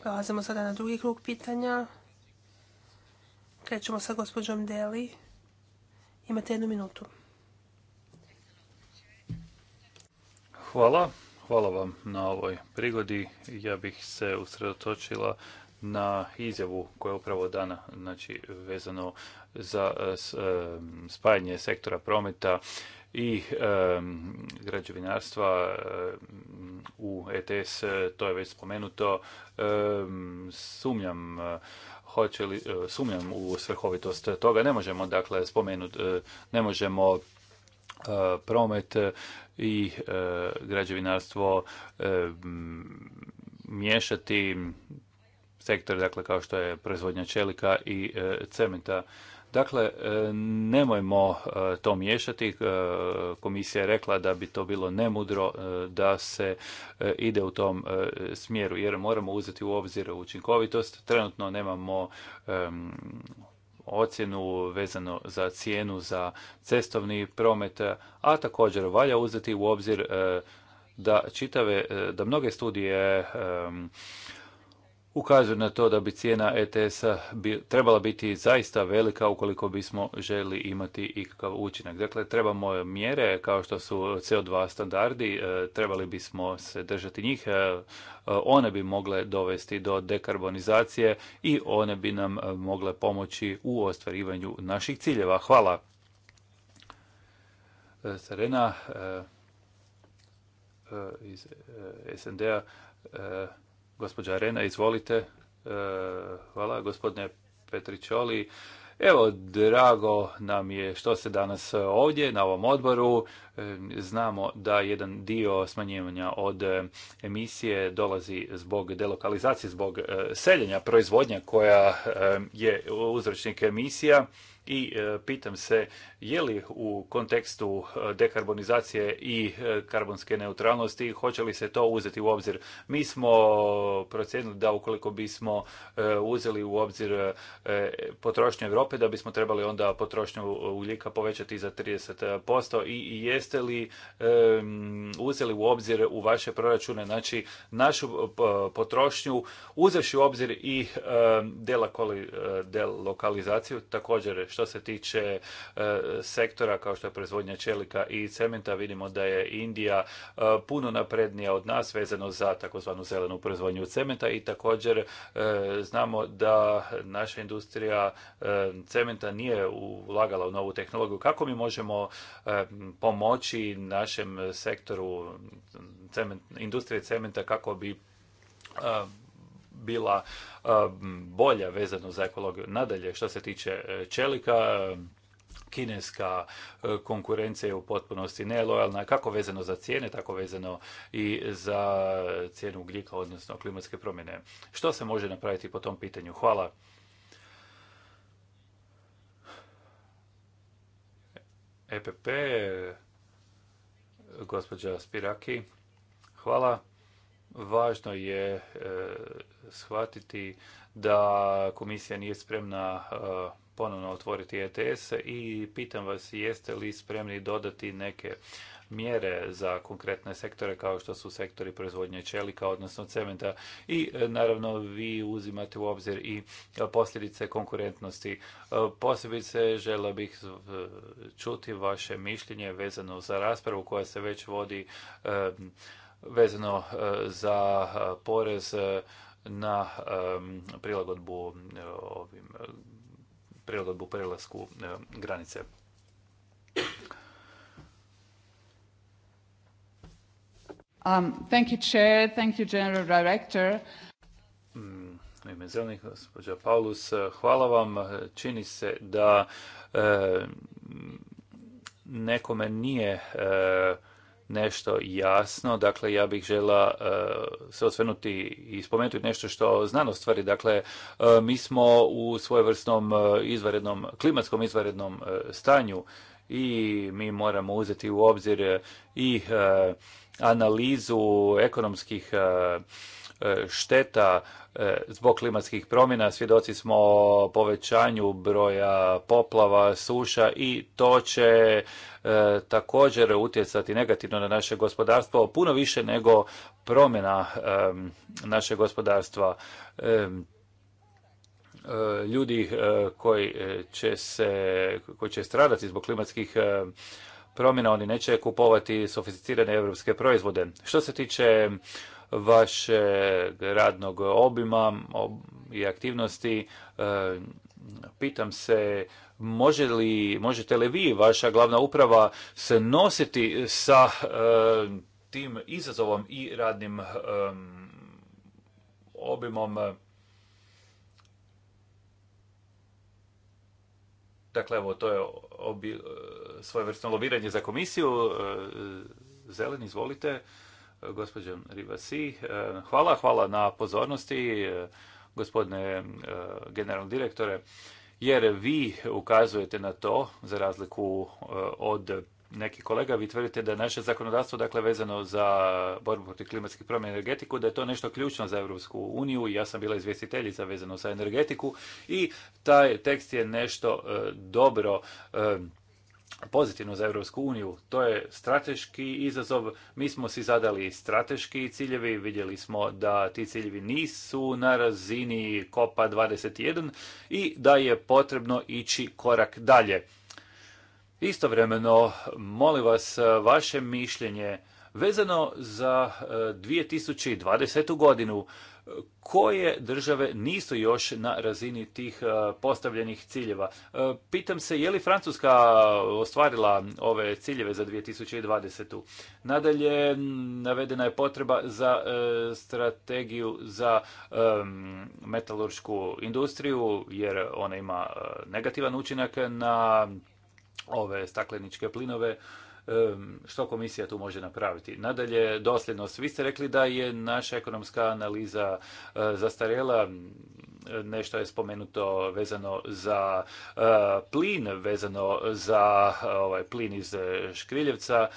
Prelazimo sada na drugi krug pitanja. Krećemo sa gospođom Deli. Imate jednu minutu. Hvala. Hvala vam na ovoj prigodi. Ja bih se usredotočila na izjavu koja je upravo dana, znači vezano za e, e, spajanje sektora prometa i e, građevinarstva u ETS, to je već spomenuto. Sumnjam hoće li, e, sumnjam u svrhovitost toga, ne možemo dakle spomenuti, e, ne možemo e, promet i građevinarstvo miješati sektor dakle kao što je proizvodnja čelika i cementa Dakle, e, nemojmo e, to miješati. E, komisija je rekla da bi to bilo nemudro da se ide u tom smjeru, jer moramo uzeti u obzir učinkovitost. Trenutno nemamo ocjenu vezano za cijenu za cestovni promet, a također valja uzeti u obzir da čitave, da mnoge studije ukazuju na to da bi cijena ETS-a bi, trebala biti zaista velika ukoliko bismo želi imati ikakav učinak. Dakle, trebamo mjere kao što su CO2 standardi, e, trebali bismo se držati njih, e, e, one bi mogle dovesti do dekarbonizacije i one bi nam mogle pomoći u ostvarivanju naših ciljeva. Hvala. Serena iz SND-a Gospođa Arena, izvolite. E, hvala, gospodine Petričoli. Evo, drago nam je što se danas ovdje na ovom odboru. E, znamo da jedan dio smanjivanja od emisije dolazi zbog delokalizacije, zbog e, seljenja proizvodnja koja je uzročnik emisija i e, pitam se je li u kontekstu e, dekarbonizacije i e, karbonske neutralnosti hoće li se to uzeti u obzir. Mi smo procijenili da ukoliko bismo uzeli u obzir potrošnju Europe da bismo trebali onda potrošnju ugljika povećati za 30% i jeste li uzeli u obzir u vaše proračune znači našu potrošnju uzevši u obzir i lokalizaciju, također što se tiče e, sektora kao što je proizvodnja čelika i cementa, vidimo da je Indija e, puno naprednija od nas vezano za takozvanu zelenu proizvodnju cementa i također e, znamo da naša industrija cementa nije ulagala u novu tehnologiju. Kako mi možemo pomoći našem sektoru industrije cementa kako bi bila eh, bolja vezano za ekologiju. Nadalje, što se tiče eh, čelika, eh, kineska konkurencija je u potpunosti nelojalna, kako vezano za cijene, tako vezano i za cijenu ugljika, odnosno klimatske promjene. Što se može napraviti po tom pitanju? Hvala. EPP, gospođa Spiraki, hvala. Važno je e, shvatiti da komisija nije spremna e, ponovno otvoriti ETS i pitam vas jeste li spremni dodati neke mjere za konkretne sektore kao što su sektori proizvodnje čelika, odnosno cementa i e, naravno vi uzimate u obzir i posljedice konkurentnosti. Posebice žela bih čuti vaše mišljenje vezano za raspravu koja se već vodi vezano e, za e, porez e, na prilagodbu ovim prilagodbu prelasku granice. Um, thank you, Chair. Thank you, General Director. Mm, ime zelenih, gospođa Paulus, hvala vam. Čini se da e, nekome nije e, nešto jasno. Dakle, ja bih žela e, se osvrnuti i spomenuti nešto što znanost stvari. Dakle, e, mi smo u svojevrsnom e, izvarednom, klimatskom izvarednom stanju i mi moramo uzeti u obzir i analizu ekonomskih E, šteta e, zbog klimatskih promjena. Svjedoci smo o povećanju broja poplava, suša i to će e, također utjecati negativno na naše gospodarstvo puno više nego promjena naše gospodarstva ljudi koji će, se, koji će stradati zbog klimatskih promjena, oni neće kupovati sofisticirane europske proizvode. Što se tiče vašeg radnog obima i aktivnosti. E, pitam se, može li, možete li vi, vaša glavna uprava, se nositi sa e, tim izazovom i radnim e, obimom Dakle, evo, to je svoje vrstno lobiranje za komisiju. Zeleni, izvolite gospođom Rivasi. E, hvala, hvala na pozornosti, e, gospodine e, generalni direktore, jer vi ukazujete na to, za razliku od neki kolega, vi tvrdite da je naše zakonodavstvo dakle vezano za borbu protiv klimatskih promjena i energetiku, da je to nešto ključno za Europsku uniju i ja sam bila izvjestiteljica vezano za energetiku i taj tekst je nešto dobro pozitivno za Europsku uniju. To je strateški izazov. Mi smo si zadali strateški ciljevi, vidjeli smo da ti ciljevi nisu na razini kopa 21 i da je potrebno ići korak dalje. Istovremeno, molim vas vaše mišljenje vezano za 2020. Eh, godinu koje države nisu još na razini tih e, postavljenih ciljeva. E, pitam se je li Francuska ostvarila ove ciljeve za 2020. Nadalje, navedena je potreba za e, strategiju za metaluršku industriju, jer ona ima negativan učinak na ove stakleničke plinove što komisija tu može napraviti. Nadalje, dosljednost. Vi ste rekli da je naša ekonomska analiza e, zastarela, nešto je spomenuto vezano za e, plin, vezano za ovaj, plin iz e, Škriljevca.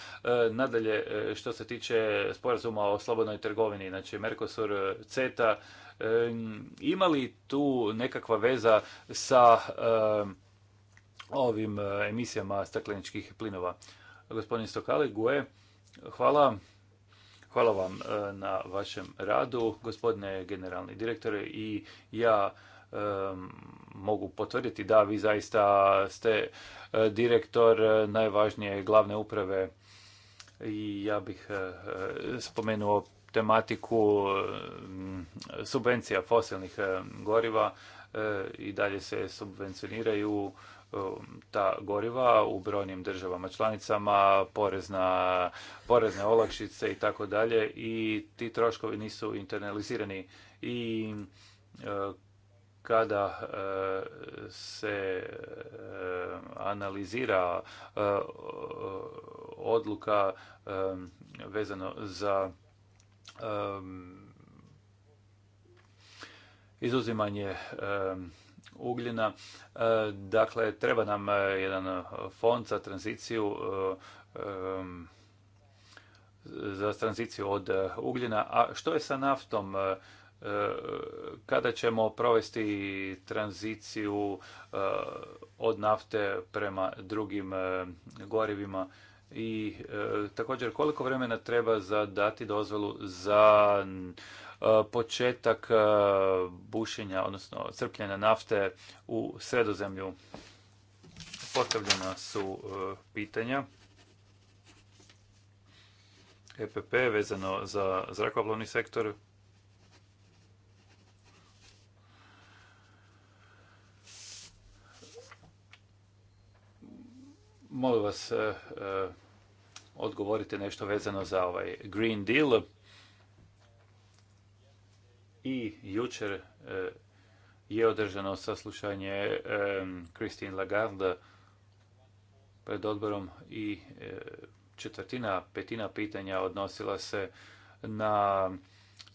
Nadalje, što se tiče sporazuma o slobodnoj trgovini, znači Mercosur, CETA, ima li tu nekakva veza sa ovim emisijama stakleničkih plinova? Gospodin Stokali, Gue, hvala. Hvala vam e, na vašem radu, gospodine generalni direktore i ja e, mogu potvrditi da vi zaista ste e, direktor najvažnije glavne uprave i ja bih spomenuo tematiku subvencija fosilnih goriva E, i dalje se subvencioniraju e, ta goriva u brojnim državama članicama, porezne olakšice i tako dalje i ti troškovi nisu internalizirani i e, kada se analizira odluka vezano za izuzimanje ugljena. E, dakle, treba nam e, jedan fond za tranziciju e, za tranziciju od ugljena. A što je sa naftom? Kada ćemo provesti tranziciju od nafte prema drugim gorivima? I također koliko vremena treba za dati dozvolu za početak e, bušenja, odnosno crpljenja nafte u sredozemlju. Postavljena su e, pitanja. EPP vezano za zrakoplovni sektor. Molim vas, e, odgovorite nešto vezano za ovaj Green Deal i jučer e, je održano saslušanje e, Christine Lagarde pred odborom i e, četvrtina, petina pitanja odnosila se na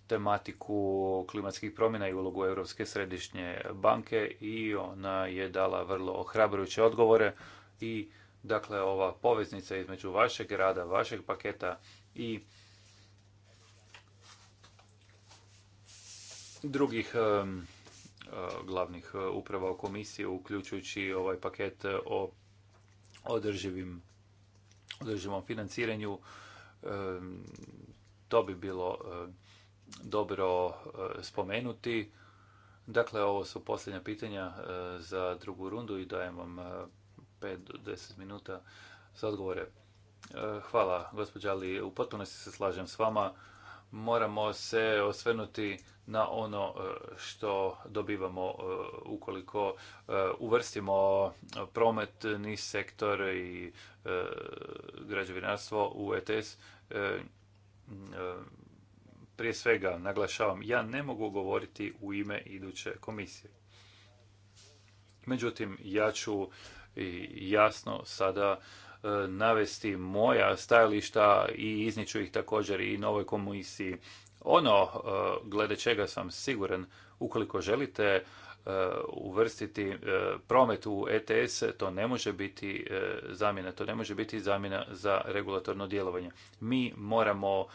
tematiku klimatskih promjena i ulogu Europske središnje banke i ona je dala vrlo ohrabrujuće odgovore i dakle ova poveznica između vašeg rada, vašeg paketa i drugih e, glavnih e, uprava u komisiji, uključujući ovaj paket e, o održivim, održivom financiranju. To bi bilo dobro spomenuti. Dakle, ovo su posljednja pitanja za drugu rundu i dajem vam 5 do 10 minuta za odgovore. Hvala, gospođa, ali u potpunosti se slažem s vama. Moramo se osvrnuti na ono e, što dobivamo e, ukoliko e, uvrstimo prometni sektor i građevinarstvo u ETS. Prije svega, naglašavam, ja ne mogu govoriti u ime iduće komisije. Međutim, ja ću jasno sada navesti moja stajališta i izniću ih također i novoj komisiji ono e, glede čega sam siguran, ukoliko želite e, uvrstiti e, promet u ETS, to ne može biti zamjena, to ne može biti zamjena za regulatorno djelovanje. Mi moramo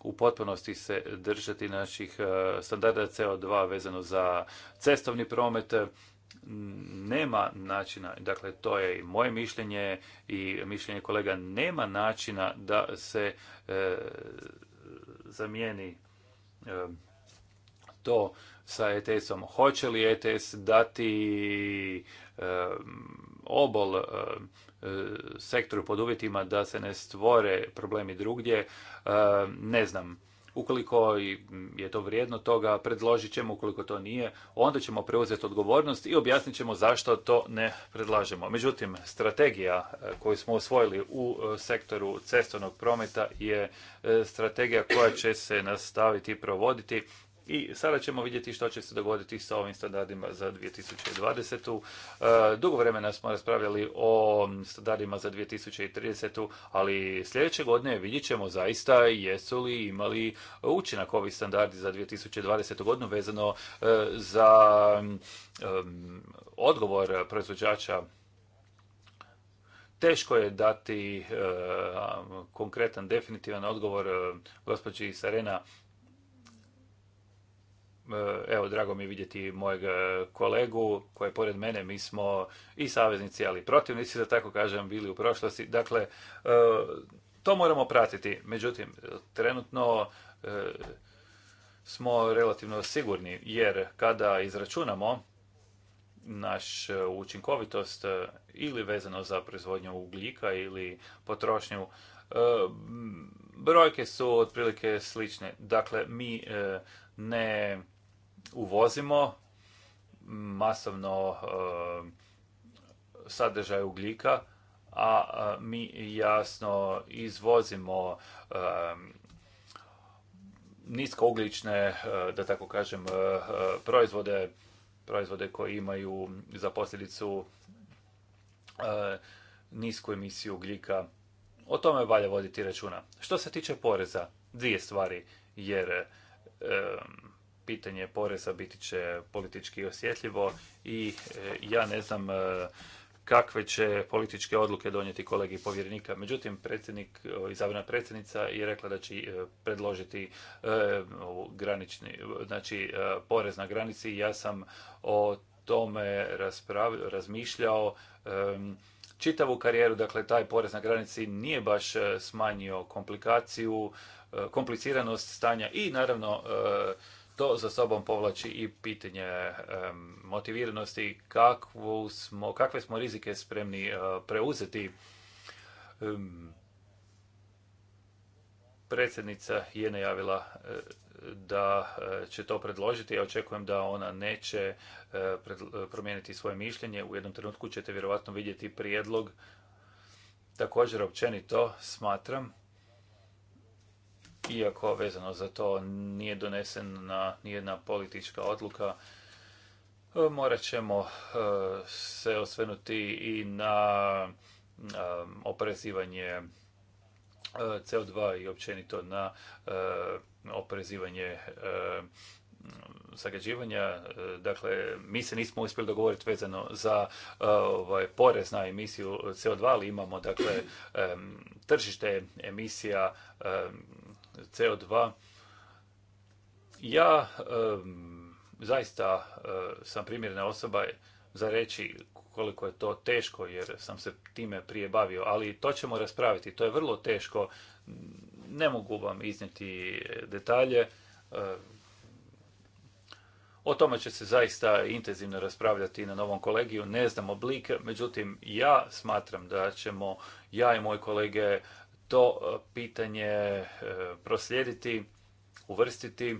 u potpunosti se držati naših standarda CO2 vezano za cestovni promet, nema načina, dakle to je i moje mišljenje i mišljenje kolega, nema načina da se zamijeni to sa ETS-om. Hoće li ETS dati obol sektoru pod uvjetima da se ne stvore problemi drugdje? Ne znam Ukoliko je to vrijedno toga, predložit ćemo, ukoliko to nije, onda ćemo preuzeti odgovornost i objasnit ćemo zašto to ne predlažemo. Međutim, strategija e, koju smo osvojili u e, sektoru cestovnog prometa je e, strategija koja će se nastaviti provoditi i sada ćemo vidjeti što će se dogoditi sa ovim standardima za 2020. E, dugo vremena smo raspravljali o standardima za 2030. Ali sljedeće godine vidjet ćemo zaista jesu li imali učinak ovi standardi za 2020. godinu vezano e, za odgovor proizvođača teško je dati e, konkretan, definitivan odgovor gospođi Sarena E, evo drago mi je vidjeti mojeg e, kolegu koji je pored mene, mi smo i saveznici, ali i protivnici, da tako kažem, bili u prošlosti. Dakle, e, to moramo pratiti. Međutim, trenutno smo relativno sigurni, jer kada izračunamo naš učinkovitost ili vezano za proizvodnju ugljika ili potrošnju, brojke su otprilike slične. Dakle, mi ne uvozimo masovno eh, sadržaj ugljika, a eh, mi jasno izvozimo eh, niskouglične, da tako kažem, proizvode, proizvode koji imaju za posljedicu nisku emisiju ugljika. O tome valja voditi računa. Što se tiče poreza, dvije stvari, jer pitanje poreza biti će politički osjetljivo i e, ja ne znam e, kakve će političke odluke donijeti kolegi povjerenika. Međutim, predsjednik, izabrana predsjednica je rekla da će e, predložiti granični, znači porez na granici ja sam o tome razmišljao čitavu karijeru, dakle taj porez na granici nije baš smanjio komplikaciju, kompliciranost stanja i naravno to za sobom povlači i pitanje motiviranosti, kakvu smo, kakve smo rizike spremni eh, preuzeti. Predsjednica je najavila eh, da eh, će to predložiti. Ja očekujem da ona neće promijeniti svoje mišljenje. U jednom trenutku ćete vjerojatno vidjeti prijedlog. Također općenito smatram iako vezano za to nije donesena nijedna politička odluka, e, morat ćemo e, se osvenuti i na e, oprezivanje CO2 i općenito na oprezivanje zagađivanja. Dakle, mi se nismo uspjeli dogovoriti vezano za ovaj, porez na emisiju CO2, ali imamo dakle, tržište emisija CO2. Ja zaista e, sam primjerna osoba za reći koliko je to teško jer sam se time prije bavio, ali to ćemo raspraviti. To je vrlo teško. Ne mogu vam iznijeti detalje. E, o tome će se zaista intenzivno raspravljati na novom kolegiju. Ne znam oblike, međutim ja smatram da ćemo ja i moj kolege to e, pitanje e, proslijediti, uvrstiti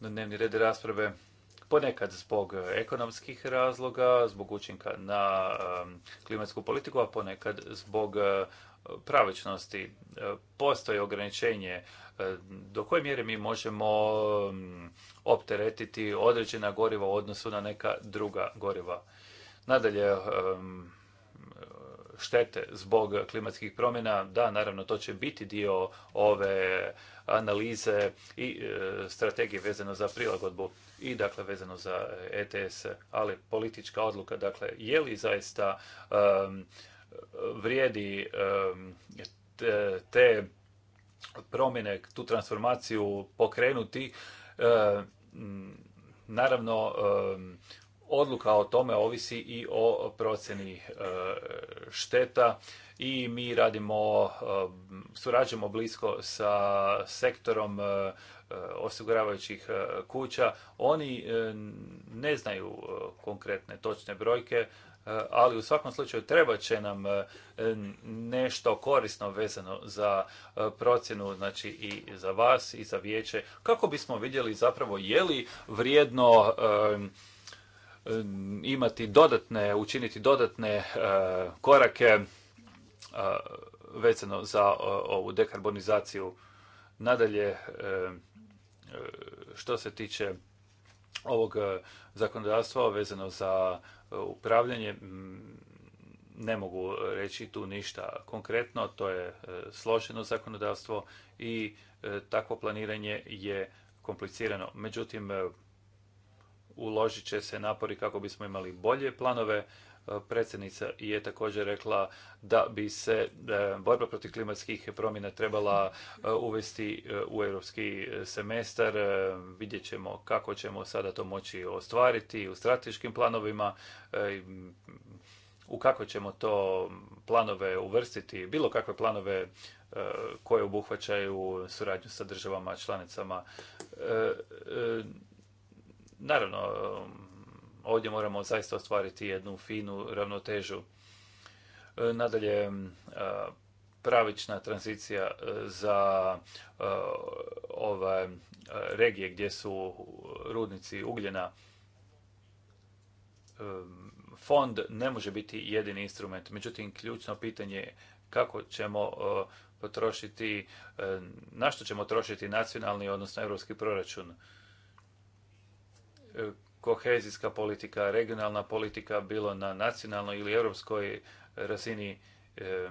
na dnevni red rasprave ponekad zbog ekonomskih razloga, zbog učinka na e, klimatsku politiku, a ponekad zbog pravičnosti. Postoje ograničenje do koje mjere mi možemo opteretiti određena goriva u odnosu na neka druga goriva. Nadalje, štete zbog klimatskih promjena, da, naravno, to će biti dio ove analize i e, strategije vezano za prilagodbu i dakle vezano za ETS, ali politička odluka, dakle, je li zaista vrijedi te promjene, tu transformaciju pokrenuti, e, naravno odluka o tome ovisi i o procjeni e, šteta i mi radimo, e, surađujemo blisko sa sektorom e, osiguravajućih kuća. Oni ne znaju konkretne točne brojke, ali u svakom slučaju treba će nam nešto korisno vezano za procjenu znači i za vas i za vijeće kako bismo vidjeli zapravo je li vrijedno imati dodatne, učiniti dodatne e, korake e, vezano za e, ovu dekarbonizaciju. Nadalje, što se tiče ovog zakonodavstva vezano za upravljanje, ne mogu reći tu ništa konkretno, to je složeno zakonodavstvo i takvo planiranje je komplicirano. Međutim, uložit će se napori kako bismo imali bolje planove. E, predsjednica je također rekla da bi se e, borba protiv klimatskih promjena trebala e, uvesti u europski semestar. Vidjet ćemo kako ćemo sada to moći ostvariti u strateškim planovima u kako ćemo to planove uvrstiti, bilo kakve planove koje obuhvaćaju suradnju sa državama, članicama. Naravno, um, ovdje moramo zaista ostvariti jednu finu ravnotežu. E, nadalje, um, e, pravična tranzicija e, za ove regije gdje su rudnici ugljena. Fond ne može biti jedini instrument, međutim ključno pitanje je kako ćemo potrošiti, na što ćemo trošiti nacionalni, odnosno europski proračun E, kohezijska politika, regionalna politika, bilo na nacionalnoj ili europskoj razini, e,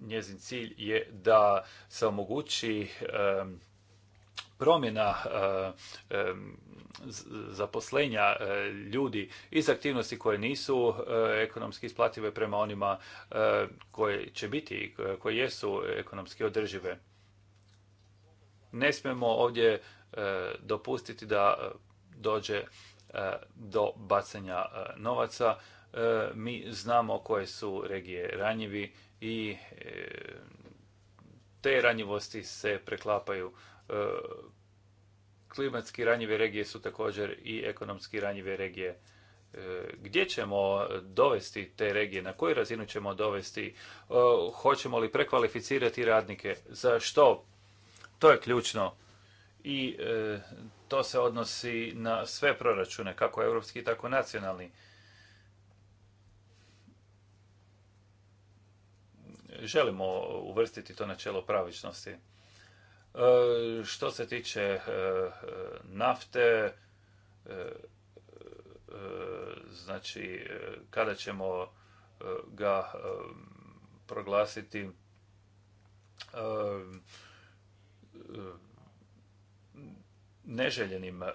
njezin cilj je da se omogući e, promjena zaposlenja ljudi iz aktivnosti koje nisu ekonomski isplative prema onima koje će biti, koje jesu ekonomski održive. Ne smemo ovdje E, dopustiti da e, dođe e, do bacanja novaca. Mi znamo koje su regije ranjivi i te ranjivosti se preklapaju. Klimatski ranjive regije su također i ekonomski ranjive regije. Gdje ćemo dovesti te regije, na koju razinu ćemo dovesti, hoćemo li prekvalificirati radnike, za što? To je ključno i e, to se odnosi na sve proračune, kako europski, tako nacionalni. Želimo uvrstiti to načelo pravičnosti. E, što se tiče e, nafte, znači kada ćemo ga proglasiti neželjenim eh,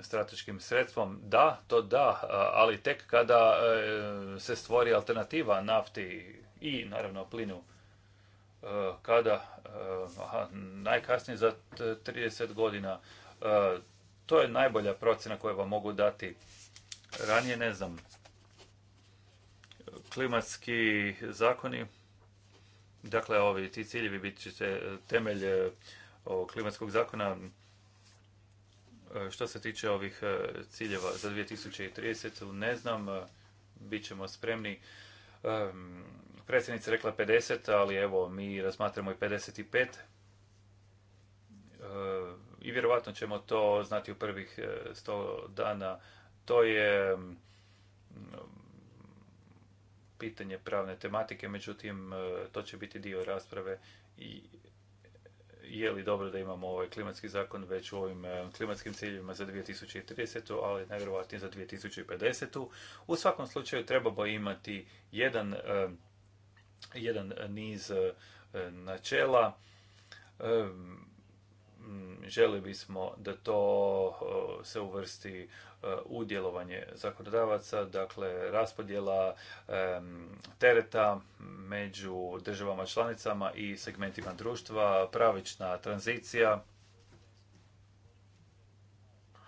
strateškim sredstvom, da, to da, eh, ali tek kada eh, se stvori alternativa nafti i naravno plinu, kada, aha, najkasnije za 30 godina, to je najbolja procjena koju vam mogu dati. Ranije ne znam, klimatski zakoni, dakle ovi ti ciljevi bit će temelj klimatskog zakona, E, što se tiče ovih e, ciljeva za 2030. ne znam, e, bit ćemo spremni. Predsjednica rekla 50, ali evo, mi razmatramo i 55. I vjerovatno ćemo to znati u prvih 100 dana. To je pitanje pravne tematike, međutim, to će biti dio rasprave i je li dobro da imamo ovaj klimatski zakon već u ovim eh, klimatskim ciljevima za 2030. ali najvjerojatnije za 2050. U svakom slučaju trebamo imati jedan, eh, jedan niz eh, načela Mm, želi bismo da to se uvrsti e, u djelovanje zakonodavaca, dakle raspodjela tereta među državama članicama i segmentima društva, pravična tranzicija. E,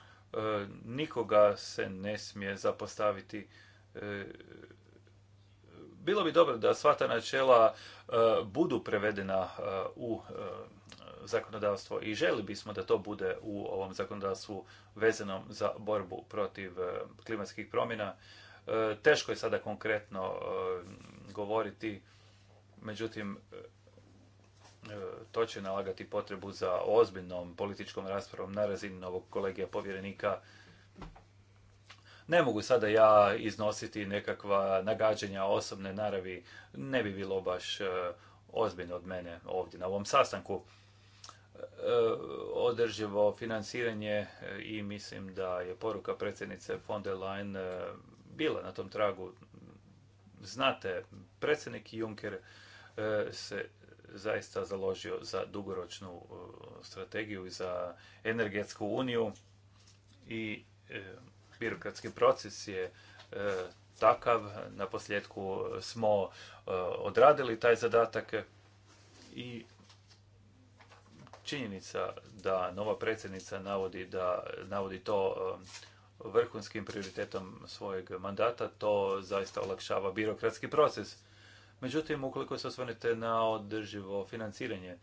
nikoga se ne smije zapostaviti e, bilo bi dobro da sva ta načela budu prevedena u zakonodavstvo i želi bismo da to bude u ovom zakonodavstvu vezenom za borbu protiv e, klimatskih promjena. E, teško je sada konkretno e, govoriti, međutim, to će nalagati potrebu za ozbiljnom političkom raspravom na razini novog kolegija povjerenika. Ne mogu sada ja iznositi nekakva nagađanja osobne naravi, ne bi bilo baš ozbiljno od mene ovdje na ovom sastanku. Eh, održivo financiranje eh, i mislim da je poruka predsjednice von der Leyen eh, bila na tom tragu. Znate, predsjednik Juncker se zaista založio za dugoročnu strategiju i za energetsku uniju i birokratski proces je takav. Na posljedku smo odradili taj zadatak i Činjenica da nova predsjednica navodi, da, navodi to um, vrhunskim prioritetom svojeg mandata, to zaista olakšava birokratski proces. Međutim, ukoliko se osvrnete na održivo financiranje,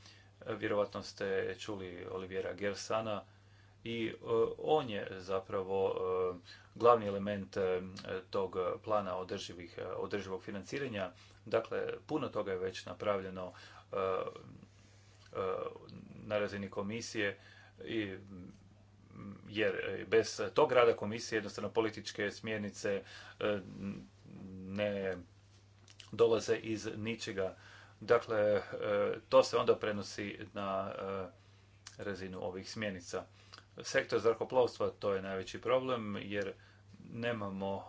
vjerovatno ste čuli Olivjera Gersana i uh, on je zapravo uh, glavni element um, tog plana održivih, uh, održivog financiranja. Dakle, puno toga je već napravljeno na razini komisije i jer bez tog rada komisije jednostavno političke smjernice e, ne dolaze iz ničega. Dakle, e, to se onda prenosi na e, razinu ovih smjernica. Sektor zrakoplovstva to je najveći problem jer nemamo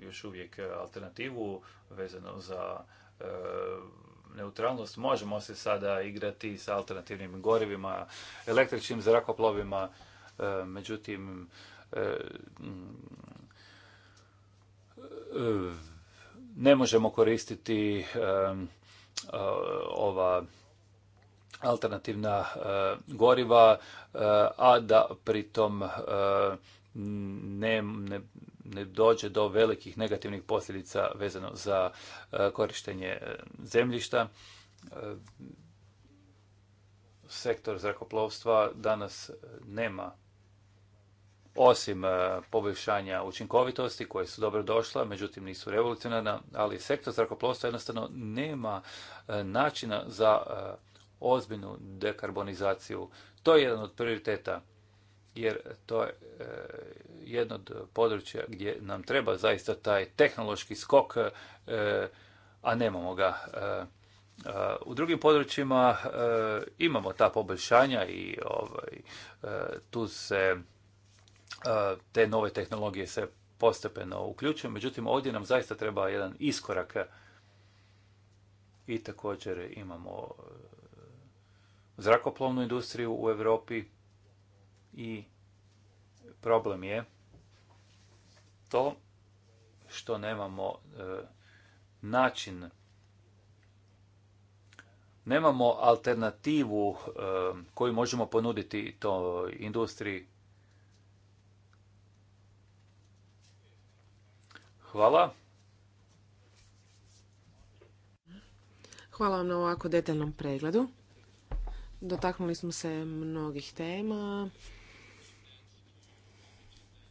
još uvijek alternativu vezano za neutralnost, možemo se sada igrati sa alternativnim gorivima, električnim zrakoplovima, e, međutim, e, mm, e, ne možemo koristiti ova alternativna goriva, a da pritom ne, ne ne dođe do velikih negativnih posljedica vezano za e, korištenje e, zemljišta. E, sektor zrakoplovstva danas nema osim poboljšanja učinkovitosti koje su dobro došla, međutim nisu revolucionarna, ali sektor zrakoplovstva jednostavno nema načina za ozbiljnu dekarbonizaciju. To je jedan od prioriteta jer to je e, jedno od područja gdje nam treba zaista taj tehnološki skok, e, a nemamo ga. E, u drugim područjima imamo ta poboljšanja i ovaj, tu se te nove tehnologije se postepeno uključuju, međutim ovdje nam zaista treba jedan iskorak i također imamo zrakoplovnu industriju u Europi i problem je to što nemamo e, način nemamo alternativu e, koju možemo ponuditi to industriji. Hvala. Hvala vam na ovako detaljnom pregledu. Dotaknuli smo se mnogih tema.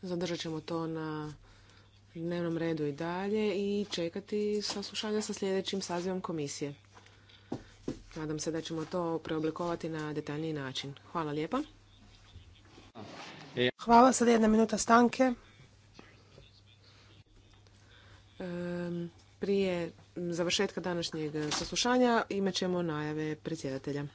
Zadržat ćemo to na dnevnom redu i dalje i čekati saslušanja sa sljedećim sazivom komisije. Nadam se da ćemo to preoblikovati na detaljniji način. Hvala lijepa. Hvala, sad jedna minuta stanke. Prije završetka današnjeg saslušanja imat ćemo najave predsjedatelja.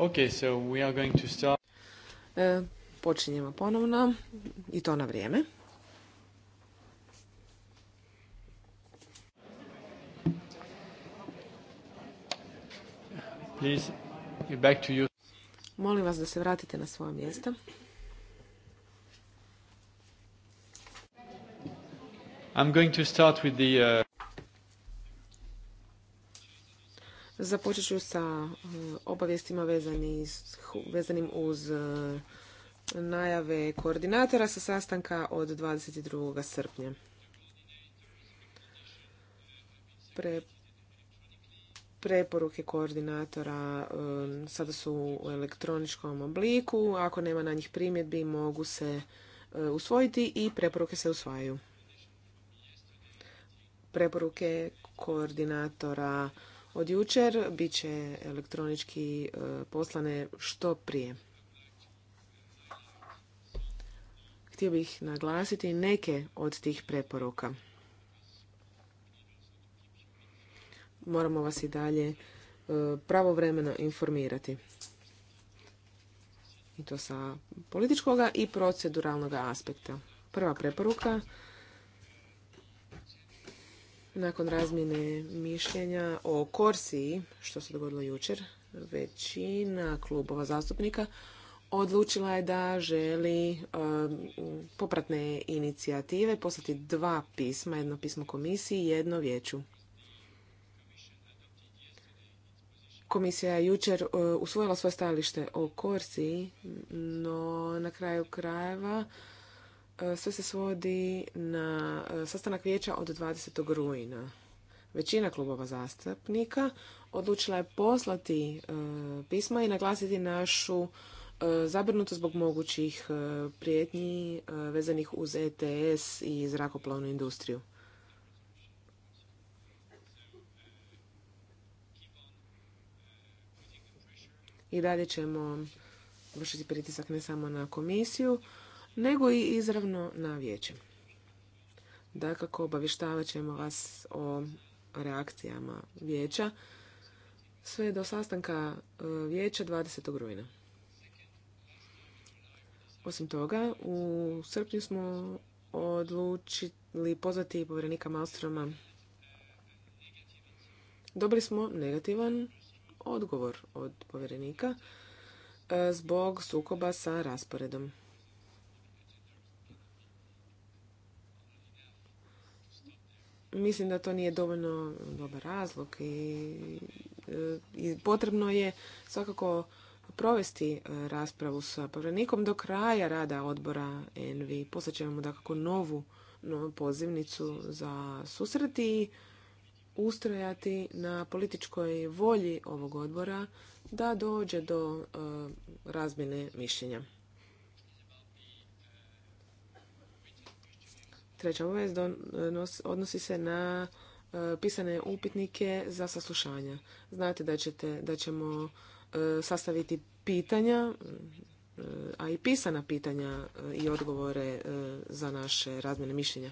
Okay, so we are going to start. E, počinjemo ponovno i to na vrijeme. Please, back to you. Molim vas da se vratite na svoje mjesta. I'm going to start with the, uh... Započet ću sa e, obavijestima vezanim uz e, najave koordinatora sa sastanka od 22. srpnja. preporuke koordinatora e, sada su u elektroničkom obliku. Ako nema na njih primjedbi, mogu se usvojiti i preporuke se usvajaju. Preporuke koordinatora od jučer bit će elektronički e, poslane što prije. Htio bih naglasiti neke od tih preporuka. Moramo vas i dalje e, pravovremeno informirati. I to sa političkoga i proceduralnog aspekta. Prva preporuka nakon razmjene mišljenja o Korsiji, što se dogodilo jučer, većina klubova zastupnika odlučila je da želi um, popratne inicijative poslati dva pisma, jedno pismo komisiji i jedno vijeću. Komisija je jučer uh, usvojila svoje stajalište o Korsiji, no na kraju krajeva E, sve se svodi na e, sastanak vijeća od 20. rujna. Većina klubova zastupnika odlučila je poslati e, pisma i naglasiti našu zabrinutost zbog mogućih prijetnji vezanih uz ETS i zrakoplovnu industriju. I dalje ćemo vršiti pritisak ne samo na komisiju, nego i izravno na vijeće. Dakako, obavještavat ćemo vas o reakcijama vijeća sve do sastanka e, vijeća 20. rujna. Osim toga, u srpnju smo odlučili pozvati povjerenika Malstroma. Dobili smo negativan odgovor od povjerenika e, zbog sukoba sa rasporedom. mislim da to nije dovoljno dobar razlog i, e, i potrebno je svakako provesti e, raspravu sa povjerenikom do kraja rada odbora Envi. Poslije ćemo dakako novu, novu pozivnicu za susret i ustrojati na političkoj volji ovog odbora da dođe do e, razmjene mišljenja. Treća obavez odnosi se na e, pisane upitnike za saslušanja. Znate da, da ćemo e, sastaviti pitanja, e, a i pisana pitanja i odgovore za naše razmjene mišljenja.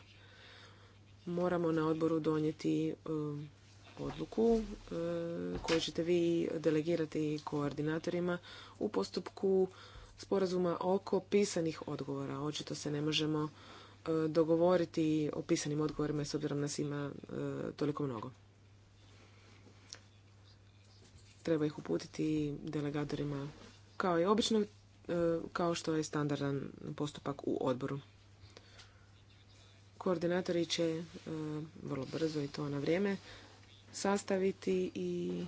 Moramo na odboru donijeti odluku koju ćete vi delegirati koordinatorima u postupku sporazuma oko pisanih odgovora. Očito se ne možemo E, dogovoriti o pisanim odgovorima s obzirom nas ima e, toliko mnogo. Treba ih uputiti delegatorima kao i obično, e, kao što je standardan postupak u odboru. Koordinatori će vrlo brzo i to na vrijeme sastaviti i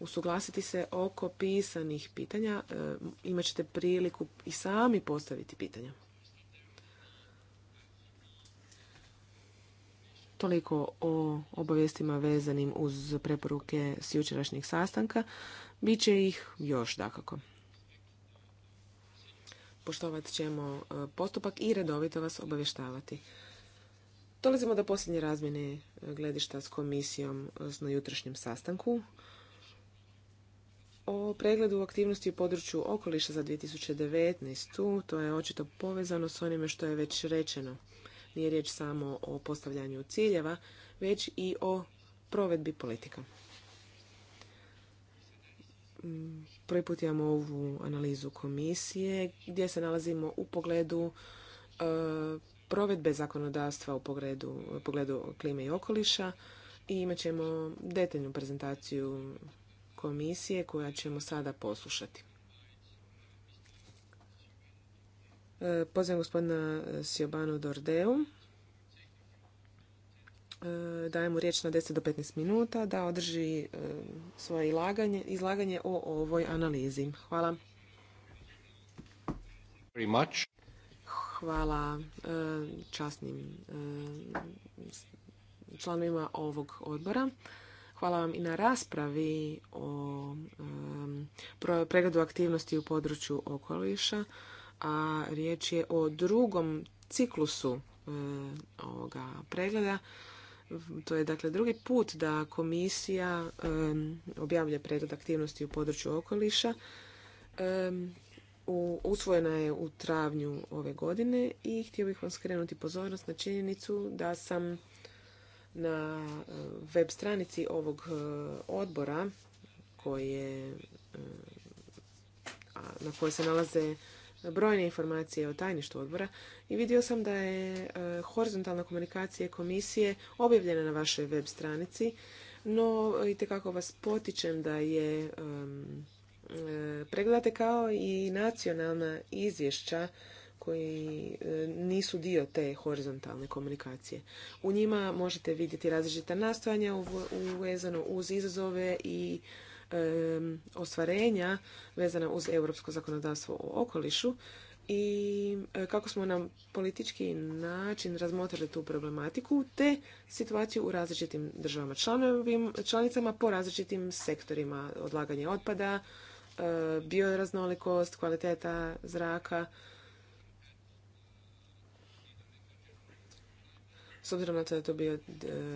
usuglasiti se oko pisanih pitanja. Imaćete priliku i sami postaviti pitanja. Toliko o obavijestima vezanim uz preporuke s jučerašnjih sastanka. Biće ih još, dakako. Poštovat ćemo e, postupak i redovito vas obavještavati. Dolazimo do posljednje razmjene e, gledišta s komisijom e, na jutrašnjem sastanku o pregledu aktivnosti u području okoliša za 2019. To je očito povezano s onime što je već rečeno. Nije riječ samo o postavljanju ciljeva, već i o provedbi politika. Mm, prvi put imamo ovu analizu komisije gdje se nalazimo u pogledu e, provedbe zakonodavstva u pogledu, pogledu klime i okoliša i imat ćemo detaljnu prezentaciju komisije koja ćemo sada poslušati. E, Pozivam gospodina Siobanu Dordeu. E, Dajem mu riječ na 10 do 15 minuta da održi e, svoje izlaganje, izlaganje o ovoj analizi. Hvala. Hvala časnim članovima ovog odbora. Hvala vam i na raspravi o pregledu aktivnosti u području okoliša a riječ je o drugom ciklusu e, ovoga pregleda. To je dakle drugi put da komisija e, objavlja pregled aktivnosti u području okoliša. E, usvojena je u travnju ove godine i htio bih vam skrenuti pozornost na činjenicu da sam na web stranici ovog odbora koje na kojoj se nalaze brojne informacije o tajništvu odbora i vidio sam da je e, horizontalna komunikacija komisije objavljena na vašoj web stranici, no itekako vas potičem da je e, pregledate kao i nacionalna izvješća koji e, nisu dio te horizontalne komunikacije. U njima možete vidjeti različita nastojanja uvezano uz izazove i ostvarenja vezana uz europsko zakonodavstvo u okolišu i e, kako smo nam politički način razmotrili tu problematiku te situaciju u različitim državama članicama po različitim sektorima odlaganje otpada, e, bioraznolikost, kvaliteta zraka S obzirom na to da je to bio e,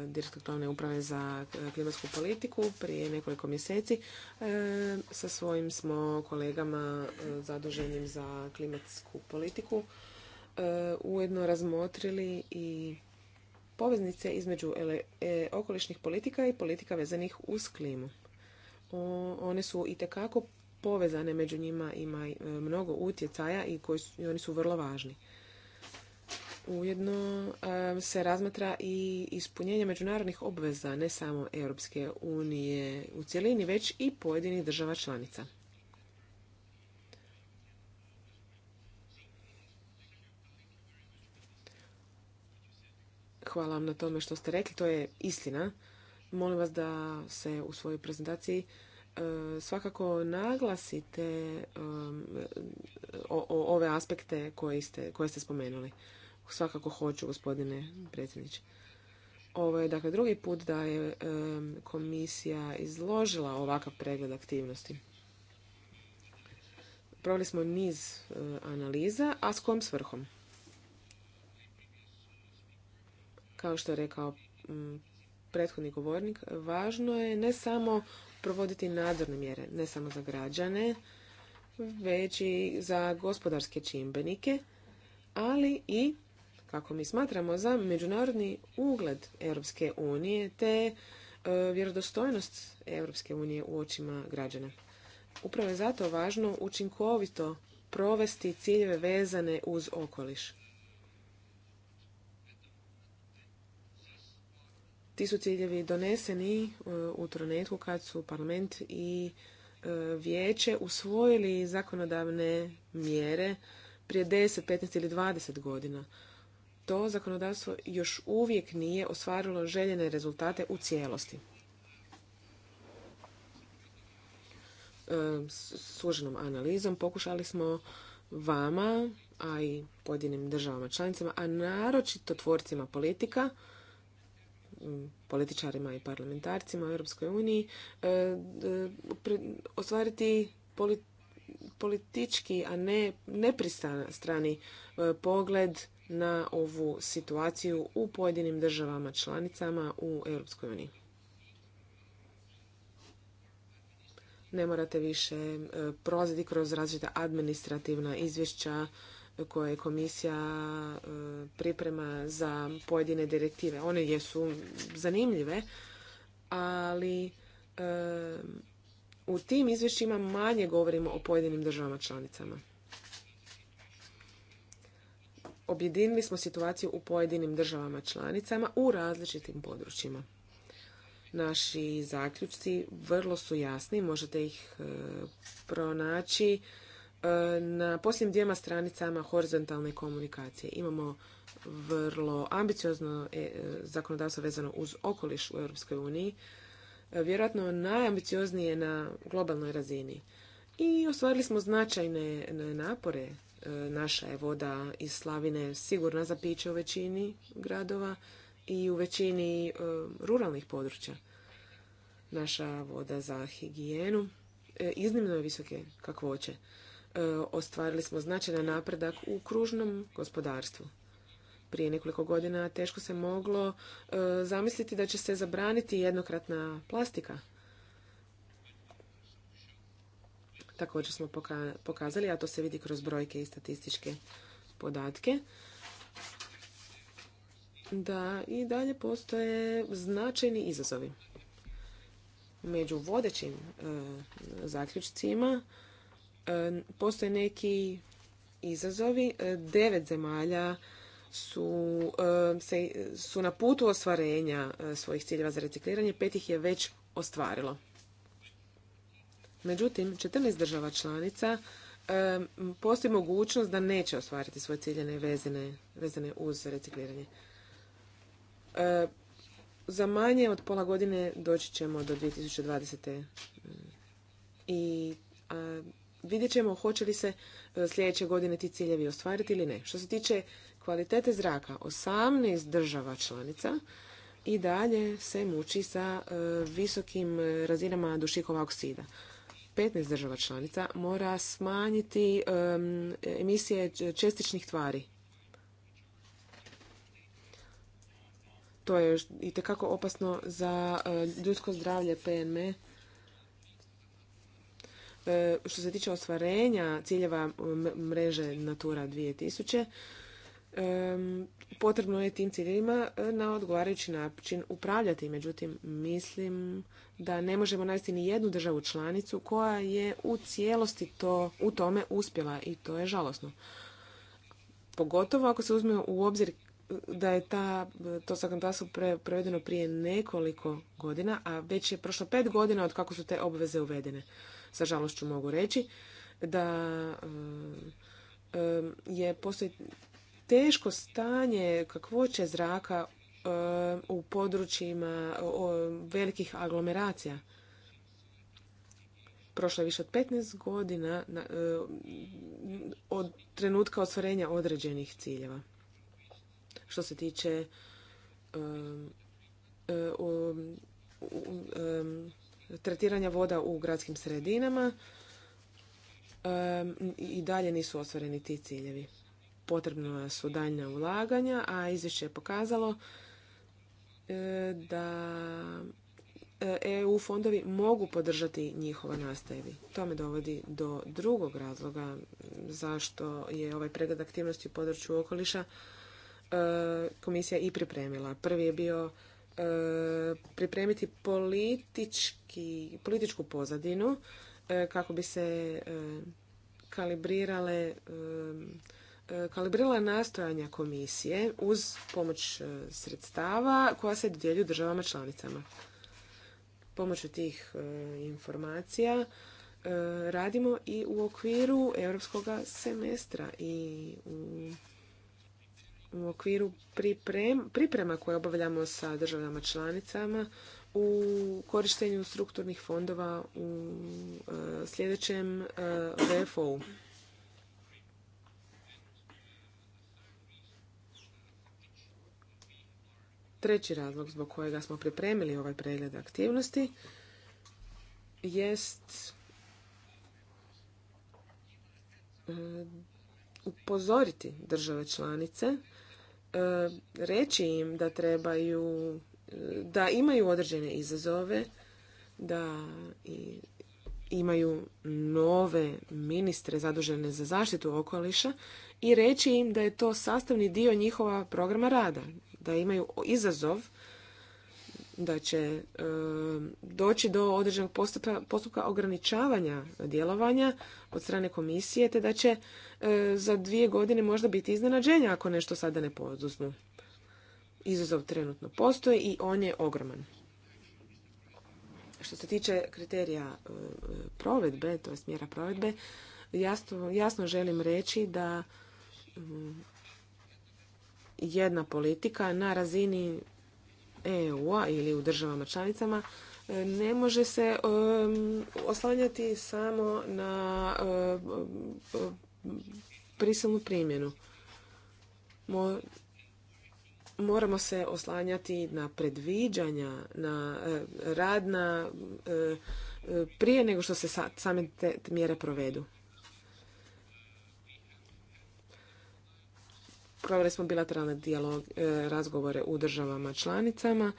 direktor glavne uprave za e, klimatsku politiku prije nekoliko mjeseci, e, sa svojim smo kolegama zaduženim za klimatsku politiku ujedno razmotrili i poveznice između okolišnih politika i politika vezanih uz klimu. One su i tekako povezane, među njima ima mnogo utjecaja i koji i oni su vrlo važni ujedno e, se razmatra i ispunjenje međunarodnih obveza, ne samo Europske unije u cjelini, već i pojedinih država članica. Hvala vam na tome što ste rekli, to je istina. Molim vas da se u svojoj prezentaciji e, svakako naglasite e, ove aspekte koje ste spomenuli. Svakako hoću, gospodine predsjedniče. Ovo je dakle drugi put da je komisija izložila ovakav pregled aktivnosti. Proveli smo niz e, analiza, a s kom svrhom? Kao što je rekao prethodni govornik, važno je ne samo provoditi nadzorne mjere, ne samo za građane, već i za gospodarske čimbenike, ali i kako mi smatramo, za međunarodni ugled Europske unije te e, vjerodostojnost Europske unije u očima građana. Upravo je zato važno učinkovito provesti ciljeve vezane uz okoliš. Ti su ciljevi doneseni e, u tronetku kad su parlament i e, vijeće usvojili zakonodavne mjere prije 10, 15 ili 20 godina to zakonodavstvo još uvijek nije ostvarilo željene rezultate u cijelosti. E, Služenom analizom pokušali smo vama, a i pojedinim državama članicama, a naročito tvorcima politika, političarima i parlamentarcima u Europskoj uniji, e, ostvariti politički, a ne nepristrani e, pogled na ovu situaciju u pojedinim državama članicama u EU. Ne morate više e, prolaziti kroz različita administrativna izvješća koje komisija e, priprema za pojedine direktive. One jesu zanimljive, ali e, u tim izvješćima manje govorimo o pojedinim državama članicama objedinili smo situaciju u pojedinim državama članicama u različitim područjima. Naši zaključci vrlo su jasni, možete ih e, pronaći e, na posljednjim dvijema stranicama horizontalne komunikacije. Imamo vrlo ambiciozno e, zakonodavstvo vezano uz okoliš u EU. vjerojatno najambicioznije na globalnoj razini. I ostvarili smo značajne napore E, naša je voda iz Slavine sigurna za piće u većini gradova i u većini e, ruralnih područja. Naša voda za higijenu e, iznimno je visoke kakvoće. Ostvarili smo značajan napredak u kružnom gospodarstvu. Prije nekoliko godina teško se moglo zamisliti da će se zabraniti jednokratna plastika također smo pokazali, a to se vidi kroz brojke i statističke podatke, da i dalje postoje značajni izazovi. Među vodećim e, zaključcima e, postoje neki izazovi. E, devet zemalja su, su na putu ostvarenja svojih ciljeva za recikliranje, pet ih je već ostvarilo. Međutim, 14 država članica postoji mogućnost da neće ostvariti svoje ciljene vezene uz recikliranje. E, za manje od pola godine doći ćemo do 2020. I vidjet ćemo hoće li se e, sljedeće godine ti ciljevi ostvariti ili ne. Što se tiče kvalitete zraka, 18 država članica i dalje se muči sa e, visokim razinama dušikova oksida. 15 država članica mora smanjiti emisije čestičnih tvari. To je i tekako opasno za e, ljudsko zdravlje PNM. E, što se tiče ostvarenja ciljeva mreže Natura 2000, potrebno je tim ciljevima e, na odgovarajući način upravljati. Međutim, mislim da ne možemo navesti ni jednu državu članicu koja je u cijelosti to, u tome uspjela i to je žalosno. Pogotovo ako se uzme u obzir da je ta, to zakonodavstvo pre, prevedeno prije nekoliko godina, a već je prošlo pet godina od kako su te obveze uvedene. Sa žalošću mogu reći da je postoji teško stanje kakvoće zraka um, u područjima velikih aglomeracija. Prošlo je više od 15 godina um, od trenutka ostvarenja određenih ciljeva. Što se tiče um, uh, tretiranja voda u gradskim sredinama i dalje nisu ostvareni ti ciljevi potrebna su daljna ulaganja, a izvješće je pokazalo e, da EU e fondovi mogu podržati njihova nastajevi. To me dovodi do drugog razloga zašto je ovaj pregled aktivnosti u području okoliša e, komisija i pripremila. Prvi je bio pripremiti politički, političku pozadinu kako bi se kalibrirale E, kalibrila nastojanja komisije uz pomoć e, sredstava koja se dodjeljuju državama članicama. Pomoću tih e, informacija radimo i u okviru europskoga semestra i u u okviru priprema koje obavljamo sa državama članicama u korištenju strukturnih fondova u sljedećem VFO-u. Treći razlog zbog kojega smo pripremili ovaj pregled aktivnosti jest e, upozoriti države članice, e, reći im da trebaju, e, da imaju određene izazove, da imaju nove ministre zadužene za zaštitu okoliša i reći im da je to sastavni dio njihova programa rada, da imaju izazov da će e, doći do određenog postupka, ograničavanja djelovanja od strane komisije, te da će e, za dvije godine možda biti iznenađenja ako nešto sada ne poduzmu. Izazov trenutno postoji i on je ogroman. Što se tiče kriterija e, provedbe, to mjera provedbe, jasno, jasno želim reći da jedna politika na razini EU-a ili u državama članicama ne može se oslanjati samo na prisilnu primjenu. Moramo se oslanjati na predviđanja, na e, rad na e, e, prije nego što se same te mjere provedu. proveli smo bilateralne dijalog, e, razgovore u državama članicama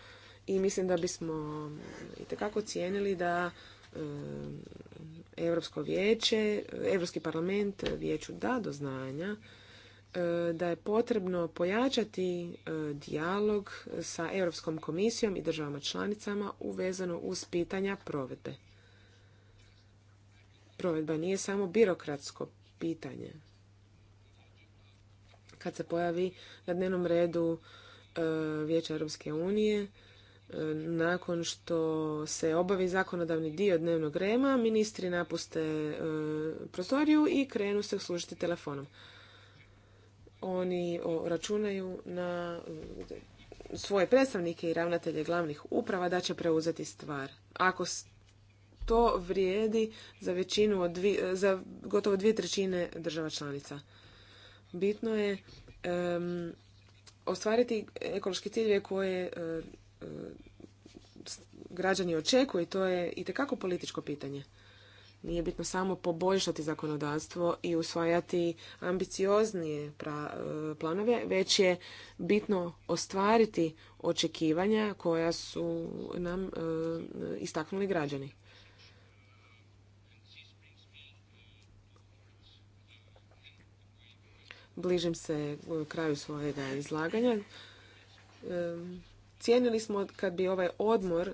i mislim da bismo itekako cijenili da e, Europsko vijeće, Europski parlament vijeću da do znanja e, da je potrebno pojačati dijalog sa Europskom komisijom i državama članicama uvezano uz pitanja provedbe. Provedba nije samo birokratsko pitanje kad se pojavi na dnevnom redu e, Vijeća Europske unije, e, nakon što se obavi zakonodavni dio dnevnog rema, ministri napuste e, prostoriju i krenu se služiti telefonom. Oni računaju na svoje predstavnike i ravnatelje glavnih uprava da će preuzeti stvar. Ako to vrijedi za većinu od za gotovo dvije trećine država članica bitno je ostvariti ekološke ciljeve koje građani očekuju i to je itekako političko pitanje. Nije bitno samo poboljšati zakonodavstvo i usvajati ambicioznije planove, već je bitno ostvariti očekivanja koja su nam istaknuli građani. bližim se e, kraju svojega izlaganja. E, cijenili smo kad bi ovaj odmor e,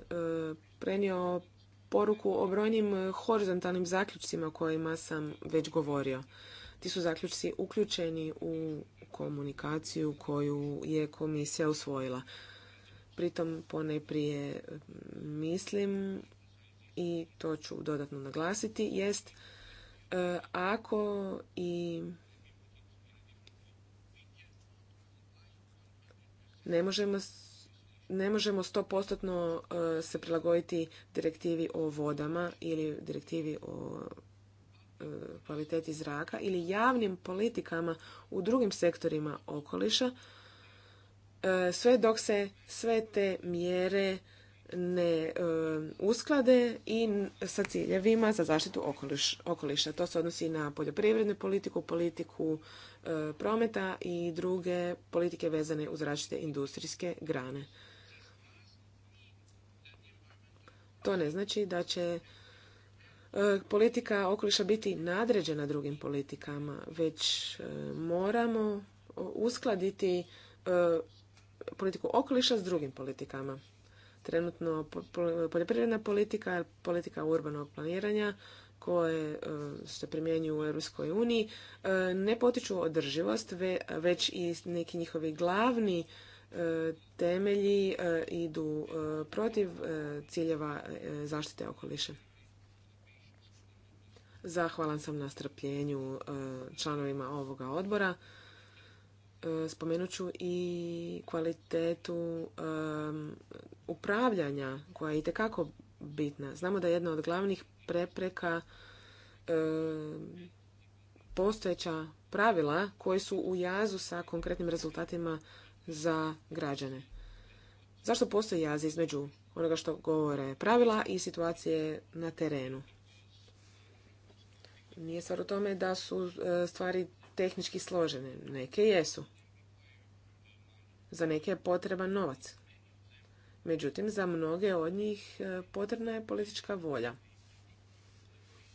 prenio poruku o brojnim horizontalnim zaključcima o kojima sam već govorio. Ti su zaključci uključeni u komunikaciju koju je komisija usvojila. Pritom pone prije mislim i to ću dodatno naglasiti jest ako i ne možemo ne možemo e, se prilagoditi direktivi o vodama ili direktivi o e, kvaliteti zraka ili javnim politikama u drugim sektorima okoliša e, sve dok se sve te mjere ne e, usklade i sa ciljevima za zaštitu okoliša. To se odnosi na poljoprivrednu politiku, politiku e, prometa i druge politike vezane uz različite industrijske grane. To ne znači da će e, politika okoliša biti nadređena drugim politikama, već moramo uskladiti politiku okoliša s drugim politikama trenutno poljoprivredna politika, politika urbanog planiranja koje e, se primjenjuju u Europskoj uniji e, ne potiču održivost, već i neki njihovi glavni e, temelji idu protiv ciljeva zaštite okoliša. Zahvalan sam na strpljenju članovima ovoga odbora. E, spomenut ću i kvalitetu upravljanja koja je itekako bitna. Znamo da je jedna od glavnih prepreka postojeća pravila koje su u jazu sa konkretnim rezultatima za građane. Zašto postoji jaz između onoga što govore pravila i situacije na terenu? Nije stvar u tome da su e, stvari tehnički složene. Neke jesu. Za neke je potreban novac. Međutim, za mnoge od njih e, potrebna je politička volja.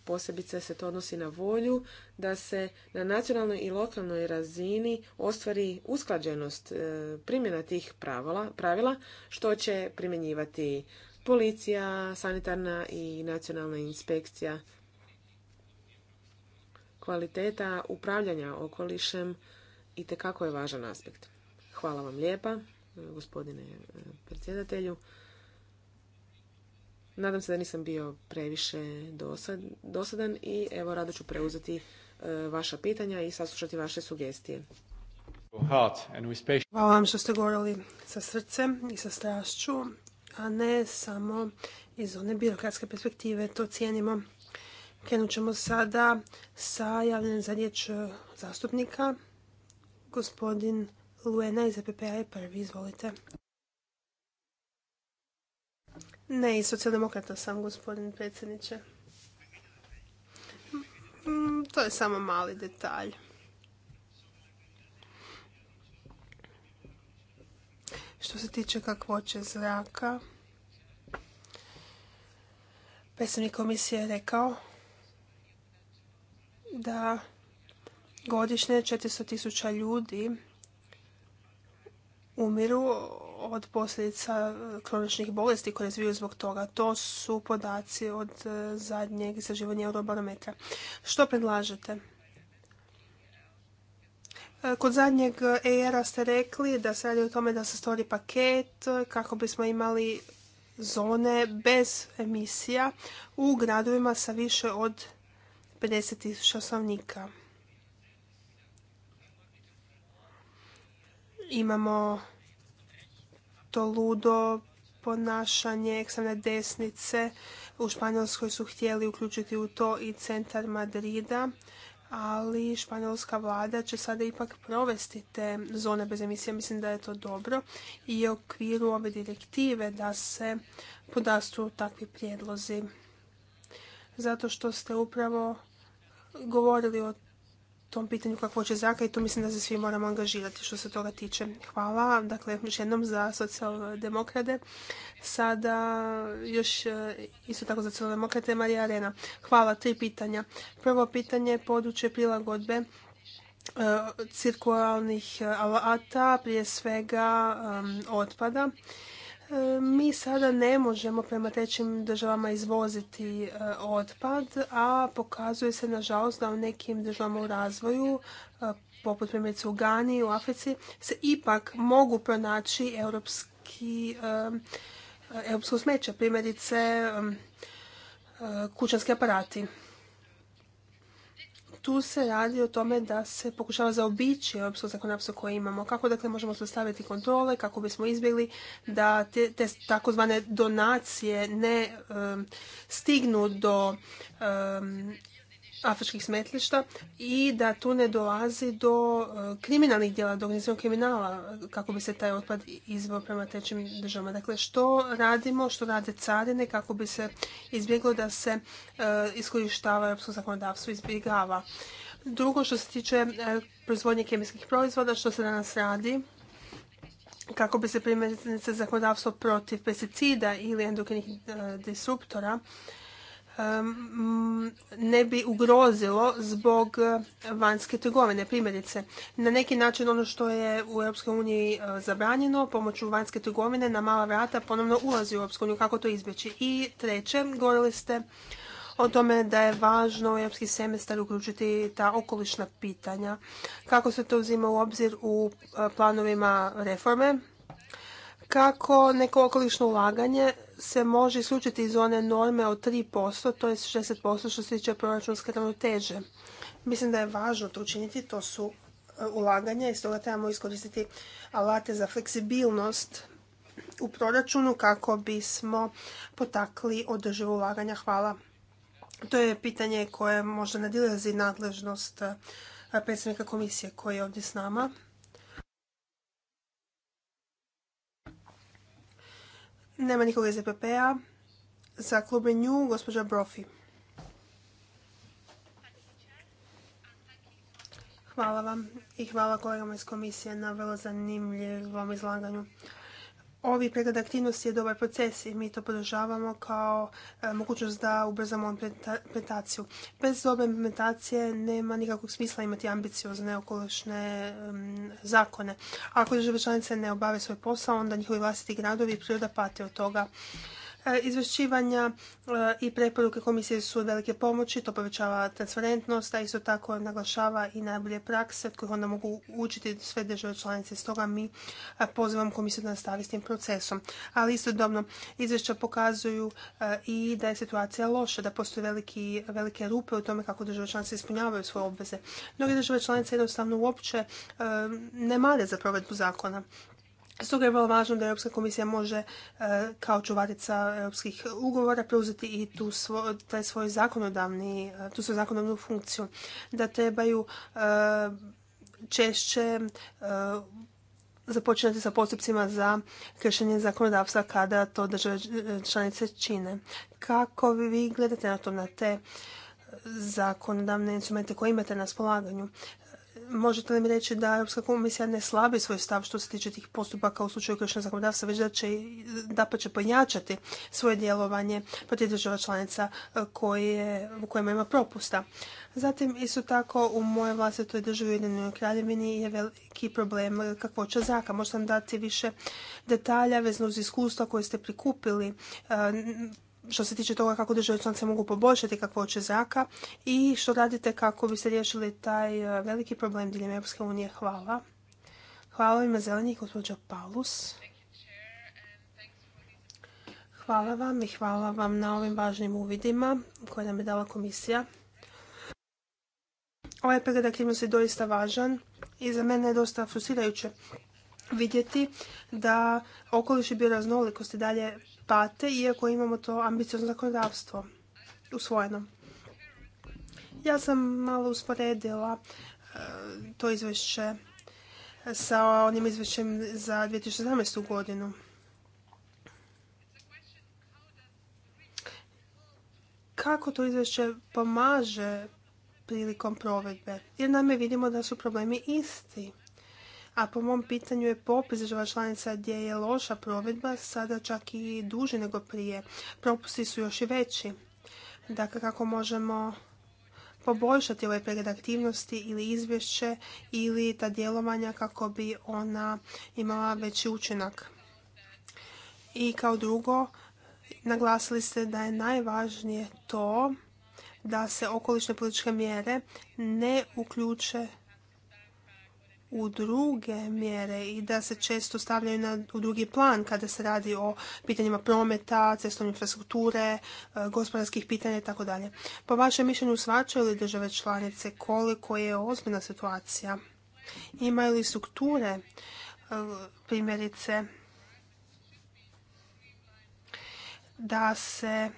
Posebice se to odnosi na volju da se na nacionalnoj i lokalnoj razini ostvari usklađenost e, primjena tih pravila, što će primjenjivati policija, sanitarna i nacionalna inspekcija. Kvaliteta upravljanja okolišem i tekako je važan aspekt. Hvala vam lijepa, e, gospodine e, predsjedatelju. Nadam se da nisam bio previše dosadan i evo rado ću preuzeti e, vaša pitanja i saslušati vaše sugestije. Hvala vam što ste govorili sa srcem i sa strašću, a ne samo iz one birokratske perspektive. To cijenimo. Krenut ćemo sada sa javljenjem za riječ zastupnika. Gospodin Luena iz epp p-a je prvi, izvolite. Ne, i socijaldemokrata sam, gospodin predsjedniče. Mm, to je samo mali detalj. Što se tiče kakvoće zraka, predsjednik komisije je rekao da godišnje 400 tisuća ljudi umiru od posljedica e, kroničnih bolesti koje razviju zbog toga. To su podaci od e, zadnjeg istraživanja Eurobarometra. Što predlažete? E, kod zadnjeg ERA ste rekli da se radi o tome da se stvori paket kako bismo imali zone bez emisija u gradovima sa više od 50.000 stanovnika. imamo to ludo ponašanje ekstremne desnice. U Španjolskoj su htjeli uključiti u to i centar Madrida, ali španjolska vlada će sada ipak provesti te zone bez emisije. Mislim da je to dobro i u okviru ove direktive da se podastu takvi prijedlozi. Zato što ste upravo govorili o tom pitanju hoće zraka i tu mislim da se svi moramo angažirati što se toga tiče. Hvala. Dakle, još jednom za socijaldemokrate. Sada još e, isto tako za socijaldemokrate Marija Arena. Hvala. Tri pitanja. Prvo pitanje područje prilagodbe e, cirkularnih e, alata, prije svega otpada. E, mi sada ne možemo prema trećim državama izvoziti e, otpad, a pokazuje se nažalost da u nekim državama u razvoju, e, poput primjerice u Gani, u Africi, se ipak mogu pronaći europski, europsko smeće, primjerice kućanski aparati tu se radi o tome da se pokušava zaobići europsko zakonodavstvo koje imamo. Kako dakle možemo sastaviti kontrole, kako bismo izbjegli da te, te takozvane donacije ne stignu do afričkih smetlišta i da tu ne dolazi do e, kriminalnih djela, do organiziranog kriminala kako bi se taj otpad izveo prema trećim državama. Dakle, što radimo, što rade carine kako bi se izbjeglo da se e, iskorištava europsko zakonodavstvo izbjegava. Drugo što se tiče e, proizvodnje kemijskih proizvoda, što se danas radi, kako bi se primjerice zakonodavstvo protiv pesticida ili endokrinih disruptora ne bi ugrozilo zbog e, vanjske trgovine. Primjerice, na neki način ono što je u EU e, zabranjeno pomoću vanjske trgovine na mala vrata ponovno ulazi u EU. Kako to izbjeći? I treće, govorili ste o tome da je važno u europski semestar uključiti ta okolišna pitanja. Kako se to uzima u obzir u e, planovima reforme? Kako neko okolišno ulaganje se može isključiti iz one norme od 3%, to je 60% što se tiče proračunske ravnoteže. Mislim da je važno to učiniti, to su e, ulaganja i stoga trebamo iskoristiti alate za fleksibilnost u proračunu kako bismo potakli održivo ulaganja. Hvala. To je pitanje koje možda nadilazi nadležnost e, predsjednika komisije koji je ovdje s nama. Nema nikoga iz EPP-a. Za klube nju, gospođa Brofi. Hvala vam i hvala kolegama iz komisije na vrlo zanimljivom izlaganju. Ovi pregled aktivnosti je dobar proces i mi to podržavamo kao e, mogućnost da ubrzamo implementaciju. Bez dobre implementacije nema nikakvog smisla imati ambiciozne okolišne zakone. Ako države članice ne obave svoj posao, onda njihovi vlastiti gradovi i priroda pate od toga. E, izvješćivanja e, i preporuke komisije su velike pomoći, to povećava transparentnost, a isto tako naglašava i najbolje prakse od kojih onda mogu učiti sve države članice. Stoga mi e, pozivam komisiju da nastavi s tim procesom. Ali istodobno izvješća pokazuju i da je situacija loša, da postoje velike rupe u tome kako države članice ispunjavaju svoje obveze. Mnoge države članice jednostavno uopće ne mare za provedbu zakona. Stoga je vrlo važno da Europska komisija može e, kao čuvarica europskih ugovora preuzeti i tu taj svoj zakonodavni, e, tu svoju zakonodavnu funkciju, da trebaju e, češće započinati sa postupcima za kršenje zakonodavstva kada to države članice čine. Kako vi gledate na to, na te zakonodavne instrumente koje imate na spolaganju? možete li mi reći da Europska komisija ne slabi svoj stav što se tiče tih postupaka u slučaju kršenja zakonodavstva, već da će da pa će pojačati svoje djelovanje protiv država članica e, koje, u kojima ima propusta. Zatim, isto tako, u mojoj vlastitoj državi Ujedinjenoj kraljevini je veliki problem kakvoća zraka. Možete nam dati više detalja vezno uz iskustva koje ste prikupili e, što se tiče toga kako države članice mogu poboljšati kakvoće zraka i što radite kako biste riješili taj e, veliki problem diljem Europske unije. Hvala. Hvala ime zelenih, gospođa Palus. Hvala vam i hvala vam na ovim važnim uvidima koje nam je dala komisija. Ovaj pregled aktivnosti je doista važan i za mene je dosta frustrirajuće vidjeti da okoliš i bioraznolikost i dalje pate, iako imamo to ambiciozno zakonodavstvo usvojeno. Ja sam malo usporedila e, to izvješće sa onim izvješćem za 2017. godinu. Kako to izvješće pomaže prilikom provedbe? Jer nam je vidimo da su problemi isti a po mom pitanju je popis država članica gdje je loša provedba sada čak i duži nego prije. Propusti su još i veći. Dakle, kako možemo poboljšati ove ovaj pregled aktivnosti ili izvješće ili ta djelovanja kako bi ona imala veći učinak. I kao drugo, naglasili ste da je najvažnije to da se okolišne političke mjere ne uključe u druge mjere i da se često stavljaju u drugi plan kada se radi o pitanjima prometa, cestovne infrastrukture, e, gospodarskih pitanja i tako dalje. Po vašem mišljenju svačaju li države članice koliko je ozbiljna situacija? Imaju li strukture, e, primjerice, da se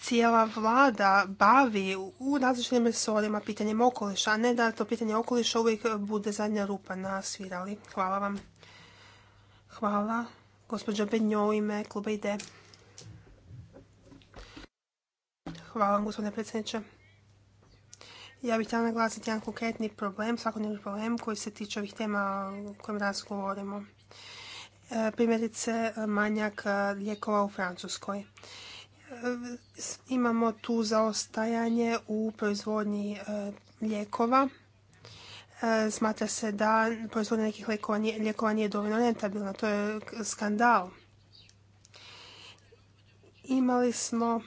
cijela vlada bavi u različitim resorima pitanjem okoliša, a ne da to pitanje okoliša uvijek bude zadnja rupa na svirali. Hvala vam. Hvala. Gospođa Benjo ime kluba IDE. Hvala vam, gospodine predsjedniče. Ja bih htjela naglasiti jedan konkretni problem, svakodnevni problem koji se tiče ovih tema o kojima danas e, Primjerice, manjak lijekova u Francuskoj imamo tu zaostajanje u proizvodnji e, lijekova. E, smatra se da proizvodnja nekih lijekova nije dovoljno rentabilna. To je skandal. Imali smo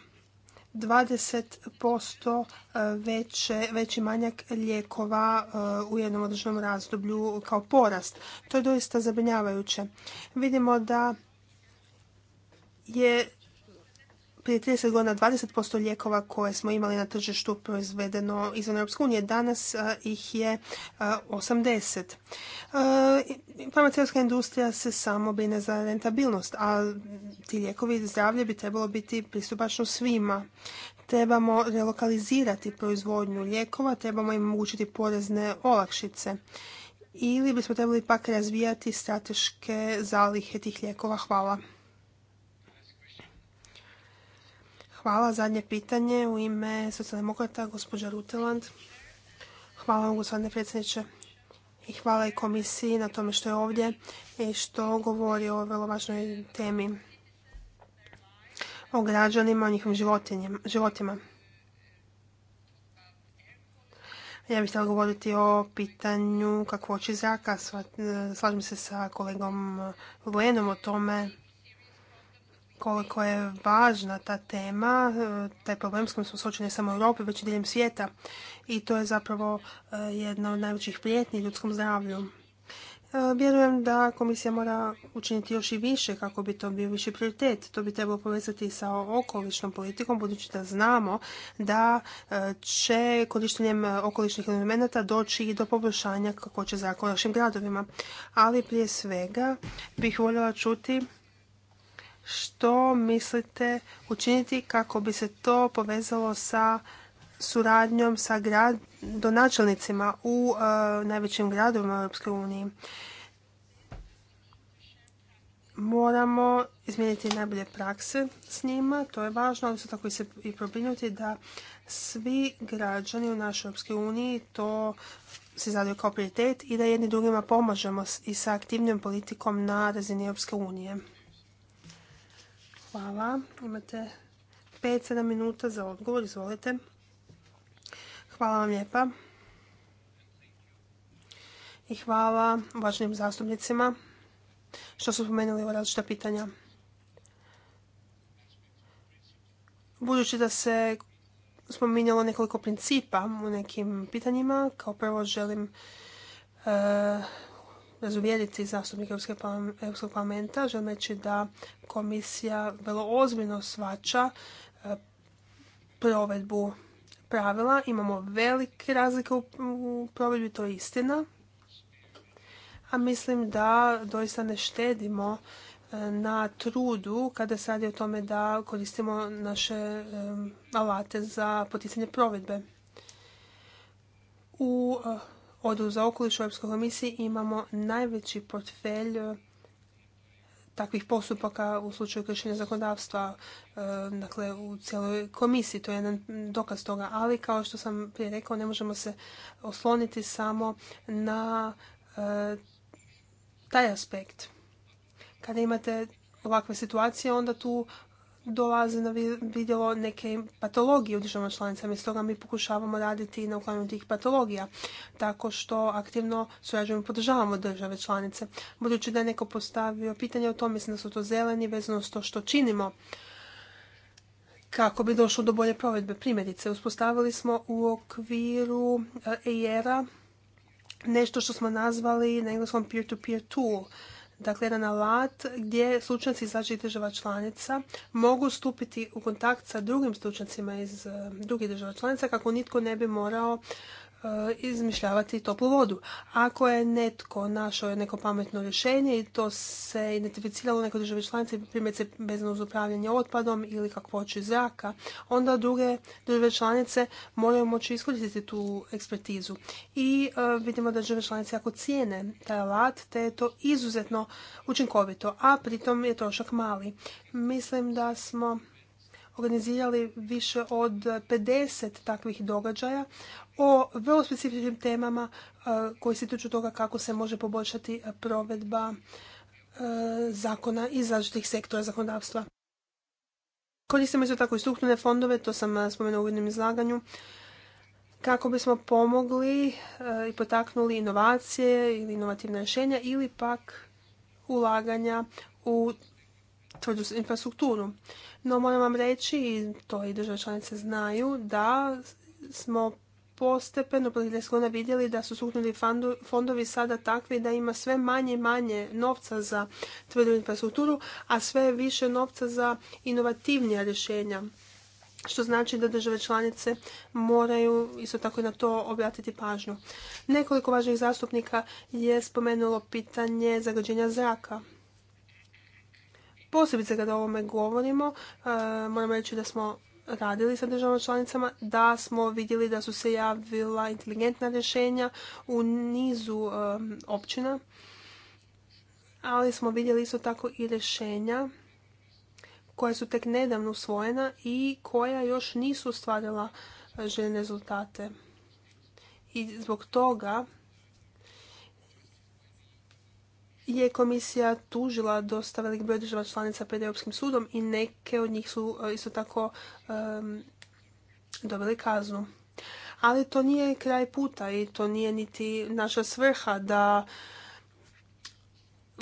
20% e, veće, veći manjak lijekova u jednom određenom razdoblju kao porast. To je doista zabrinjavajuće. Vidimo da je prije 30 godina 20% lijekova koje smo imali na tržištu proizvedeno izvan Europske unije. Danas ih je 80. Farmaceutska industrija se samo brine za rentabilnost, a ti lijekovi zdravlje bi trebalo biti pristupačno svima. Trebamo relokalizirati proizvodnju lijekova, trebamo im omogućiti porezne olakšice. Ili bismo trebali pak razvijati strateške zalihe tih lijekova. Hvala. Hvala. Zadnje pitanje u ime socijaldemokrata, gospođa Ruteland. Hvala vam, gospodine predsjedniče. I hvala i komisiji na tome što je ovdje i što govori o vrlo važnoj temi o građanima, o njihovim životima. Ja bih htjela govoriti o pitanju kakvoći zraka. Slažem se sa kolegom Lenom o tome koliko je važna ta tema, e, taj problem s kojim smo suočeni samo u Europi, već i diljem svijeta. I to je zapravo e, jedna od najvećih prijetnji ljudskom zdravlju. E, vjerujem da komisija mora učiniti još i više kako bi to bio više prioritet. To bi trebalo povezati sa okolišnom politikom, budući da znamo da će korištenjem okolišnih elemenata doći i do poboljšanja kako će zakon našim gradovima. Ali prije svega bih voljela čuti što mislite učiniti kako bi se to povezalo sa suradnjom sa donačelnicima u e, najvećim gradovima Europskoj uniji? Moramo izmijeniti najbolje prakse s njima, to je važno, ali tako i se i da svi građani u našoj Europskoj uniji to se zadaju kao prioritet i da jedni drugima pomažemo i sa aktivnim politikom na razini Europske unije. Hvala. Imate 5-7 minuta za odgovor. Izvolite. Hvala vam lijepa. I hvala važnim zastupnicima što su spomenuli ova različita pitanja. Budući da se spominjalo nekoliko principa u nekim pitanjima, kao prvo želim e, razuvjeriti zastupnike Europskog parlamenta. Želim reći da komisija vrlo ozbiljno svača e, provedbu pravila. Imamo velike razlike u provedbi, to je istina. A mislim da doista ne štedimo e, na trudu kada se radi o tome da koristimo naše e, alate za poticanje provedbe. U odboru za okoliš u Europskoj komisiji imamo najveći portfelj e, takvih postupaka u slučaju kršenja zakonodavstva e, dakle u cijeloj komisiji. To je jedan dokaz toga, ali kao što sam prije rekao ne možemo se osloniti samo na e, taj aspekt. Kada imate ovakve situacije onda tu dolaze na vidjelo neke patologije u državama članicama i stoga mi pokušavamo raditi na uklanju tih patologija tako što aktivno surađujemo i podržavamo države članice. Budući da je neko postavio pitanje o tome, mislim da su to zeleni vezano s to što činimo kako bi došlo do bolje provedbe. Primjerice, uspostavili smo u okviru EIR-a e nešto što smo nazvali na engleskom peer -to -peer tool dakle jedan alat gdje stručnjaci iz različitih država članica mogu stupiti u kontakt sa drugim stručnjacima iz eh, drugih država članica kako nitko ne bi morao E, izmišljavati toplu vodu. Ako je netko našao neko pametno rješenje i to se identificiralo u nekoj državi članici, primjerice vezano uz upravljanje otpadom ili kakvoću zraka, onda druge države članice moraju moći iskoristiti tu ekspertizu. I e, vidimo da države članice jako cijene taj alat, te je to izuzetno učinkovito, a pritom je trošak mali. Mislim da smo organizirali više od 50 takvih događaja o vrlo specifičnim temama e, koji se tiču toga kako se može poboljšati provedba e, zakona iz različitih sektora zakonodavstva. Koristimo isto tako i strukturne fondove, to sam e, spomenuo u jednom izlaganju, kako bismo pomogli i potaknuli inovacije ili inovativne rješenja ili pak ulaganja u tvrdu infrastrukturu. No moram vam reći, i to i države članice znaju, da smo postepeno proteklih godina vidjeli da su suknuli fondovi sada takvi da ima sve manje i manje novca za tvrdu infrastrukturu, a sve više novca za inovativnija rješenja. Što znači da države članice moraju isto tako i na to obratiti pažnju. Nekoliko važnih zastupnika je spomenulo pitanje zagađenja zraka. Posebice kada o ovome govorimo, e, moram reći da smo radili sa državama članicama, da smo vidjeli da su se javila inteligentna rješenja u nizu e, općina, ali smo vidjeli isto tako i rješenja koja su tek nedavno usvojena i koja još nisu ostvarila e, željene rezultate. I zbog toga je komisija tužila dosta velik broj država članica pred Europskim sudom i neke od njih su e, isto tako dobili kaznu. Ali to nije kraj puta i to nije niti naša svrha da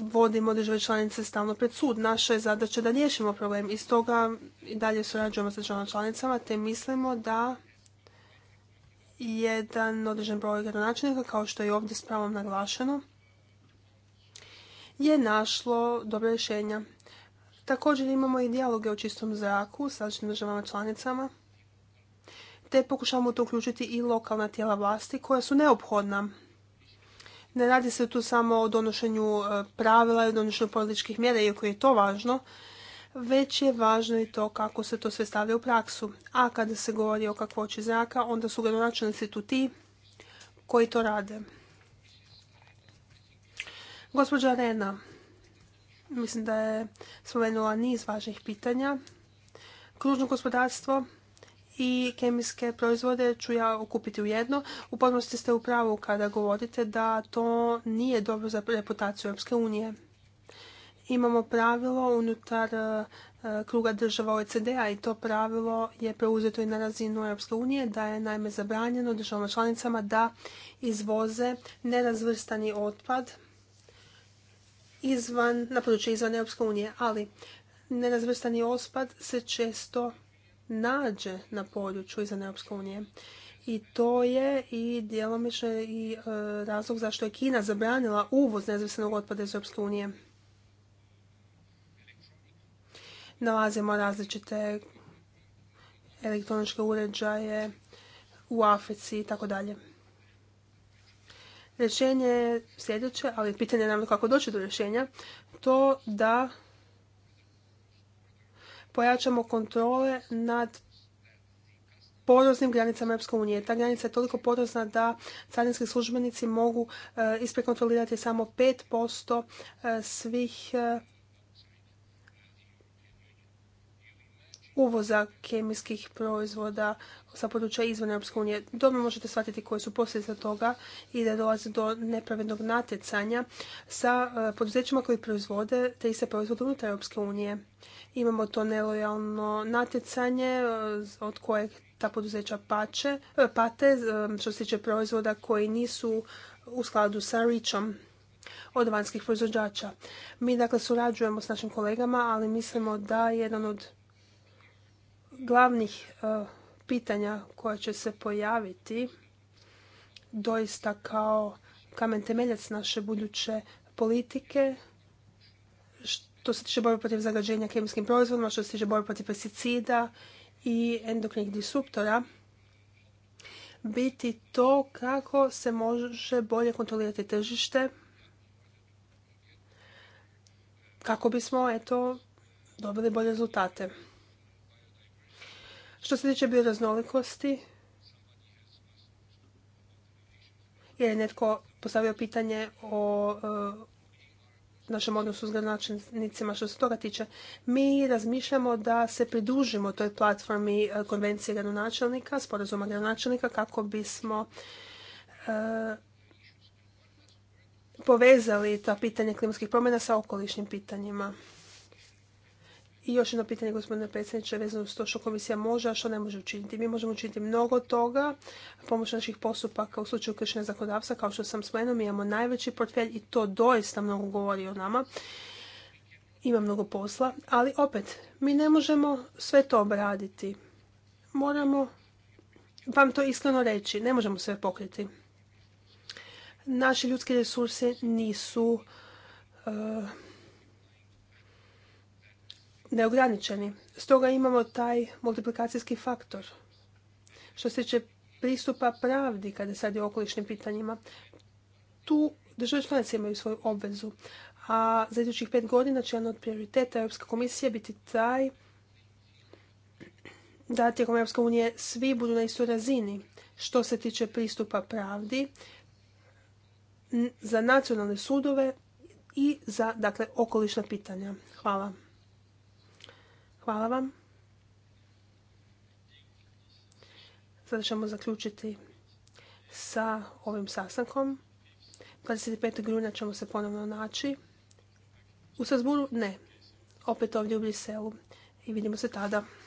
vodimo države članice stalno pred sud. Naša je zadaća da riješimo problem i stoga i dalje surađujemo sa državama članicama te mislimo da jedan određen broj gradonačelnika, kao što je ovdje s pravom naglašeno, je našlo dobre rješenja. Također imamo i dijaloge o čistom zraku s različitim državama članicama, te pokušavamo to uključiti i lokalna tijela vlasti koja su neophodna. Ne radi se tu samo o donošenju e, pravila i donošenju političkih mjera, iako je to važno, već je važno i to kako se to sve stavlja u praksu. A kada se govori o kakvoći zraka, onda su gradonačelnici tu ti koji to rade. Gospođa Rena, mislim da je spomenula niz važnih pitanja. Kružno gospodarstvo i kemijske proizvode ću ja okupiti u jedno. U potpunosti ste u pravu kada govorite da to nije dobro za reputaciju Europske unije. Imamo pravilo unutar e, kruga država OECD-a i to pravilo je preuzeto i na razinu Europske unije da je najme zabranjeno državama članicama da izvoze nerazvrstani otpad izvan, na područje izvan Europske unije, ali nerazvrstani ospad se često nađe na području izvan Europske unije. I to je i djelomično i e, razlog zašto je Kina zabranila uvoz nerazvrstanog otpada iz Europske unije. Nalazimo različite elektroničke uređaje u Africi i tako dalje. Rješenje je sljedeće, ali pitanje je naravno kako doći do rješenja, to da pojačamo kontrole nad poroznim granicama Europske unije. Ta granica je toliko porozna da carinski službenici mogu e, isprekontrolirati samo 5% e, svih e, uvoza kemijskih proizvoda sa područja izvan Europske unije. Dobro možete shvatiti koje su posljedice toga i da dolazi do nepravednog natjecanja sa e, poduzećima koji proizvode te iste proizvode unutar Europske unije. Imamo to nelojalno natjecanje e, od kojeg ta poduzeća e, pate što se tiče proizvoda koji nisu u skladu sa ričom od vanjskih proizvođača. Mi dakle surađujemo s našim kolegama, ali mislimo da jedan od glavnih e, pitanja koja će se pojaviti doista kao kamen temeljac naše buduće politike što se tiče borbe protiv zagađenja kemijskim proizvodima, što se tiče borbe protiv pesticida i endokrinih disruptora, biti to kako se može bolje kontrolirati tržište kako bismo eto dobili bolje rezultate. Što se tiče bioraznolikosti, jer je netko postavio pitanje o e, našem odnosu s gradonačelnicima što se toga tiče. Mi razmišljamo da se pridružimo toj platformi e, konvencije gradonačelnika, sporazuma gradonačelnika kako bismo e, povezali ta pitanja klimatskih promjena sa okolišnim pitanjima. I još jedno pitanje, gospodine predsjedniče, vezano s to što komisija može, a što ne može učiniti. Mi možemo učiniti mnogo toga pomoć naših postupaka u slučaju kršenja zakonodavstva. Kao što sam spomenuo, mi imamo najveći portfelj i to doista mnogo govori o nama. Ima mnogo posla, ali opet, mi ne možemo sve to obraditi. Moramo vam to iskreno reći, ne možemo sve pokriti. Naši ljudski resursi nisu... Eh, neograničeni. Stoga imamo taj multiplikacijski faktor. Što se tiče pristupa pravdi kada se radi o okolišnim pitanjima, tu države članice imaju svoju obvezu. A za idućih pet godina će jedan od prioriteta Europske komisije biti taj da tijekom Europske unije svi budu na istoj razini što se tiče pristupa pravdi za nacionalne sudove i za dakle, okolišna pitanja. Hvala. Hvala vam. Sada ćemo zaključiti sa ovim sastankom. 25. grudnja ćemo se ponovno naći. U Sazburu ne. Opet ovdje u Briselu. I vidimo se tada.